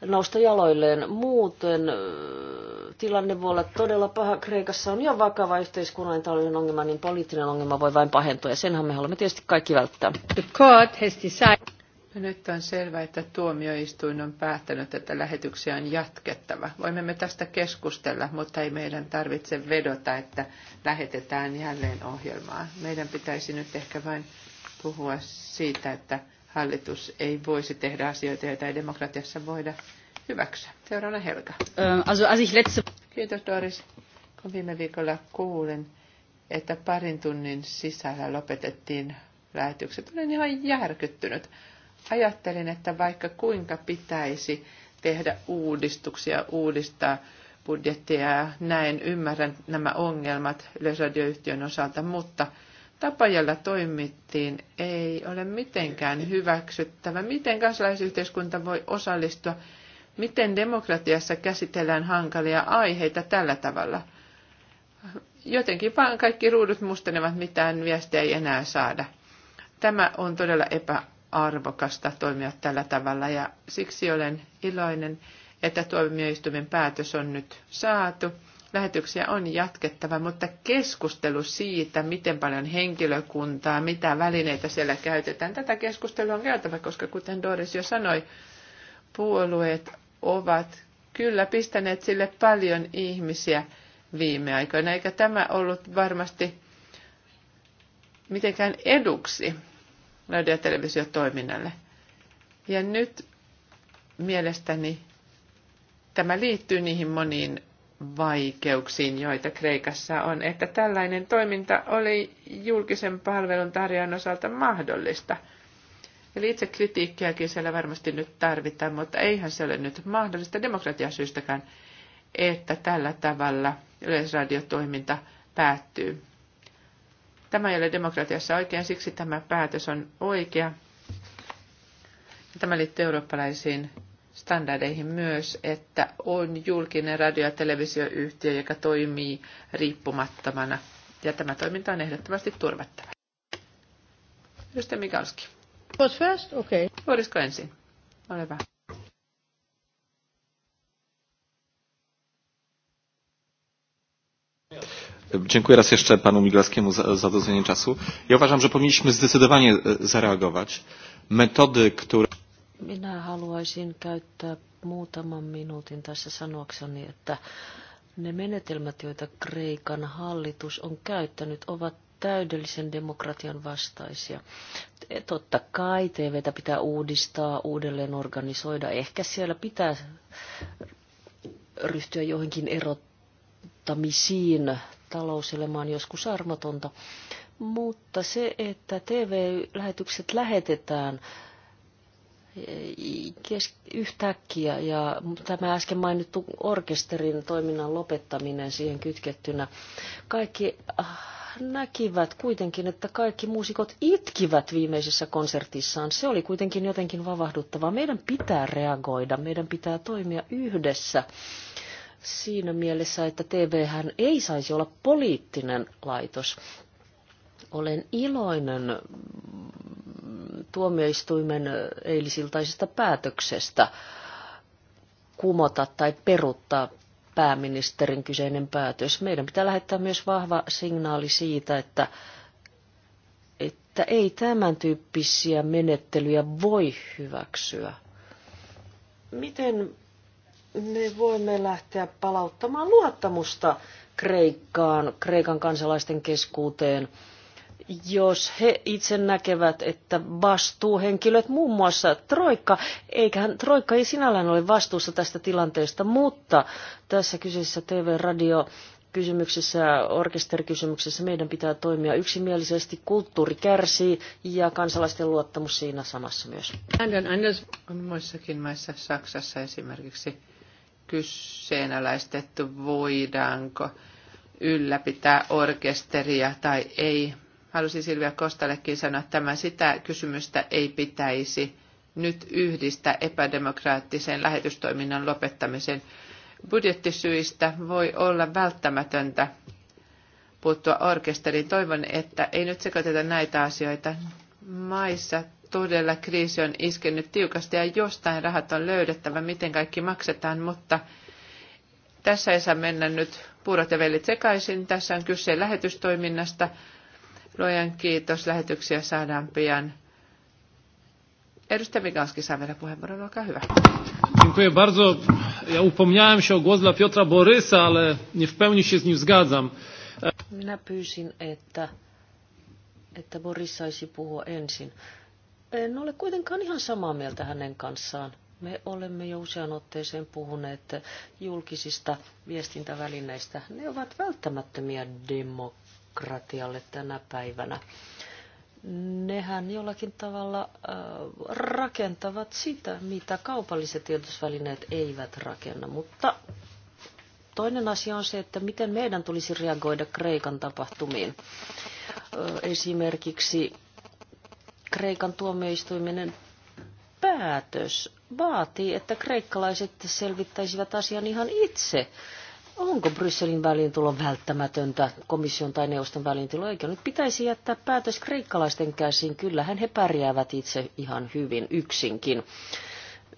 nousta jaloilleen. Muuten tilanne voi olla todella paha. Kreikassa on jo vakava yhteiskunnallinen talouden ongelma, niin poliittinen ongelma voi vain pahentua, ja senhän me haluamme tietysti kaikki välttää. The court has decided. No nyt on selvää, että tuomioistuin on päättänyt, että lähetyksiä on jatkettava. Voimme me tästä keskustella, mutta ei meidän tarvitse vedota, että lähetetään jälleen ohjelmaa. Meidän pitäisi nyt ehkä vain puhua siitä, että hallitus ei voisi tehdä asioita, joita ei demokratiassa voida hyväksyä. Seuraavana Helga. Also, ich letzte... Kiitos Doris. Kun viime viikolla kuulin, että parin tunnin sisällä lopetettiin lähetykset, olen ihan järkyttynyt. Ajattelin, että vaikka kuinka pitäisi tehdä uudistuksia, uudistaa budjettia ja näin ymmärrän nämä ongelmat yleisradioyhtiön osalta, mutta Tapa, jolla toimittiin, ei ole mitenkään hyväksyttävä. Miten kansalaisyhteiskunta voi osallistua? Miten demokratiassa käsitellään hankalia aiheita tällä tavalla? Jotenkin vaan kaikki ruudut mustenevat, mitään viestejä ei enää saada. Tämä on todella epäarvokasta toimia tällä tavalla ja siksi olen iloinen, että tuomioistuimen päätös on nyt saatu – lähetyksiä on jatkettava, mutta keskustelu siitä, miten paljon henkilökuntaa, mitä välineitä siellä käytetään, tätä keskustelua on käytävä, koska kuten Doris jo sanoi, puolueet ovat kyllä pistäneet sille paljon ihmisiä viime aikoina, eikä tämä ollut varmasti mitenkään eduksi radio- ja televisiotoiminnalle. Ja nyt mielestäni tämä liittyy niihin moniin vaikeuksiin, joita Kreikassa on, että tällainen toiminta oli julkisen palvelun tarjoajan osalta mahdollista. Eli itse kritiikkiäkin siellä varmasti nyt tarvitaan, mutta eihän se ole nyt mahdollista demokratiasyistäkään, että tällä tavalla yleisradiotoiminta päättyy. Tämä ei ole demokratiassa oikein, siksi tämä päätös on oikea. Tämä liittyy eurooppalaisiin standardeihin myös, että on julkinen radio- ja televisioyhtiö, joka toimii riippumattomana. Ja tämä toiminta on ehdottomasti turvattava. Edustaja Mikalski. What's first? Okay. Voisiko ensin? Ole hyvä. Dziękuję raz jeszcze panu Miglaskiemu za, za dozwolenie czasu. Ja uważam, że powinniśmy zdecydowanie e, zareagować. Metody, które... Minä haluaisin käyttää muutaman minuutin tässä sanokseni, että ne menetelmät, joita Kreikan hallitus on käyttänyt, ovat täydellisen demokratian vastaisia. Totta kai TVtä pitää uudistaa, uudelleen organisoida. Ehkä siellä pitää ryhtyä johonkin erottamisiin. Talouselämä joskus armotonta. Mutta se, että TV-lähetykset lähetetään yhtäkkiä ja tämä äsken mainittu orkesterin toiminnan lopettaminen siihen kytkettynä. Kaikki ah, näkivät kuitenkin, että kaikki muusikot itkivät viimeisessä konsertissaan. Se oli kuitenkin jotenkin vavahduttavaa. Meidän pitää reagoida, meidän pitää toimia yhdessä siinä mielessä, että TV hän ei saisi olla poliittinen laitos. Olen iloinen tuomioistuimen eilisiltaisesta päätöksestä kumota tai peruttaa pääministerin kyseinen päätös. Meidän pitää lähettää myös vahva signaali siitä, että, että ei tämän tyyppisiä menettelyjä voi hyväksyä. Miten me voimme lähteä palauttamaan luottamusta Kreikkaan, Kreikan kansalaisten keskuuteen? jos he itse näkevät, että vastuuhenkilöt, muun muassa Troika eiköhän Troika ei sinällään ole vastuussa tästä tilanteesta, mutta tässä kyseisessä TV-radio kysymyksessä, orkesterikysymyksessä meidän pitää toimia yksimielisesti. Kulttuuri kärsii ja kansalaisten luottamus siinä samassa myös. Anders on muissakin maissa, Saksassa esimerkiksi, kyseenalaistettu, voidaanko ylläpitää orkesteria tai ei halusin Silvia Kostallekin sanoa tämä sitä kysymystä ei pitäisi nyt yhdistää epädemokraattisen lähetystoiminnan lopettamisen. Budjettisyistä voi olla välttämätöntä puuttua orkesteriin. Toivon, että ei nyt sekoiteta näitä asioita. Maissa todella kriisi on iskenyt tiukasti ja jostain rahat on löydettävä, miten kaikki maksetaan, mutta tässä ei saa mennä nyt puurot ja vellit sekaisin. Tässä on kyse lähetystoiminnasta, Luojan kiitos, lähetyksiä saadaan pian. Edustaja Mikalski saa vielä puheenvuoron, olkaa hyvä. Dziękuję bardzo. Ja upomniałem się o głos dla Piotra Borysa, ale nie w pełni się z nim zgadzam. Minä pyysin, että, että Boris saisi puhua ensin. En ole kuitenkaan ihan samaa mieltä hänen kanssaan. Me olemme jo usean otteeseen puhuneet julkisista viestintävälineistä. Ne ovat välttämättömiä demok- demokratialle tänä päivänä. Nehän jollakin tavalla äh, rakentavat sitä, mitä kaupalliset tiedotusvälineet eivät rakenna, mutta toinen asia on se, että miten meidän tulisi reagoida Kreikan tapahtumiin. Äh, esimerkiksi Kreikan tuomioistuimen päätös vaatii, että kreikkalaiset selvittäisivät asian ihan itse onko Brysselin väliintulo välttämätöntä, komission tai neuvoston väliintulo, eikö nyt pitäisi jättää päätös kreikkalaisten käsiin, kyllähän he pärjäävät itse ihan hyvin yksinkin.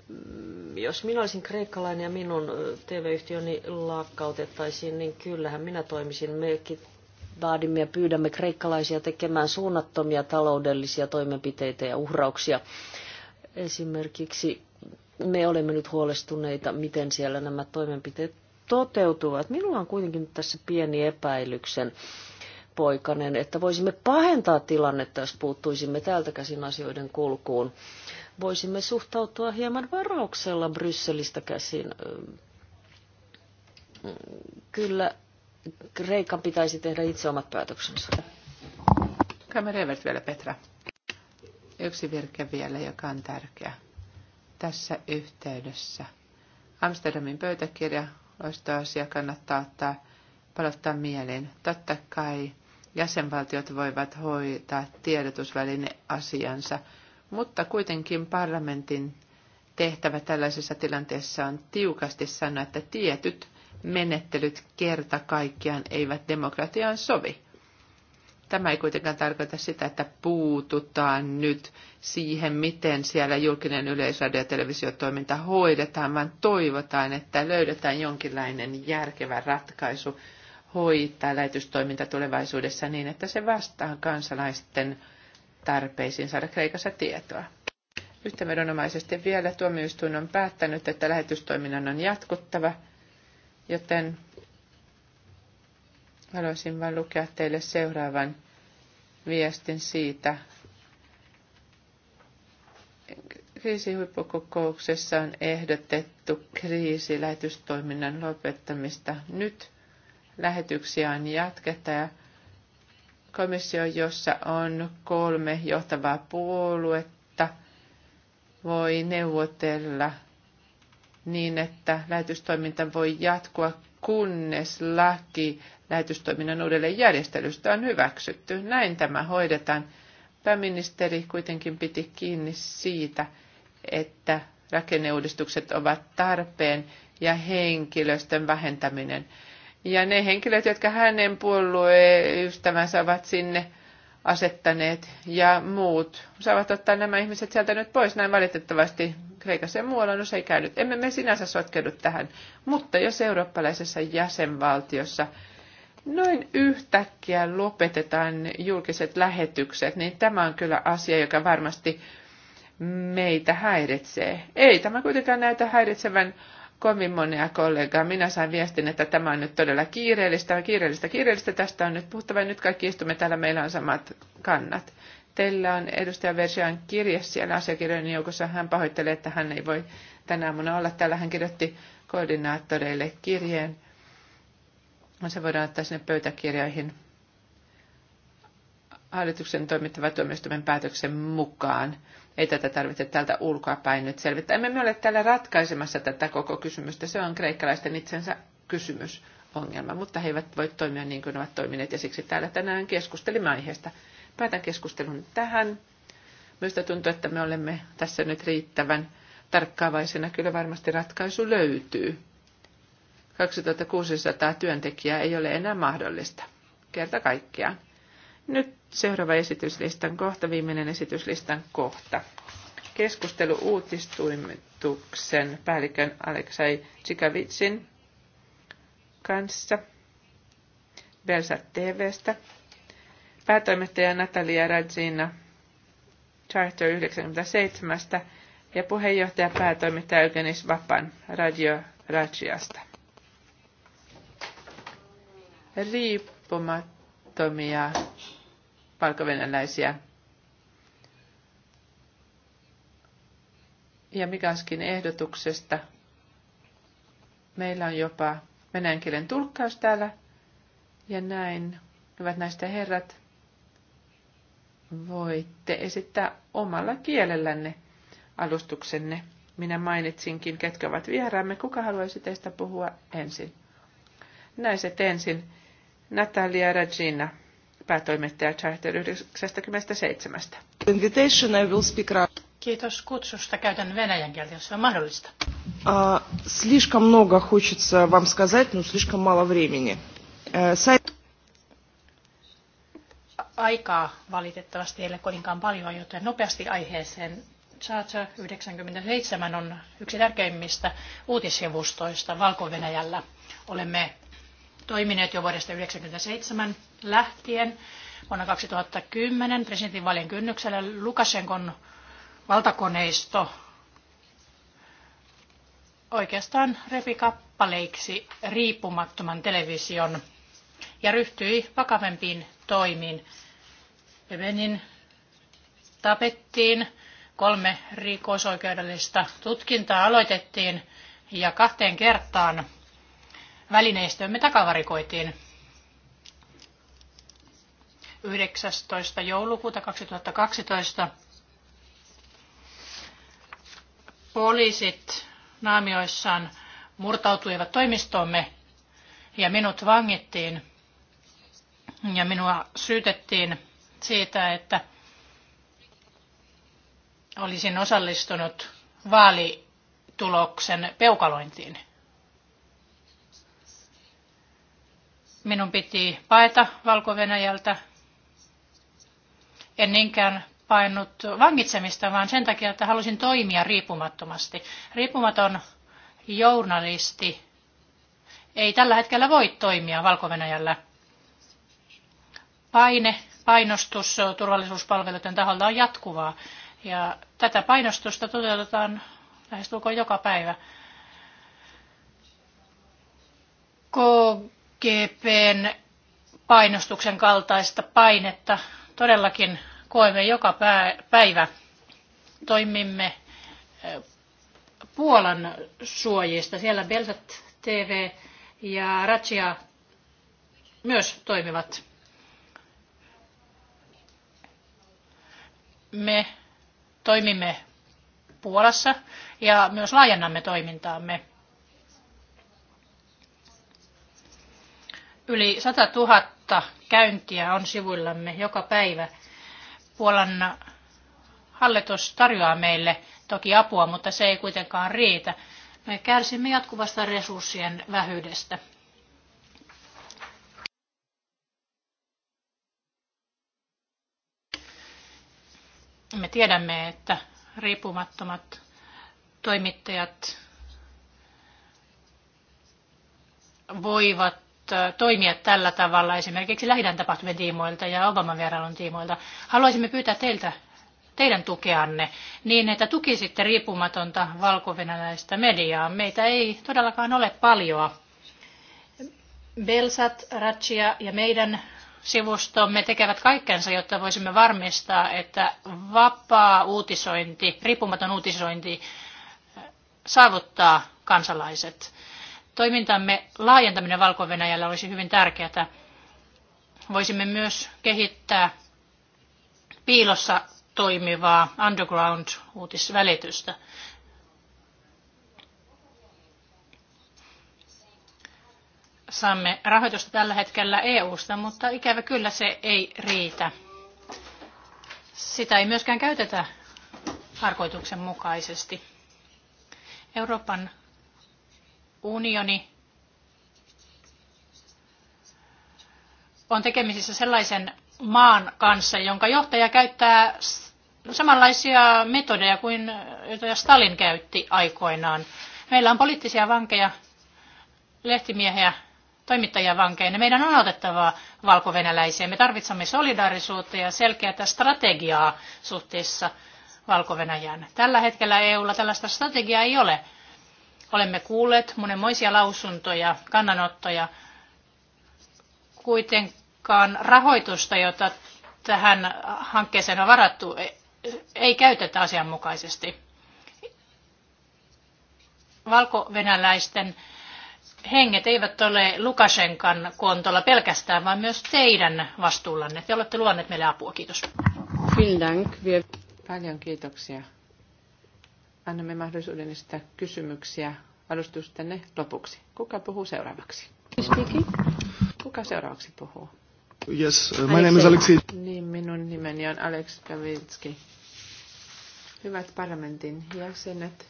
Mm, jos minä olisin kreikkalainen ja minun TV-yhtiöni lakkautettaisiin, niin kyllähän minä toimisin. Mekin vaadimme ja pyydämme kreikkalaisia tekemään suunnattomia taloudellisia toimenpiteitä ja uhrauksia. Esimerkiksi me olemme nyt huolestuneita, miten siellä nämä toimenpiteet toteutuvat. Minulla on kuitenkin tässä pieni epäilyksen poikanen, että voisimme pahentaa tilannetta, jos puuttuisimme täältä käsin asioiden kulkuun. Voisimme suhtautua hieman varauksella Brysselistä käsin. Kyllä Kreikan pitäisi tehdä itse omat päätöksensä. Kamerevert vielä, Petra. Yksi virke vielä, joka on tärkeä. Tässä yhteydessä Amsterdamin pöytäkirja joista asia kannattaa ottaa, palauttaa mieleen. Totta kai jäsenvaltiot voivat hoitaa tiedotusvälineasiansa, mutta kuitenkin parlamentin tehtävä tällaisessa tilanteessa on tiukasti sanoa, että tietyt menettelyt kerta kaikkiaan eivät demokratiaan sovi. Tämä ei kuitenkaan tarkoita sitä, että puututaan nyt siihen, miten siellä julkinen yleisradio- ja televisiotoiminta hoidetaan, vaan toivotaan, että löydetään jonkinlainen järkevä ratkaisu hoitaa lähetystoiminta tulevaisuudessa niin, että se vastaa kansalaisten tarpeisiin saada Kreikassa tietoa. Yhteenvedonomaisesti vielä tuomioistuin on päättänyt, että lähetystoiminnan on jatkuttava, joten Haluaisin vain lukea teille seuraavan viestin siitä. Kriisihuippukokouksessa on ehdotettu kriisilähetystoiminnan lopettamista. Nyt lähetyksiä on jatketta ja komissio, jossa on kolme johtavaa puoluetta, voi neuvotella niin, että lähetystoiminta voi jatkua, kunnes laki lähetystoiminnan uudelleenjärjestelystä on hyväksytty. Näin tämä hoidetaan. Pääministeri kuitenkin piti kiinni siitä, että rakenneuudistukset ovat tarpeen ja henkilöstön vähentäminen. Ja ne henkilöt, jotka hänen puolueystävänsä ovat sinne asettaneet ja muut saavat ottaa nämä ihmiset sieltä nyt pois. Näin valitettavasti Kreikassa ja muualla on usein käynyt. Emme me sinänsä sotkeudu tähän, mutta jos eurooppalaisessa jäsenvaltiossa – noin yhtäkkiä lopetetaan julkiset lähetykset, niin tämä on kyllä asia, joka varmasti meitä häiritsee. Ei tämä kuitenkaan näytä häiritsevän kovin monia kollegaa. Minä sain viestin, että tämä on nyt todella kiireellistä, kiireellistä, kiireellistä. Tästä on nyt puhuttava. Nyt kaikki istumme täällä, meillä on samat kannat. Teillä on edustaja Versian kirje siellä asiakirjojen joukossa. Hän pahoittelee, että hän ei voi tänä aamuna olla täällä. Hän kirjoitti koordinaattoreille kirjeen se voidaan ottaa sinne pöytäkirjoihin hallituksen toimittava tuomioistuimen päätöksen mukaan. Ei tätä tarvitse täältä päin nyt selvittää. Emme me ole täällä ratkaisemassa tätä koko kysymystä. Se on kreikkalaisten itsensä kysymys, ongelma, mutta he eivät voi toimia niin kuin ovat toimineet ja siksi täällä tänään keskustelimme aiheesta. Päätän keskustelun tähän. Minusta tuntuu, että me olemme tässä nyt riittävän tarkkaavaisena. Kyllä varmasti ratkaisu löytyy. 2600 työntekijää ei ole enää mahdollista. Kerta kaikkiaan. Nyt seuraava esityslistan kohta, viimeinen esityslistan kohta. Keskustelu uutistuimituksen päällikön Aleksai Tsikavitsin kanssa Belsat TVstä. Päätoimittaja Natalia Radzina Charter 97 ja puheenjohtaja päätoimittaja Eugenis Vapan Radio Radziasta riippumattomia palkovenäläisiä. Ja Mikanskin ehdotuksesta meillä on jopa venäjän kielen tulkkaus täällä. Ja näin, hyvät näistä herrat, voitte esittää omalla kielellänne alustuksenne. Minä mainitsinkin, ketkä ovat vieraamme. Kuka haluaisi teistä puhua ensin? Näiset ensin. Natalia Regina, päätoimittaja Charter 97. Kiitos kutsusta. Käytän venäjän kieltä, jos se on mahdollista. Uh, слишком много хочется вам сказать, но слишком мало времени. Uh, э, сайт... Aikaa valitettavasti ei ole kovinkaan paljon, joten nopeasti aiheeseen. Charter 97 on yksi tärkeimmistä uutissivustoista valko -Venäjällä. Olemme toimineet jo vuodesta 1997 lähtien. Vuonna 2010 presidentinvaalien kynnyksellä Lukashenkon valtakoneisto oikeastaan repi kappaleiksi riippumattoman television ja ryhtyi vakavempiin toimiin. Evenin tapettiin, kolme rikosoikeudellista tutkintaa aloitettiin ja kahteen kertaan välineistömme takavarikoitiin. 19. joulukuuta 2012 poliisit naamioissaan murtautuivat toimistomme ja minut vangittiin ja minua syytettiin siitä, että olisin osallistunut vaalituloksen peukalointiin. minun piti paeta valko -Venäjältä. En niinkään painut vangitsemista, vaan sen takia, että halusin toimia riippumattomasti. Riippumaton journalisti ei tällä hetkellä voi toimia valko -Venäjällä. Paine, painostus turvallisuuspalveluiden taholta on jatkuvaa. Ja tätä painostusta toteutetaan lähestulkoon joka päivä. Ko GPn painostuksen kaltaista painetta todellakin koemme joka päivä. Toimimme Puolan suojista. Siellä Belsat TV ja Ratsia myös toimivat. Me toimimme Puolassa ja myös laajennamme toimintaamme. Yli 100 000 käyntiä on sivuillamme joka päivä. Puolan hallitus tarjoaa meille toki apua, mutta se ei kuitenkaan riitä. Me kärsimme jatkuvasta resurssien vähyydestä. Me tiedämme, että riippumattomat toimittajat voivat toimia tällä tavalla esimerkiksi lähidän tapahtumien tiimoilta ja Obaman vierailun tiimoilta. Haluaisimme pyytää teiltä teidän tukeanne niin, että tukisitte riippumatonta valkovenäläistä mediaa. Meitä ei todellakaan ole paljoa. Belsat, Ratsia ja meidän sivustomme tekevät kaikkensa, jotta voisimme varmistaa, että vapaa uutisointi, riippumaton uutisointi saavuttaa kansalaiset. Toimintamme laajentaminen valko olisi hyvin tärkeää. Voisimme myös kehittää piilossa toimivaa underground-uutisvälitystä. Saamme rahoitusta tällä hetkellä EUsta, mutta ikävä kyllä se ei riitä. Sitä ei myöskään käytetä tarkoituksenmukaisesti. Euroopan unioni on tekemisissä sellaisen maan kanssa, jonka johtaja käyttää samanlaisia metodeja kuin joita Stalin käytti aikoinaan. Meillä on poliittisia vankeja, lehtimiehiä, toimittajia vankeina. Meidän on otettava valkovenäläisiä. Me tarvitsemme solidaarisuutta ja selkeää strategiaa suhteessa valko -Venäjään. Tällä hetkellä EUlla tällaista strategiaa ei ole. Olemme kuulleet monenmoisia lausuntoja, kannanottoja. Kuitenkaan rahoitusta, jota tähän hankkeeseen on varattu, e- ei käytetä asianmukaisesti. Valko-venäläisten henget eivät ole Lukashenkan kontolla pelkästään, vaan myös teidän vastuullanne. Te olette luonneet meille apua. Kiitos. Paljon kiitoksia annamme mahdollisuuden esittää kysymyksiä alustustenne lopuksi. Kuka puhuu seuraavaksi? Kuka seuraavaksi puhuu? Yes, uh, my name is Alexei. Niin, minun nimeni on Alex Kavinski. Hyvät parlamentin jäsenet,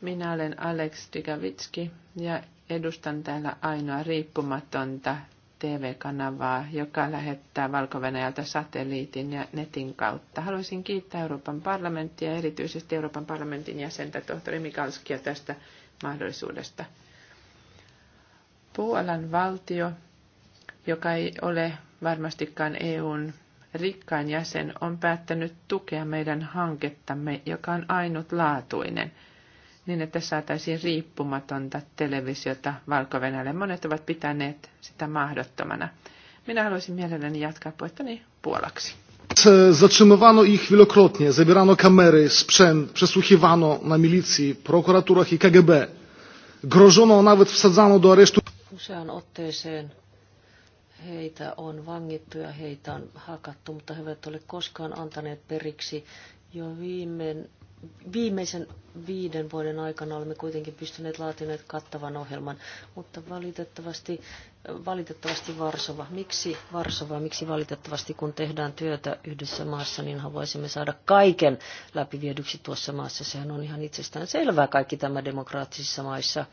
minä olen Alex Digavitski ja edustan täällä ainoa riippumatonta TV-kanavaa, joka lähettää valko satelliitin ja netin kautta. Haluaisin kiittää Euroopan parlamenttia, erityisesti Euroopan parlamentin jäsentä tohtori Mikalskia tästä mahdollisuudesta. Puolan valtio, joka ei ole varmastikaan EUn rikkain jäsen, on päättänyt tukea meidän hankettamme, joka on ainutlaatuinen – niin, että saataisiin riippumatonta televisiota valko -Venäjälle. Monet ovat pitäneet sitä mahdottomana. Minä haluaisin mielelläni jatkaa puhettani puolaksi. Zatrzymywano ich wielokrotnie, zabierano kamery, sprzęt, przesłuchiwano na milicji, prokuraturach i KGB. Grożono, nawet wsadzano do aresztu. Usean otteeseen heitä on vangittu ja heitä on hakattu, mutta he eivät ole koskaan antaneet periksi. Jo viime viimeisen viiden vuoden aikana olemme kuitenkin pystyneet laatineet kattavan ohjelman, mutta valitettavasti, valitettavasti Varsova. Miksi Varsova? Miksi valitettavasti, kun tehdään työtä yhdessä maassa, niin haluaisimme saada kaiken läpiviedyksi tuossa maassa. Sehän on ihan itsestään selvää kaikki tämä demokraattisissa maissa,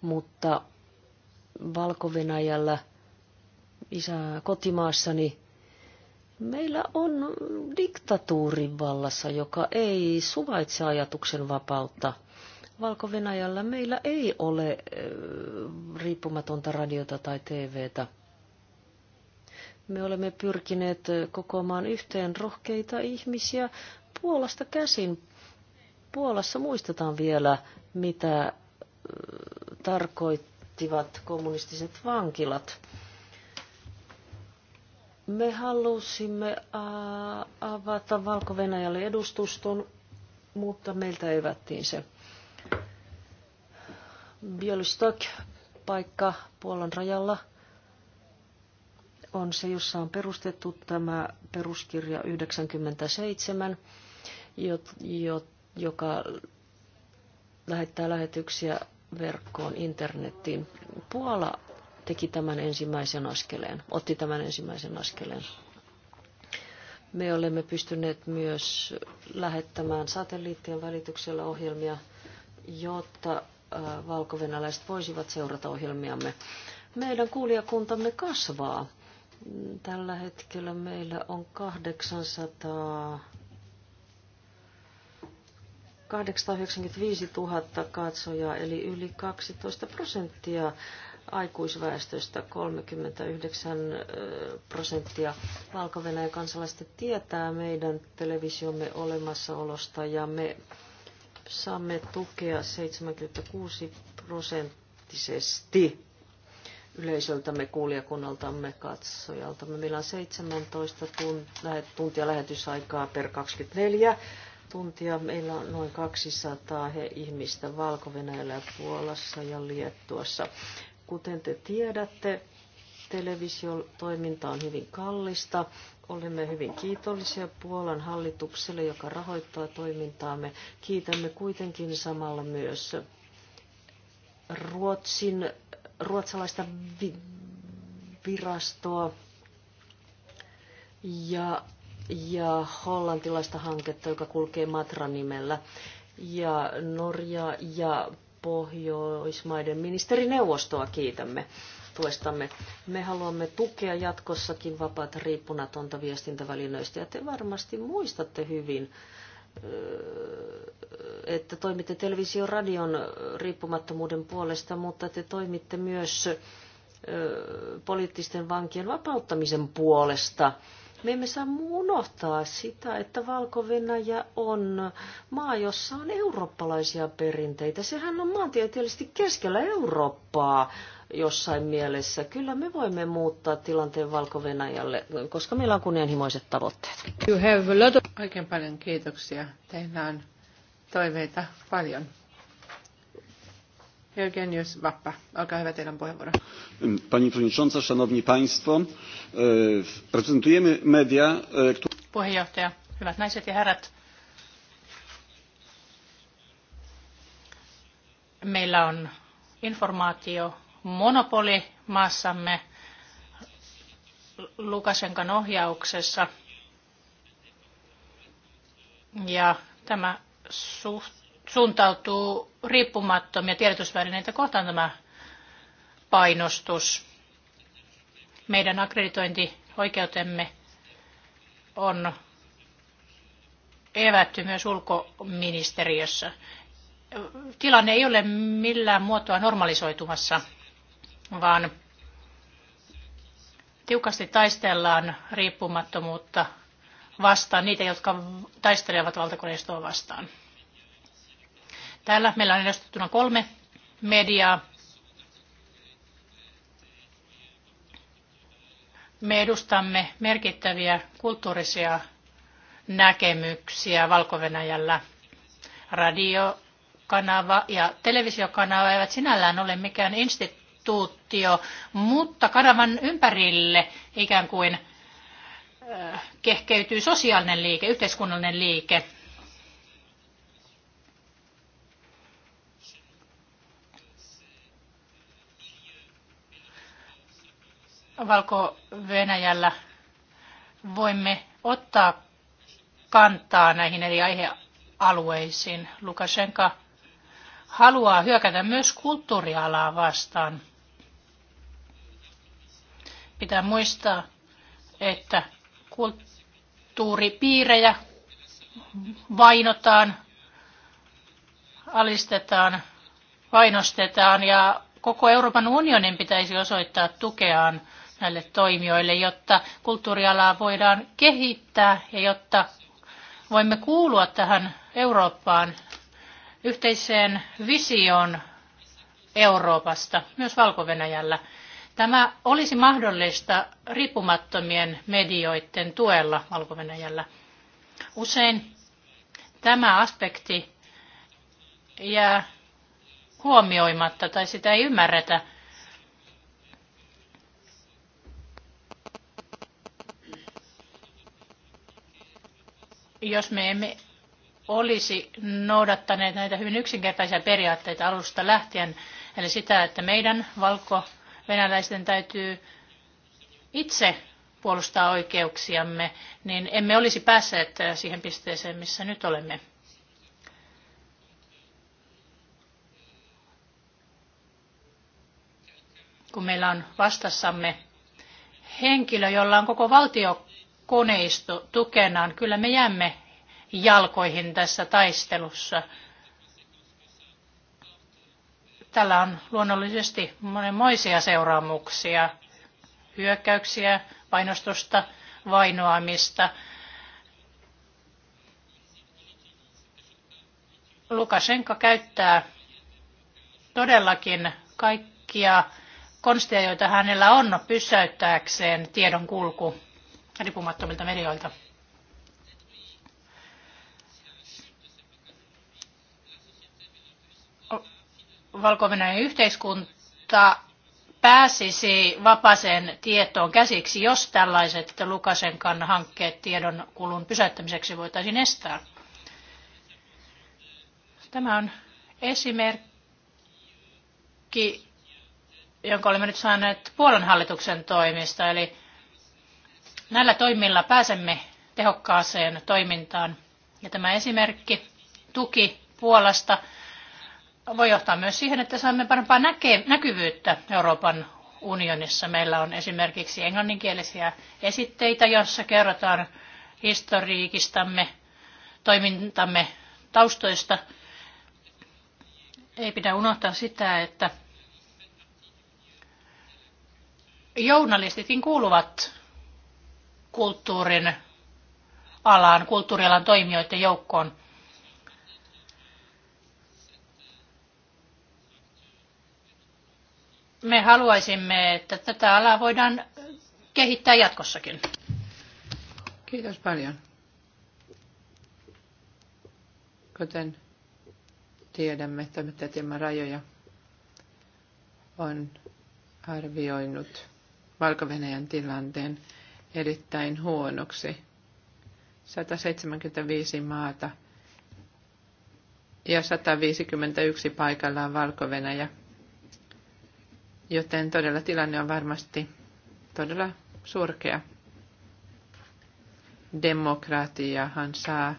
mutta Valko-Venäjällä, isä, kotimaassani, Meillä on diktatuurin vallassa, joka ei suvaitse ajatuksen vapautta. Valko-Venäjällä meillä ei ole riippumatonta radiota tai TVtä. Me olemme pyrkineet kokoamaan yhteen rohkeita ihmisiä Puolasta käsin. Puolassa muistetaan vielä, mitä tarkoittivat kommunistiset vankilat me halusimme avata Valko-Venäjälle edustuston, mutta meiltä evättiin se. Bielostok, paikka Puolan rajalla, on se, jossa on perustettu tämä peruskirja 97, joka lähettää lähetyksiä verkkoon, internettiin. Puola teki tämän ensimmäisen askeleen, otti tämän ensimmäisen askeleen. Me olemme pystyneet myös lähettämään satelliittien välityksellä ohjelmia, jotta äh, valkovenäläiset voisivat seurata ohjelmiamme. Meidän kuulijakuntamme kasvaa. Tällä hetkellä meillä on 800 895 000 katsojaa, eli yli 12 prosenttia aikuisväestöstä 39 prosenttia valko kansalaista tietää meidän televisiomme olemassaolosta ja me saamme tukea 76 prosenttisesti yleisöltämme, kuulijakunnaltamme, katsojaltamme. Meillä on 17 tuntia lähetysaikaa per 24 tuntia. Meillä on noin 200 he ihmistä valko ja Puolassa ja Liettuassa. Kuten te tiedätte, televisiotoiminta on hyvin kallista. Olemme hyvin kiitollisia Puolan hallitukselle, joka rahoittaa toimintaamme. Kiitämme kuitenkin samalla myös Ruotsin, ruotsalaista vi, virastoa ja, ja hollantilaista hanketta, joka kulkee Matra-nimellä. Ja Norja ja Pohjoismaiden ministerineuvostoa kiitämme tuestamme. Me haluamme tukea jatkossakin vapaata riippumatonta viestintävälineistä ja te varmasti muistatte hyvin, että toimitte television radion riippumattomuuden puolesta, mutta te toimitte myös poliittisten vankien vapauttamisen puolesta – me emme saa unohtaa sitä, että valko on maa, jossa on eurooppalaisia perinteitä. Sehän on maantieteellisesti keskellä Eurooppaa jossain mielessä. Kyllä me voimme muuttaa tilanteen valko koska meillä on kunnianhimoiset tavoitteet. You have a lot of... Oikein paljon kiitoksia. Teillä on toiveita paljon. Pani przewodnicząca, szanowni państwo, e, reprezentujemy media, e, hyvät naiset ja herrat. Meillä on informaatio monopoli maassamme lukaenkan ohjauksessa. Ja tämä suhtautuminen suuntautuu riippumattomia tiedotusvälineitä kohtaan tämä painostus. Meidän akkreditointioikeutemme on evätty myös ulkoministeriössä. Tilanne ei ole millään muotoa normalisoitumassa, vaan tiukasti taistellaan riippumattomuutta vastaan niitä, jotka taistelevat valtakoneistoa vastaan. Täällä meillä on edustettuna kolme mediaa. Me edustamme merkittäviä kulttuurisia näkemyksiä valko -Venäjällä. Radiokanava ja televisiokanava eivät sinällään ole mikään instituutio, mutta kanavan ympärille ikään kuin kehkeytyy sosiaalinen liike, yhteiskunnallinen liike, Valko-Venäjällä voimme ottaa kantaa näihin eri aihealueisiin. Lukashenka haluaa hyökätä myös kulttuurialaa vastaan. Pitää muistaa, että kulttuuripiirejä vainotaan, alistetaan, vainostetaan ja koko Euroopan unionin pitäisi osoittaa tukeaan näille toimijoille, jotta kulttuurialaa voidaan kehittää ja jotta voimme kuulua tähän Eurooppaan yhteiseen visioon Euroopasta, myös valko -Venäjällä. Tämä olisi mahdollista riippumattomien medioiden tuella valko -Venäjällä. Usein tämä aspekti jää huomioimatta tai sitä ei ymmärretä. jos me emme olisi noudattaneet näitä hyvin yksinkertaisia periaatteita alusta lähtien, eli sitä, että meidän valko-venäläisten täytyy itse puolustaa oikeuksiamme, niin emme olisi päässeet siihen pisteeseen, missä nyt olemme. Kun meillä on vastassamme henkilö, jolla on koko valtio koneisto tukenaan. Kyllä me jäämme jalkoihin tässä taistelussa. Tällä on luonnollisesti monenmoisia seuraamuksia, hyökkäyksiä, painostusta, vainoamista. Lukasenka käyttää todellakin kaikkia konsteja, joita hänellä on pysäyttääkseen tiedon kulku riippumattomilta medioilta. valko yhteiskunta pääsisi vapaaseen tietoon käsiksi, jos tällaiset Lukasenkan hankkeet tiedon kulun pysäyttämiseksi voitaisiin estää. Tämä on esimerkki, jonka olemme nyt saaneet Puolan hallituksen toimista, eli Näillä toimilla pääsemme tehokkaaseen toimintaan. Ja tämä esimerkki, tuki Puolasta, voi johtaa myös siihen, että saamme parempaa näke- näkyvyyttä Euroopan unionissa. Meillä on esimerkiksi englanninkielisiä esitteitä, joissa kerrotaan historiikistamme, toimintamme taustoista. Ei pidä unohtaa sitä, että journalistitkin kuuluvat kulttuurin alaan, kulttuurialan toimijoiden joukkoon. Me haluaisimme, että tätä alaa voidaan kehittää jatkossakin. Kiitos paljon. Kuten tiedämme, että tämä rajoja on arvioinut valko tilanteen erittäin huonoksi. 175 maata ja 151 paikallaan valko -Venäjä. Joten todella tilanne on varmasti todella surkea. Demokratiahan saa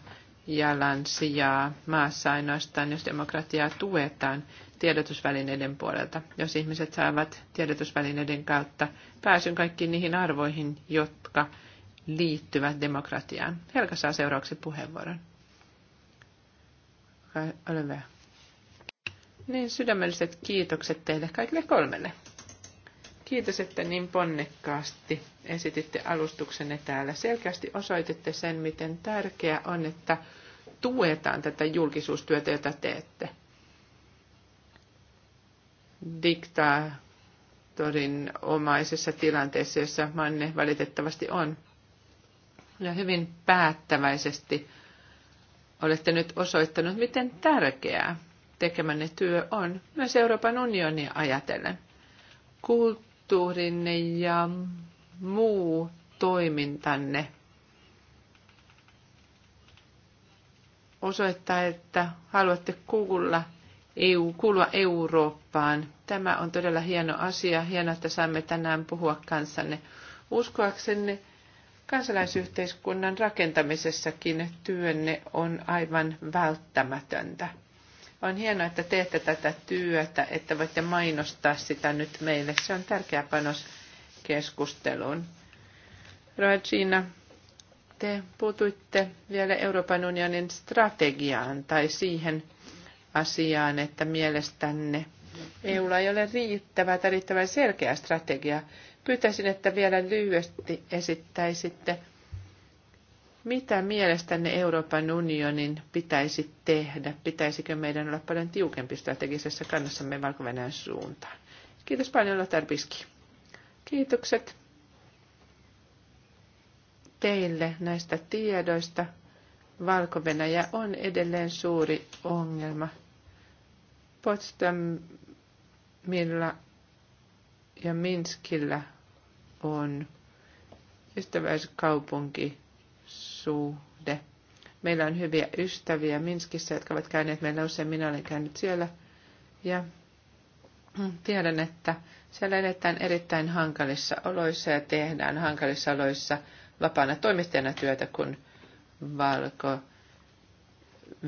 jalan sijaa maassa ainoastaan, jos demokratiaa tuetaan tiedotusvälineiden puolelta, jos ihmiset saavat tiedotusvälineiden kautta pääsyn kaikkiin niihin arvoihin, jotka liittyvät demokratiaan. Helka saa seuraavaksi puheenvuoron. Ole hyvä. Niin, sydämelliset kiitokset teille kaikille kolmelle. Kiitos, että niin ponnekkaasti esititte alustuksenne täällä. Selkeästi osoititte sen, miten tärkeää on, että tuetaan tätä julkisuustyötä, jota teette – diktaatorin omaisessa tilanteessa, jossa Manne valitettavasti on. Ja hyvin päättäväisesti olette nyt osoittanut, miten tärkeää tekemänne työ on, myös Euroopan unionia ajatellen. Kulttuurinne ja muu toimintanne osoittaa, että haluatte kuulla – EU, kuulua Eurooppaan. Tämä on todella hieno asia. Hienoa, että saamme tänään puhua kanssanne. Uskoaksenne kansalaisyhteiskunnan rakentamisessakin työnne on aivan välttämätöntä. On hienoa, että teette tätä työtä, että voitte mainostaa sitä nyt meille. Se on tärkeä panos keskusteluun. Regina, te puutuitte vielä Euroopan unionin strategiaan tai siihen, asiaan, että mielestänne EUlla ei ole riittävää tai riittävän selkeä strategia. Pyytäisin, että vielä lyhyesti esittäisitte, mitä mielestänne Euroopan unionin pitäisi tehdä? Pitäisikö meidän olla paljon tiukempi strategisessa kannassamme valko suuntaan? Kiitos paljon, Lothar Biski. Kiitokset teille näistä tiedoista. valko on edelleen suuri ongelma – Potsdamilla ja Minskillä on ystäväiskaupunkisuhde. Meillä on hyviä ystäviä Minskissä, jotka ovat käyneet meillä usein. Minä olen käynyt siellä ja tiedän, että siellä eletään erittäin hankalissa oloissa ja tehdään hankalissa oloissa vapaana toimittajana työtä, kun valko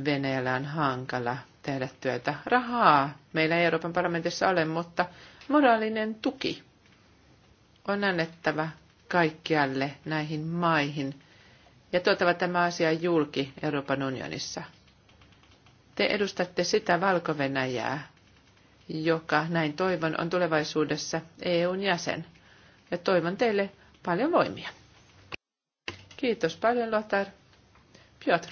Venäjällä on hankala tehdä työtä. Rahaa meillä ei Euroopan parlamentissa ole, mutta moraalinen tuki on annettava kaikkialle näihin maihin ja tuotava tämä asia julki Euroopan unionissa. Te edustatte sitä valko joka näin toivon on tulevaisuudessa EUn jäsen. Ja toivon teille paljon voimia. Kiitos paljon, Lothar. Piotr.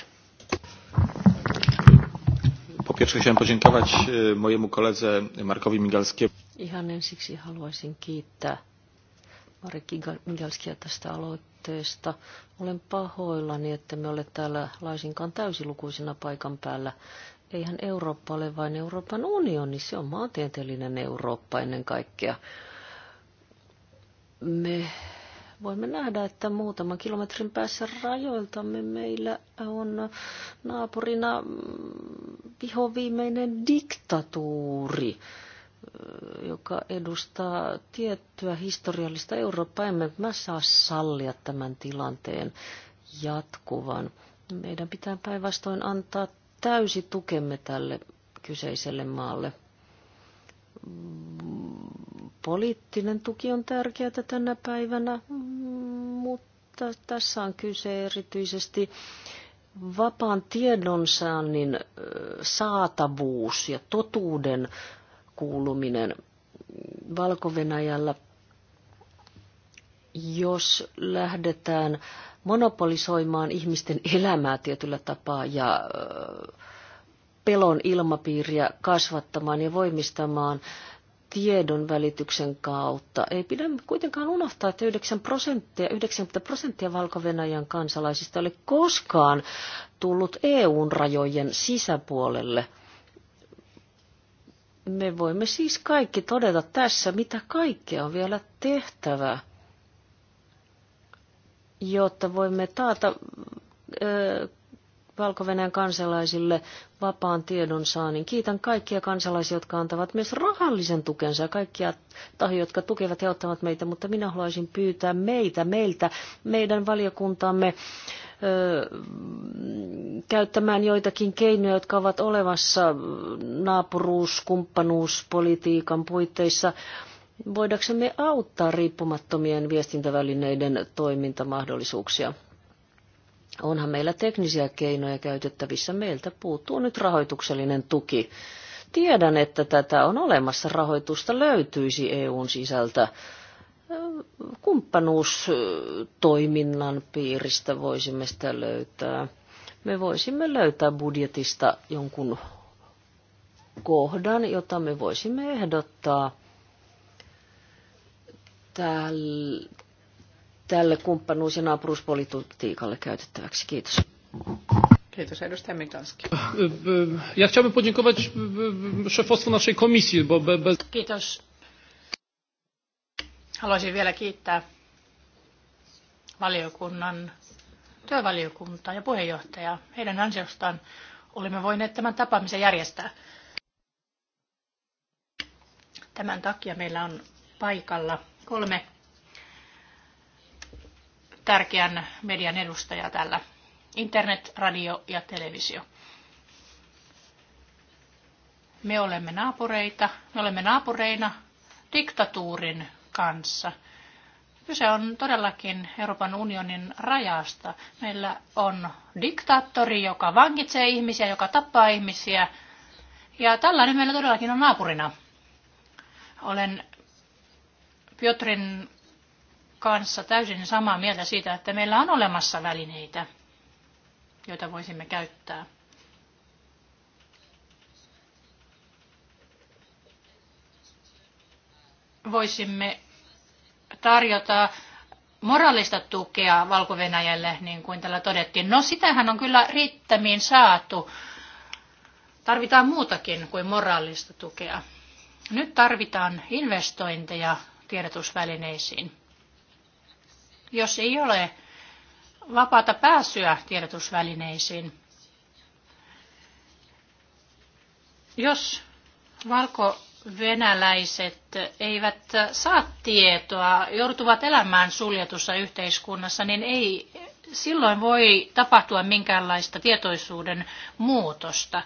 Po pierwsze chciałem podziękować e, mojemu koledze Markowi Migalskiemu. Ihan ensiksi haluaisin kiittää Marek Migalskia tästä aloitteesta. Olen pahoillani, että me ole täällä laisinkaan täysilukuisena paikan päällä. Eihän Eurooppa ole vain Euroopan unioni, se on maantieteellinen Eurooppa ennen kaikkea. Me voimme nähdä, että muutaman kilometrin päässä rajoiltamme meillä on naapurina mm, vihoviimeinen diktatuuri joka edustaa tiettyä historiallista Eurooppaa. Emme mä saa sallia tämän tilanteen jatkuvan. Meidän pitää päinvastoin antaa täysi tukemme tälle kyseiselle maalle poliittinen tuki on tärkeää tänä päivänä, mutta tässä on kyse erityisesti vapaan tiedonsaannin saatavuus ja totuuden kuuluminen valko -Venäjällä. Jos lähdetään monopolisoimaan ihmisten elämää tietyllä tapaa ja äh, pelon ilmapiiriä kasvattamaan ja voimistamaan tiedon välityksen kautta. Ei pidä kuitenkaan unohtaa, että 9 prosenttia, 90 prosenttia valko kansalaisista oli koskaan tullut EUn rajojen sisäpuolelle. Me voimme siis kaikki todeta tässä, mitä kaikkea on vielä tehtävä, jotta voimme taata ö, valko kansalaisille vapaan tiedon saannin. Kiitän kaikkia kansalaisia, jotka antavat myös rahallisen tukensa ja kaikkia tahoja, jotka tukevat ja ottavat meitä, mutta minä haluaisin pyytää meitä, meiltä, meidän valiokuntamme käyttämään joitakin keinoja, jotka ovat olevassa naapuruus, kumppanuuspolitiikan puitteissa. Voidaksemme auttaa riippumattomien viestintävälineiden toimintamahdollisuuksia? Onhan meillä teknisiä keinoja käytettävissä. Meiltä puuttuu nyt rahoituksellinen tuki. Tiedän, että tätä on olemassa. Rahoitusta löytyisi EUn sisältä kumppanuustoiminnan piiristä voisimme sitä löytää. Me voisimme löytää budjetista jonkun kohdan, jota me voisimme ehdottaa tälle kumppanuus- ja naapuruuspolitiikalle käytettäväksi. Kiitos. Kiitos, edustaja Mikalski. Ja chciałbym podziękować e, e, szefostwu naszej komisji, bo bez... Kiitos. Haluaisin vielä kiittää valiokunnan työvaliokuntaa ja puheenjohtajaa. Heidän ansiostaan olemme voineet tämän tapaamisen järjestää. Tämän takia meillä on paikalla kolme tärkeän median edustaja tällä. Internet, radio ja televisio. Me olemme naapureita, me olemme naapureina diktatuurin kanssa. Kyse on todellakin Euroopan unionin rajasta. Meillä on diktaattori, joka vankitsee ihmisiä, joka tappaa ihmisiä. Ja tällainen meillä todellakin on naapurina. Olen Piotrin kanssa täysin samaa mieltä siitä, että meillä on olemassa välineitä, joita voisimme käyttää. Voisimme tarjota moraalista tukea valko niin kuin tällä todettiin. No sitähän on kyllä riittämiin saatu. Tarvitaan muutakin kuin moraalista tukea. Nyt tarvitaan investointeja tiedotusvälineisiin jos ei ole vapaata pääsyä tiedotusvälineisiin. Jos valko-venäläiset eivät saa tietoa, joutuvat elämään suljetussa yhteiskunnassa, niin ei silloin voi tapahtua minkäänlaista tietoisuuden muutosta.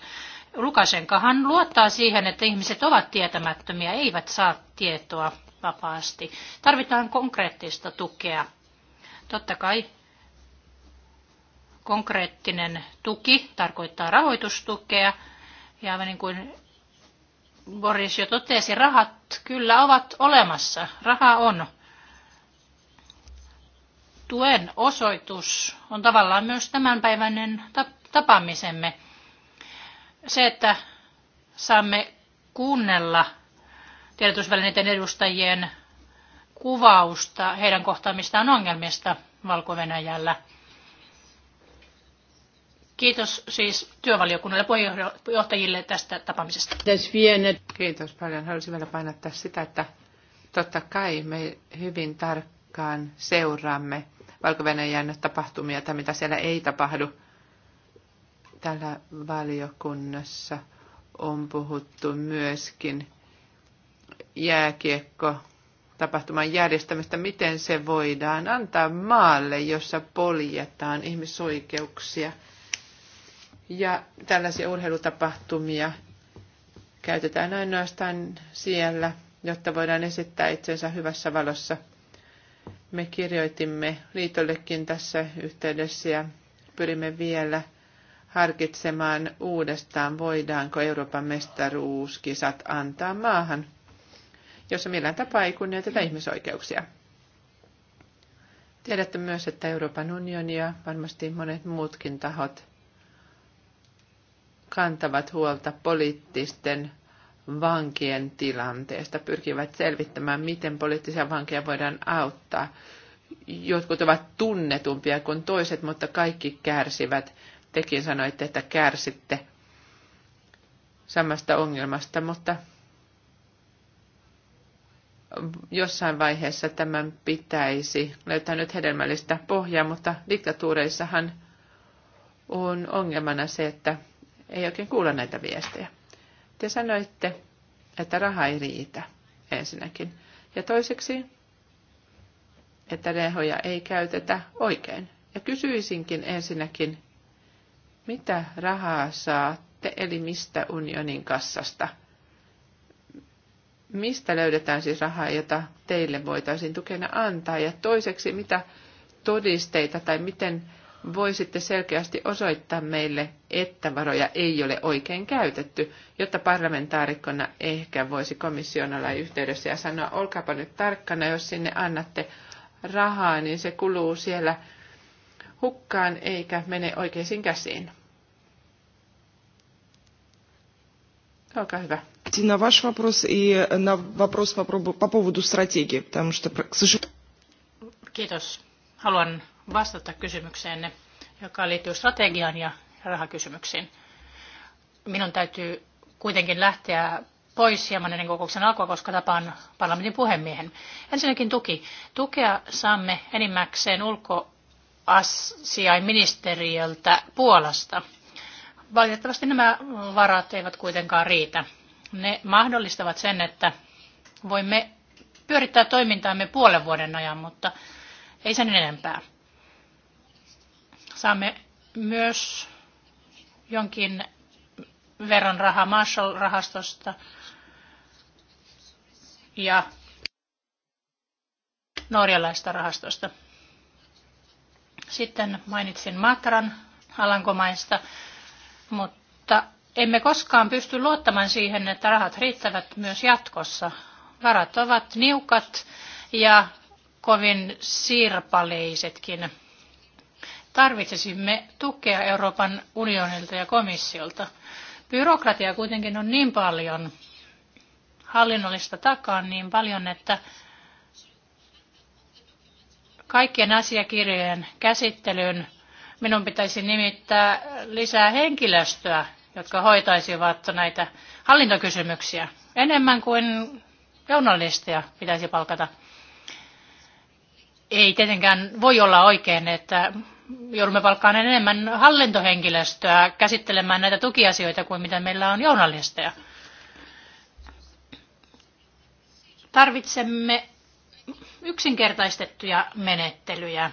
Lukasenkahan luottaa siihen, että ihmiset ovat tietämättömiä, eivät saa tietoa vapaasti. Tarvitaan konkreettista tukea Totta kai konkreettinen tuki tarkoittaa rahoitustukea. Ja niin kuin Boris jo totesi, rahat kyllä ovat olemassa. Raha on. Tuen osoitus on tavallaan myös tämänpäiväinen tapaamisemme. Se, että saamme kuunnella tiedotusvälineiden edustajien kuvausta heidän kohtaamistaan ongelmista valko -Venäjällä. Kiitos siis työvaliokunnalle puheenjohtajille tästä tapaamisesta. Kiitos paljon. Haluaisin vielä painottaa sitä, että totta kai me hyvin tarkkaan seuraamme valko tapahtumia tai mitä siellä ei tapahdu. Täällä valiokunnassa on puhuttu myöskin jääkiekko tapahtuman järjestämistä, miten se voidaan antaa maalle, jossa poljetaan ihmisoikeuksia ja tällaisia urheilutapahtumia käytetään ainoastaan siellä, jotta voidaan esittää itsensä hyvässä valossa. Me kirjoitimme liitollekin tässä yhteydessä ja pyrimme vielä harkitsemaan uudestaan, voidaanko Euroopan mestaruuskisat antaa maahan – jossa millään tapaa ei kunnioiteta ihmisoikeuksia. Tiedätte myös, että Euroopan unioni ja varmasti monet muutkin tahot kantavat huolta poliittisten vankien tilanteesta, pyrkivät selvittämään, miten poliittisia vankeja voidaan auttaa. Jotkut ovat tunnetumpia kuin toiset, mutta kaikki kärsivät. Tekin sanoitte, että kärsitte samasta ongelmasta, mutta jossain vaiheessa tämän pitäisi löytää nyt hedelmällistä pohjaa, mutta diktatuureissahan on ongelmana se, että ei oikein kuulla näitä viestejä. Te sanoitte, että raha ei riitä ensinnäkin. Ja toiseksi, että rehoja ei käytetä oikein. Ja kysyisinkin ensinnäkin, mitä rahaa saatte, eli mistä unionin kassasta – mistä löydetään siis rahaa, jota teille voitaisiin tukena antaa? Ja toiseksi, mitä todisteita tai miten voisitte selkeästi osoittaa meille, että varoja ei ole oikein käytetty, jotta parlamentaarikkona ehkä voisi komission olla yhteydessä ja sanoa, olkaapa nyt tarkkana, jos sinne annatte rahaa, niin se kuluu siellä hukkaan eikä mene oikeisiin käsiin. Olkaa hyvä на ваш вопрос и на вопрос по, поводу стратегии, потому что, к сожалению... Haluan vastata joka liittyy strategiaan ja rahakysymyksiin. Minun täytyy kuitenkin lähteä pois hieman ennen kokouksen alkua, koska tapaan parlamentin puhemiehen. Ensinnäkin tuki. Tukea saamme enimmäkseen ulkoasiainministeriöltä Puolasta. Valitettavasti nämä varat eivät kuitenkaan riitä. Ne mahdollistavat sen, että voimme pyörittää toimintaamme puolen vuoden ajan, mutta ei sen enempää. Saamme myös jonkin verran rahaa Marshall-rahastosta ja norjalaista rahastosta. Sitten mainitsin Matran Alankomaista, mutta emme koskaan pysty luottamaan siihen, että rahat riittävät myös jatkossa. Varat ovat niukat ja kovin sirpaleisetkin. Tarvitsisimme tukea Euroopan unionilta ja komissiolta. Byrokratiaa kuitenkin on niin paljon, hallinnollista takaa niin paljon, että kaikkien asiakirjojen käsittelyyn minun pitäisi nimittää lisää henkilöstöä jotka hoitaisivat näitä hallintokysymyksiä enemmän kuin journalisteja pitäisi palkata. Ei tietenkään voi olla oikein, että joudumme palkkaan enemmän hallintohenkilöstöä käsittelemään näitä tukiasioita kuin mitä meillä on journalisteja. Tarvitsemme yksinkertaistettuja menettelyjä.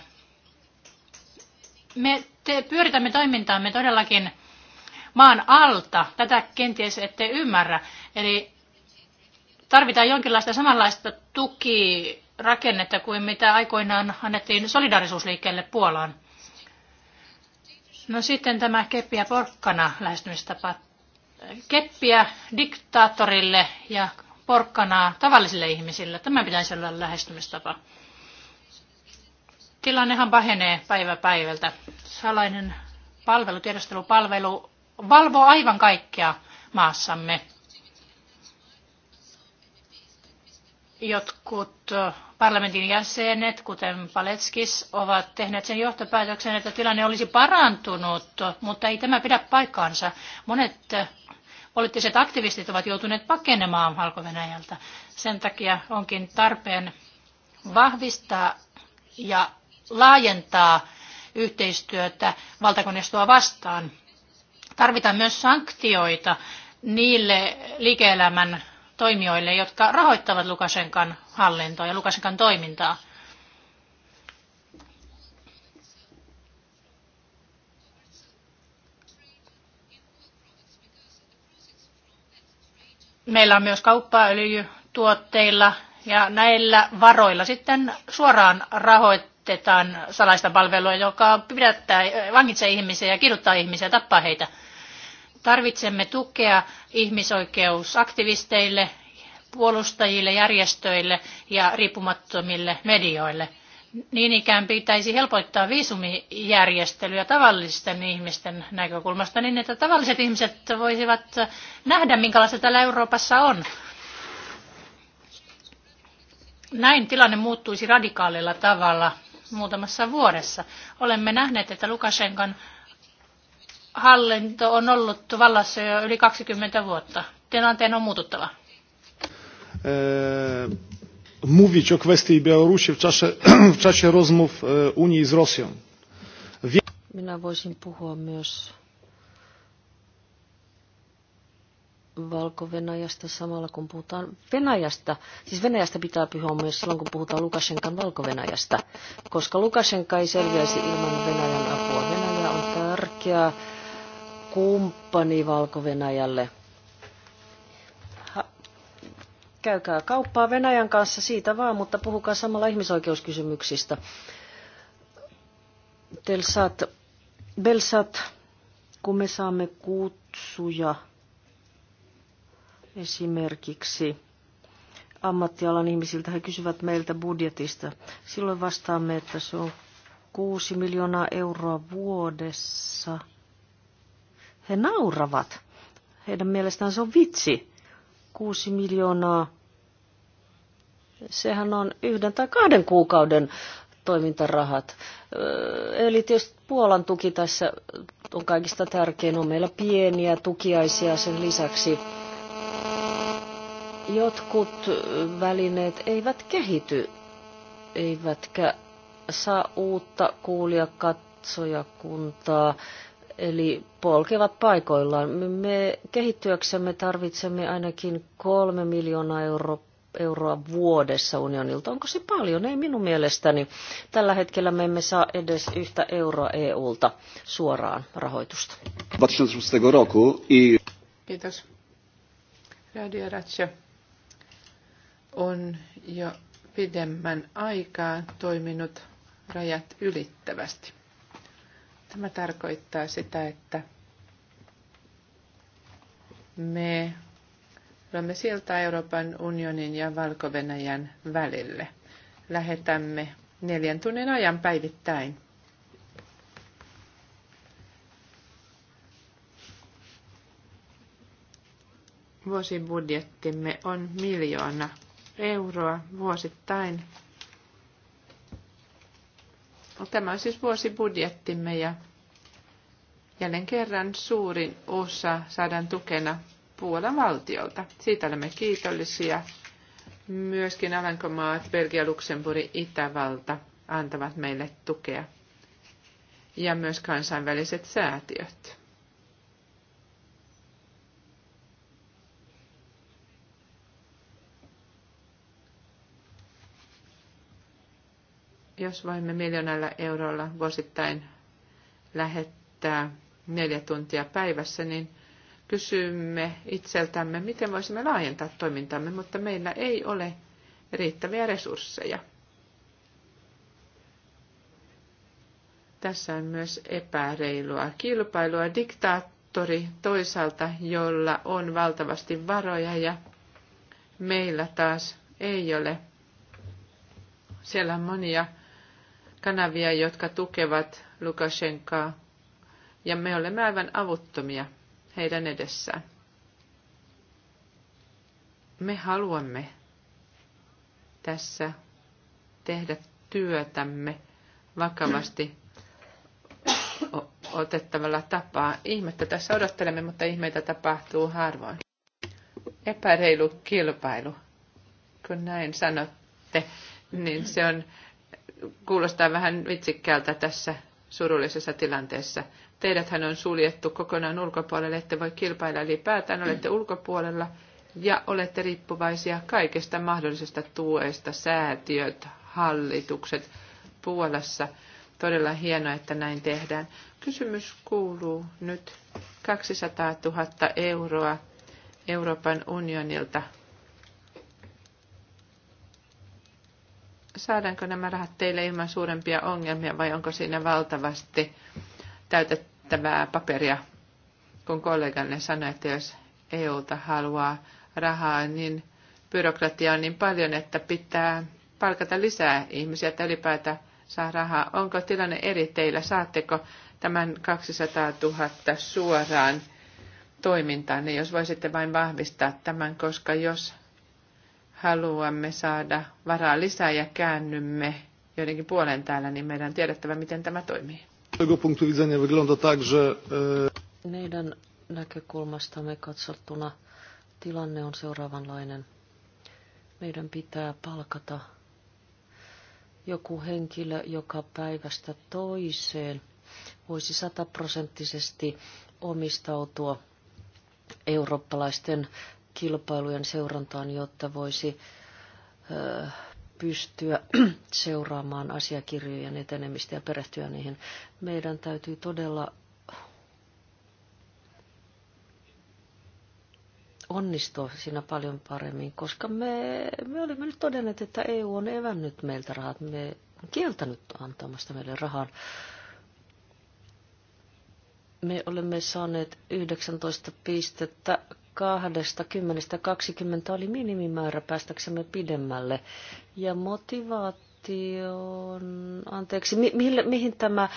Me te, pyöritämme toimintaamme todellakin maan alta. Tätä kenties ette ymmärrä. Eli tarvitaan jonkinlaista samanlaista tukirakennetta kuin mitä aikoinaan annettiin solidarisuusliikkeelle Puolaan. No sitten tämä keppiä porkkana lähestymistapa. Keppiä diktaattorille ja porkkanaa tavallisille ihmisille. Tämä pitäisi olla lähestymistapa. Tilannehan pahenee päivä päivältä. Salainen palvelu, tiedostelupalvelu valvoo aivan kaikkea maassamme. Jotkut parlamentin jäsenet, kuten Paletskis, ovat tehneet sen johtopäätöksen, että tilanne olisi parantunut, mutta ei tämä pidä paikkaansa. Monet poliittiset aktivistit ovat joutuneet pakenemaan valko -Venäjältä. Sen takia onkin tarpeen vahvistaa ja laajentaa yhteistyötä valtakoneistoa vastaan. Tarvitaan myös sanktioita niille liike-elämän toimijoille, jotka rahoittavat Lukasenkan hallintoa ja Lukasenkan toimintaa. Meillä on myös kauppaa öljytuotteilla ja näillä varoilla sitten suoraan rahoit rahoitetaan salaista palvelua, joka pidättää, vangitsee ihmisiä ja kiduttaa ihmisiä, tappaa heitä. Tarvitsemme tukea ihmisoikeusaktivisteille, puolustajille, järjestöille ja riippumattomille medioille. Niin ikään pitäisi helpottaa viisumijärjestelyä tavallisten ihmisten näkökulmasta niin, että tavalliset ihmiset voisivat nähdä, minkälaista täällä Euroopassa on. Näin tilanne muuttuisi radikaalilla tavalla muutamassa vuodessa. Olemme nähneet, että Lukashenkan hallinto on ollut vallassa jo yli 20 vuotta. Tilanteen on muututtava. Mówić o kwestii Białorusi w czasie, (clears throat) w czasie rozmów Unii z Rosją. Minä voisin puhua myös Valko-Venäjästä samalla, kun puhutaan Venäjästä. Siis Venäjästä pitää pyhää myös silloin, kun puhutaan Lukashenkan Valko-Venäjästä, koska Lukashenka ei selviäisi ilman Venäjän apua. Venäjä on tärkeä kumppani Valko-Venäjälle. Käykää kauppaa Venäjän kanssa siitä vaan, mutta puhukaa samalla ihmisoikeuskysymyksistä. Telsat, Belsat, kun me saamme kutsuja Esimerkiksi ammattialan ihmisiltä he kysyvät meiltä budjetista. Silloin vastaamme, että se on 6 miljoonaa euroa vuodessa. He nauravat. Heidän mielestään se on vitsi. 6 miljoonaa. Sehän on yhden tai kahden kuukauden toimintarahat. Eli tietysti Puolan tuki tässä on kaikista tärkein. On meillä pieniä tukiaisia sen lisäksi jotkut välineet eivät kehity, eivätkä saa uutta kuulijakatsojakuntaa, eli polkevat paikoillaan. Me kehittyäksemme tarvitsemme ainakin kolme miljoonaa euroa euroa vuodessa unionilta. Onko se paljon? Ei minun mielestäni. Tällä hetkellä me emme saa edes yhtä euroa EUlta suoraan rahoitusta. Kiitos. Radio Ratsia on jo pidemmän aikaa toiminut rajat ylittävästi. Tämä tarkoittaa sitä, että me olemme sieltä Euroopan unionin ja valko välille. Lähetämme neljän tunnin ajan päivittäin. Vuosibudjettimme on miljoona euroa vuosittain. No, tämä on siis vuosibudjettimme ja jälleen kerran suurin osa saadaan tukena Puolan valtiolta. Siitä olemme kiitollisia. Myöskin Alankomaat, Belgia, Luxemburg, Itävalta antavat meille tukea. Ja myös kansainväliset säätiöt. jos voimme miljoonalla eurolla vuosittain lähettää neljä tuntia päivässä, niin kysymme itseltämme, miten voisimme laajentaa toimintamme, mutta meillä ei ole riittäviä resursseja. Tässä on myös epäreilua kilpailua. Diktaattori toisaalta, jolla on valtavasti varoja ja meillä taas ei ole. Siellä on monia kanavia, jotka tukevat Lukashenkaa, ja me olemme aivan avuttomia heidän edessään. Me haluamme tässä tehdä työtämme vakavasti otettavalla tapaa. Ihmettä tässä odottelemme, mutta ihmeitä tapahtuu harvoin. Epäreilu kilpailu, kun näin sanotte, niin se on kuulostaa vähän vitsikkäältä tässä surullisessa tilanteessa. Teidäthän on suljettu kokonaan ulkopuolelle, ette voi kilpailla päätään olette ulkopuolella ja olette riippuvaisia kaikesta mahdollisesta tuesta, säätiöt, hallitukset Puolassa. Todella hienoa, että näin tehdään. Kysymys kuuluu nyt 200 000 euroa Euroopan unionilta saadaanko nämä rahat teille ilman suurempia ongelmia vai onko siinä valtavasti täytettävää paperia, kun kolleganne sanoi, että jos EUta haluaa rahaa, niin byrokratia on niin paljon, että pitää palkata lisää ihmisiä, että ylipäätään saa rahaa. Onko tilanne eri teillä? Saatteko tämän 200 000 suoraan toimintaan, niin jos voisitte vain vahvistaa tämän, koska jos haluamme saada varaa lisää ja käännymme joidenkin puoleen täällä, niin meidän on tiedettävä, miten tämä toimii. E, meidän näkökulmastamme katsottuna tilanne on seuraavanlainen. Meidän pitää palkata joku henkilö, joka päivästä toiseen voisi sataprosenttisesti omistautua eurooppalaisten kilpailujen seurantaan, jotta voisi pystyä (clears throat) seuraamaan asiakirjojen etenemistä ja perehtyä niihin. Meidän täytyy todella onnistua siinä paljon paremmin, koska me, me olimme nyt todenneet, että EU on evännyt meiltä rahat, me on kieltänyt antamasta meille rahaa. Me olemme saaneet 19 pistettä 20-20 oli minimimäärä päästäksemme pidemmälle. Ja on, anteeksi, mi, mi, mihin tämä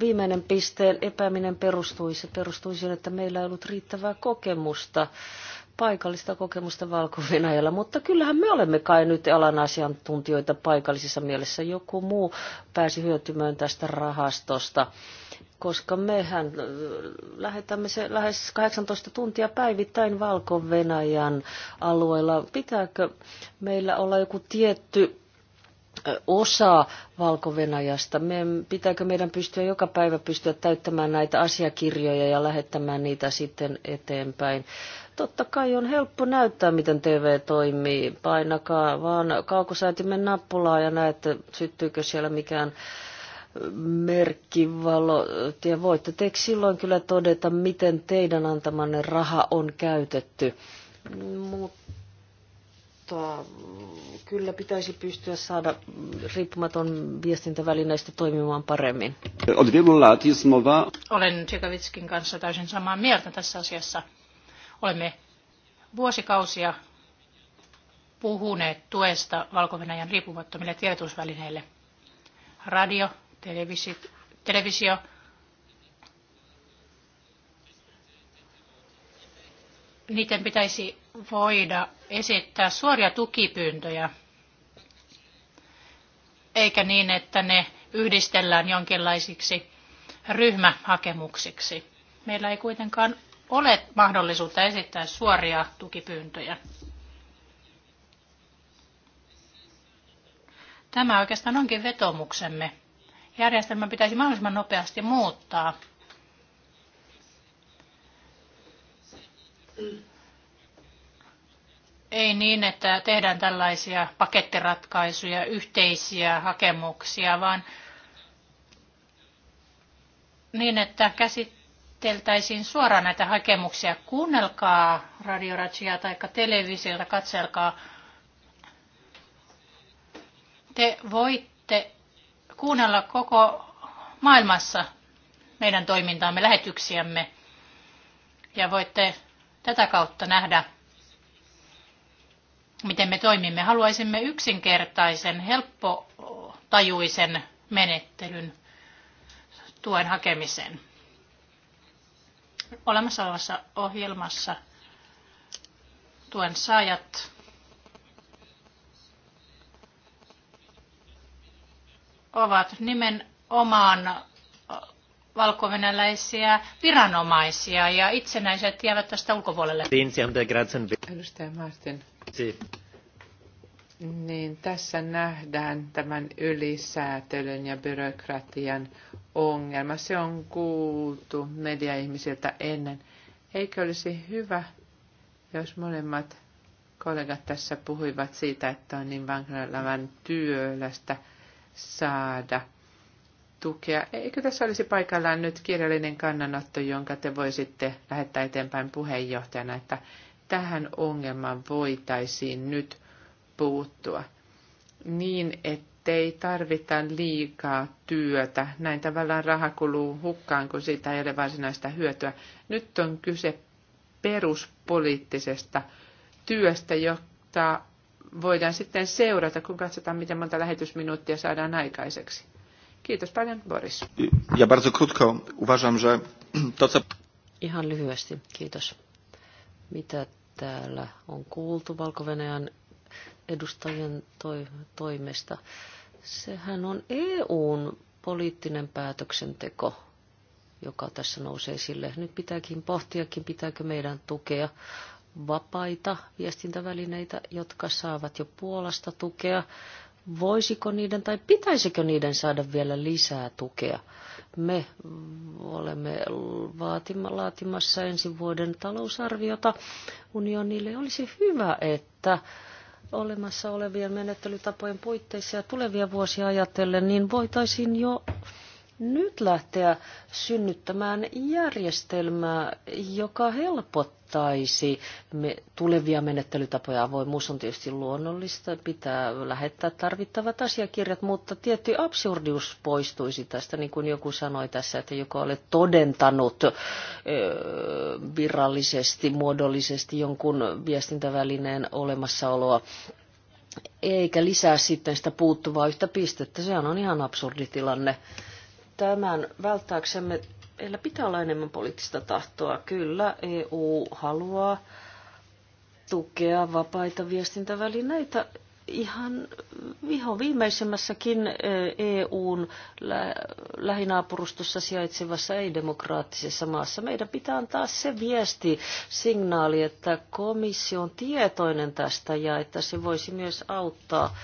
viimeinen pisteen epäminen perustui? Se perustui siihen, että meillä ei ollut riittävää kokemusta paikallista kokemusta valko -Venäjällä. mutta kyllähän me olemme kai nyt alan asiantuntijoita paikallisessa mielessä. Joku muu pääsi hyötymään tästä rahastosta koska mehän äh, lähetämme se lähes 18 tuntia päivittäin Valko-Venäjän alueella. Pitääkö meillä olla joku tietty äh, osa Valko-Venäjästä. Me, pitääkö meidän pystyä joka päivä pystyä täyttämään näitä asiakirjoja ja lähettämään niitä sitten eteenpäin? Totta kai on helppo näyttää, miten TV toimii. Painakaa vaan kaukosäätimen nappulaa ja näette, syttyykö siellä mikään merkkivalo. Te voitte te silloin kyllä todeta, miten teidän antamanne raha on käytetty. Mutta kyllä pitäisi pystyä saada riippumaton viestintävälineistä toimimaan paremmin. Olen Tsekavitskin kanssa täysin samaa mieltä tässä asiassa. Olemme vuosikausia puhuneet tuesta valko riippumattomille tiedotusvälineille. Radio, televisi, televisio. Niiden pitäisi voida esittää suoria tukipyyntöjä, eikä niin, että ne yhdistellään jonkinlaisiksi ryhmähakemuksiksi. Meillä ei kuitenkaan ole mahdollisuutta esittää suoria tukipyyntöjä. Tämä oikeastaan onkin vetomuksemme järjestelmä pitäisi mahdollisimman nopeasti muuttaa. Ei niin, että tehdään tällaisia pakettiratkaisuja, yhteisiä hakemuksia, vaan niin, että käsiteltäisiin suoraan näitä hakemuksia. Kuunnelkaa radioratsia tai televisiota, katselkaa. Te voitte kuunnella koko maailmassa meidän toimintaamme, lähetyksiämme. Ja voitte tätä kautta nähdä, miten me toimimme. Haluaisimme yksinkertaisen, helppotajuisen menettelyn tuen hakemiseen. Olemassa olevassa ohjelmassa tuen saajat ovat nimenomaan valkovenäläisiä viranomaisia ja itsenäiset jäävät tästä ulkopuolelle. Edustaja Martin. Si. Niin, tässä nähdään tämän ylisäätelyn ja byrokratian ongelma. Se on kuultu mediaihmisiltä ennen. Eikö olisi hyvä, jos molemmat kollegat tässä puhuivat siitä, että on niin vankilavan työlästä – saada tukea. Eikö tässä olisi paikallaan nyt kirjallinen kannanotto, jonka te voisitte lähettää eteenpäin puheenjohtajana, että tähän ongelmaan voitaisiin nyt puuttua niin, ettei tarvita liikaa työtä. Näin tavallaan raha kuluu hukkaan, kun siitä ei ole varsinaista hyötyä. Nyt on kyse peruspoliittisesta työstä, jota voidaan sitten seurata, kun katsotaan, miten monta lähetysminuuttia saadaan aikaiseksi. Kiitos paljon, Boris. Ja bardzo krótko. Uważam, że to, co... Ihan lyhyesti, kiitos. Mitä täällä on kuultu valko edustajien toi, toimesta? Sehän on EUn poliittinen päätöksenteko, joka tässä nousee esille. Nyt pitääkin pohtiakin, pitääkö meidän tukea vapaita viestintävälineitä, jotka saavat jo Puolasta tukea. Voisiko niiden tai pitäisikö niiden saada vielä lisää tukea? Me olemme vaatima, laatimassa ensi vuoden talousarviota unionille. Olisi hyvä, että olemassa olevien menettelytapojen puitteissa ja tulevia vuosia ajatellen, niin voitaisiin jo nyt lähteä synnyttämään järjestelmää, joka helpottaisi me tulevia menettelytapoja. Avoimuus on tietysti luonnollista, pitää lähettää tarvittavat asiakirjat, mutta tietty absurdius poistuisi tästä, niin kuin joku sanoi tässä, että joku olet todentanut virallisesti, muodollisesti jonkun viestintävälineen olemassaoloa eikä lisää sitten sitä puuttuvaa yhtä pistettä. Sehän on ihan absurdi tilanne tämän välttääksemme, meillä pitää olla enemmän poliittista tahtoa. Kyllä, EU haluaa tukea vapaita viestintävälineitä ihan viho viimeisimmässäkin EUn e lä- lähinaapurustossa sijaitsevassa ei-demokraattisessa maassa. Meidän pitää antaa se viesti, signaali, että komissio on tietoinen tästä ja että se voisi myös auttaa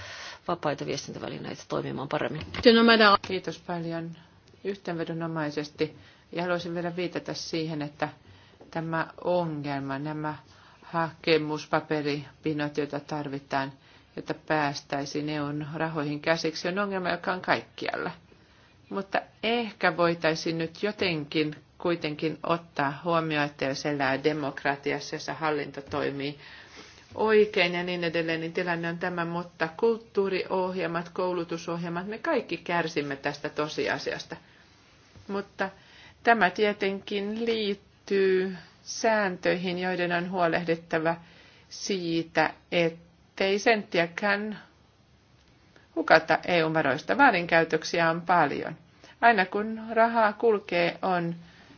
vapaita viestintävälineitä toimimaan paremmin. Kiitos paljon yhteenvedonomaisesti. Ja haluaisin vielä viitata siihen, että tämä ongelma, nämä hakemuspaperipinot, joita tarvitaan, jotta päästäisiin EUn rahoihin käsiksi, on ongelma, joka on kaikkialla. Mutta ehkä voitaisiin nyt jotenkin kuitenkin ottaa huomioon, että jos elää demokratiassa, jossa hallinto toimii oikein ja niin edelleen, niin tilanne on tämä, mutta kulttuuriohjelmat, koulutusohjelmat, me kaikki kärsimme tästä tosiasiasta. Mutta tämä tietenkin liittyy sääntöihin, joiden on huolehdittava siitä, ettei senttiäkään hukata EU-varoista. Väärinkäytöksiä on paljon. Aina kun rahaa kulkee, on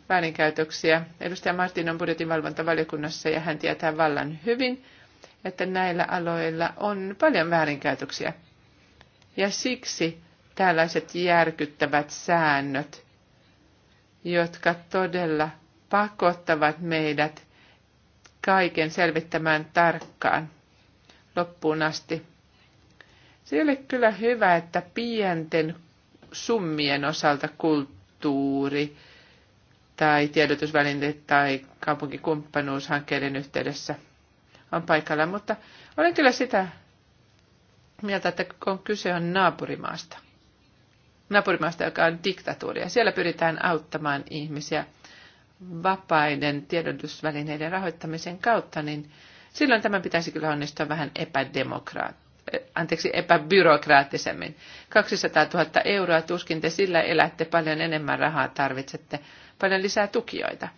väärinkäytöksiä. Edustaja Martin on budjetinvalvontavaliokunnassa ja hän tietää vallan hyvin – että näillä aloilla on paljon väärinkäytöksiä. Ja siksi tällaiset järkyttävät säännöt, jotka todella pakottavat meidät kaiken selvittämään tarkkaan loppuun asti. Se ei ole kyllä hyvä, että pienten summien osalta kulttuuri tai tiedotusvälineet tai kaupunkikumppanuushankkeiden yhteydessä – on paikalla, mutta olen kyllä sitä mieltä, että kun kyse on naapurimaasta, naapurimaasta, joka on diktatuuri, ja siellä pyritään auttamaan ihmisiä vapaiden tiedotusvälineiden rahoittamisen kautta, niin silloin tämän pitäisi kyllä onnistua vähän epädemokraat, anteeksi, epäbyrokraattisemmin. 200 000 euroa tuskin te sillä elätte, paljon enemmän rahaa tarvitsette, paljon lisää tukijoita.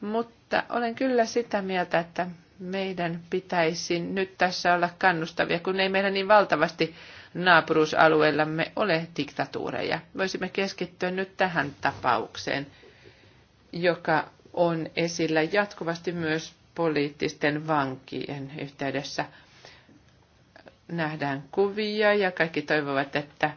Mutta olen kyllä sitä mieltä, että meidän pitäisi nyt tässä olla kannustavia, kun ei meillä niin valtavasti naapuruusalueellamme ole diktatuureja. Voisimme keskittyä nyt tähän tapaukseen, joka on esillä jatkuvasti myös poliittisten vankien yhteydessä. Nähdään kuvia ja kaikki toivovat, että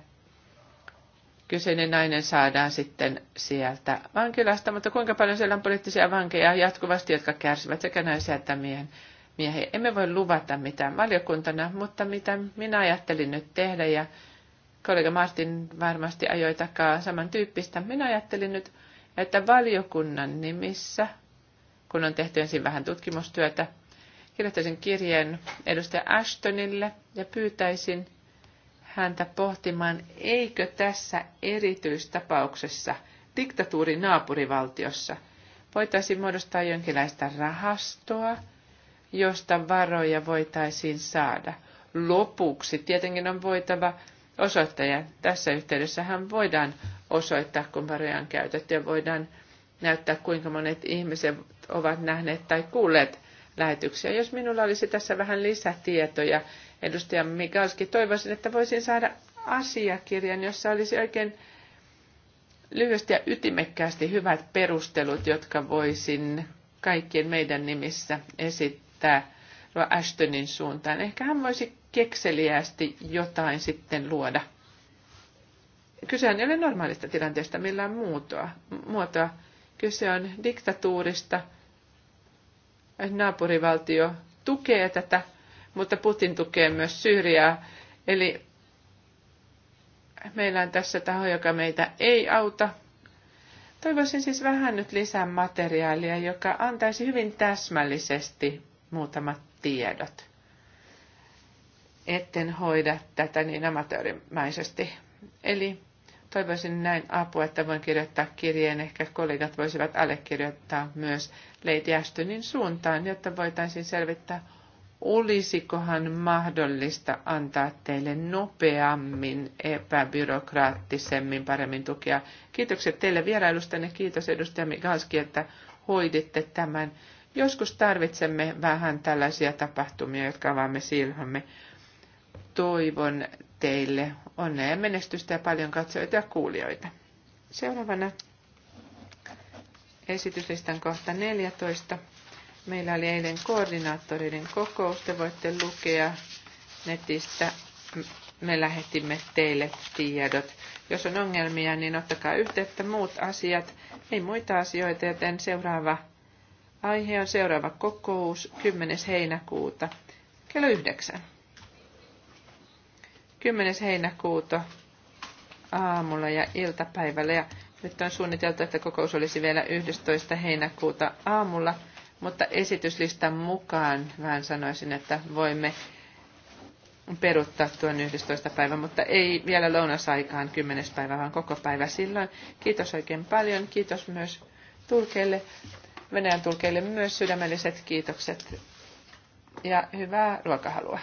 kyseinen nainen saadaan sitten sieltä vankilasta, mutta kuinka paljon siellä on poliittisia vankeja jatkuvasti, jotka kärsivät sekä naisia että miehen, miehiä. Emme voi luvata mitään valiokuntana, mutta mitä minä ajattelin nyt tehdä ja kollega Martin varmasti ajoi takaa samantyyppistä. Minä ajattelin nyt, että valiokunnan nimissä, kun on tehty ensin vähän tutkimustyötä, kirjoittaisin kirjeen edustaja Ashtonille ja pyytäisin häntä pohtimaan, eikö tässä erityistapauksessa diktatuuri naapurivaltiossa voitaisiin muodostaa jonkinlaista rahastoa, josta varoja voitaisiin saada. Lopuksi tietenkin on voitava osoittaja. Tässä yhteydessähän voidaan osoittaa, kun varoja on käytetty ja voidaan näyttää, kuinka monet ihmiset ovat nähneet tai kuulleet lähetyksiä. Jos minulla olisi tässä vähän lisätietoja edustaja Mikalski. Toivoisin, että voisin saada asiakirjan, jossa olisi oikein lyhyesti ja ytimekkäästi hyvät perustelut, jotka voisin kaikkien meidän nimissä esittää Roa Ashtonin suuntaan. Ehkä hän voisi kekseliästi jotain sitten luoda. Kysehän ei ole normaalista tilanteesta millään muutoa, muotoa. Kyse on diktatuurista. Naapurivaltio tukee tätä mutta Putin tukee myös Syyriaa. Eli meillä on tässä taho, joka meitä ei auta. Toivoisin siis vähän nyt lisää materiaalia, joka antaisi hyvin täsmällisesti muutamat tiedot. Etten hoida tätä niin amatöörimäisesti. Eli toivoisin näin apua, että voin kirjoittaa kirjeen. Ehkä kollegat voisivat allekirjoittaa myös Lady Ashtonin suuntaan, jotta voitaisiin selvittää olisikohan mahdollista antaa teille nopeammin, epäbyrokraattisemmin, paremmin tukea. Kiitokset teille vierailustanne, kiitos edustaja Mikalski, että hoiditte tämän. Joskus tarvitsemme vähän tällaisia tapahtumia, jotka avaamme silmämme. Toivon teille onnea ja menestystä ja paljon katsojia ja kuulijoita. Seuraavana esityslistan kohta 14. Meillä oli eilen koordinaattoreiden kokous, te voitte lukea netistä. Me lähetimme teille tiedot. Jos on ongelmia, niin ottakaa yhteyttä muut asiat. Ei muita asioita, joten seuraava aihe on seuraava kokous 10. heinäkuuta kello 9. 10. heinäkuuta aamulla ja iltapäivällä. Ja nyt on suunniteltu, että kokous olisi vielä 11. heinäkuuta aamulla – mutta esityslistan mukaan vähän sanoisin, että voimme peruuttaa tuon 11. päivän, mutta ei vielä lounasaikaan 10. päivä, vaan koko päivä silloin. Kiitos oikein paljon. Kiitos myös tulkeille, Venäjän tulkeille myös sydämelliset kiitokset ja hyvää ruokahalua.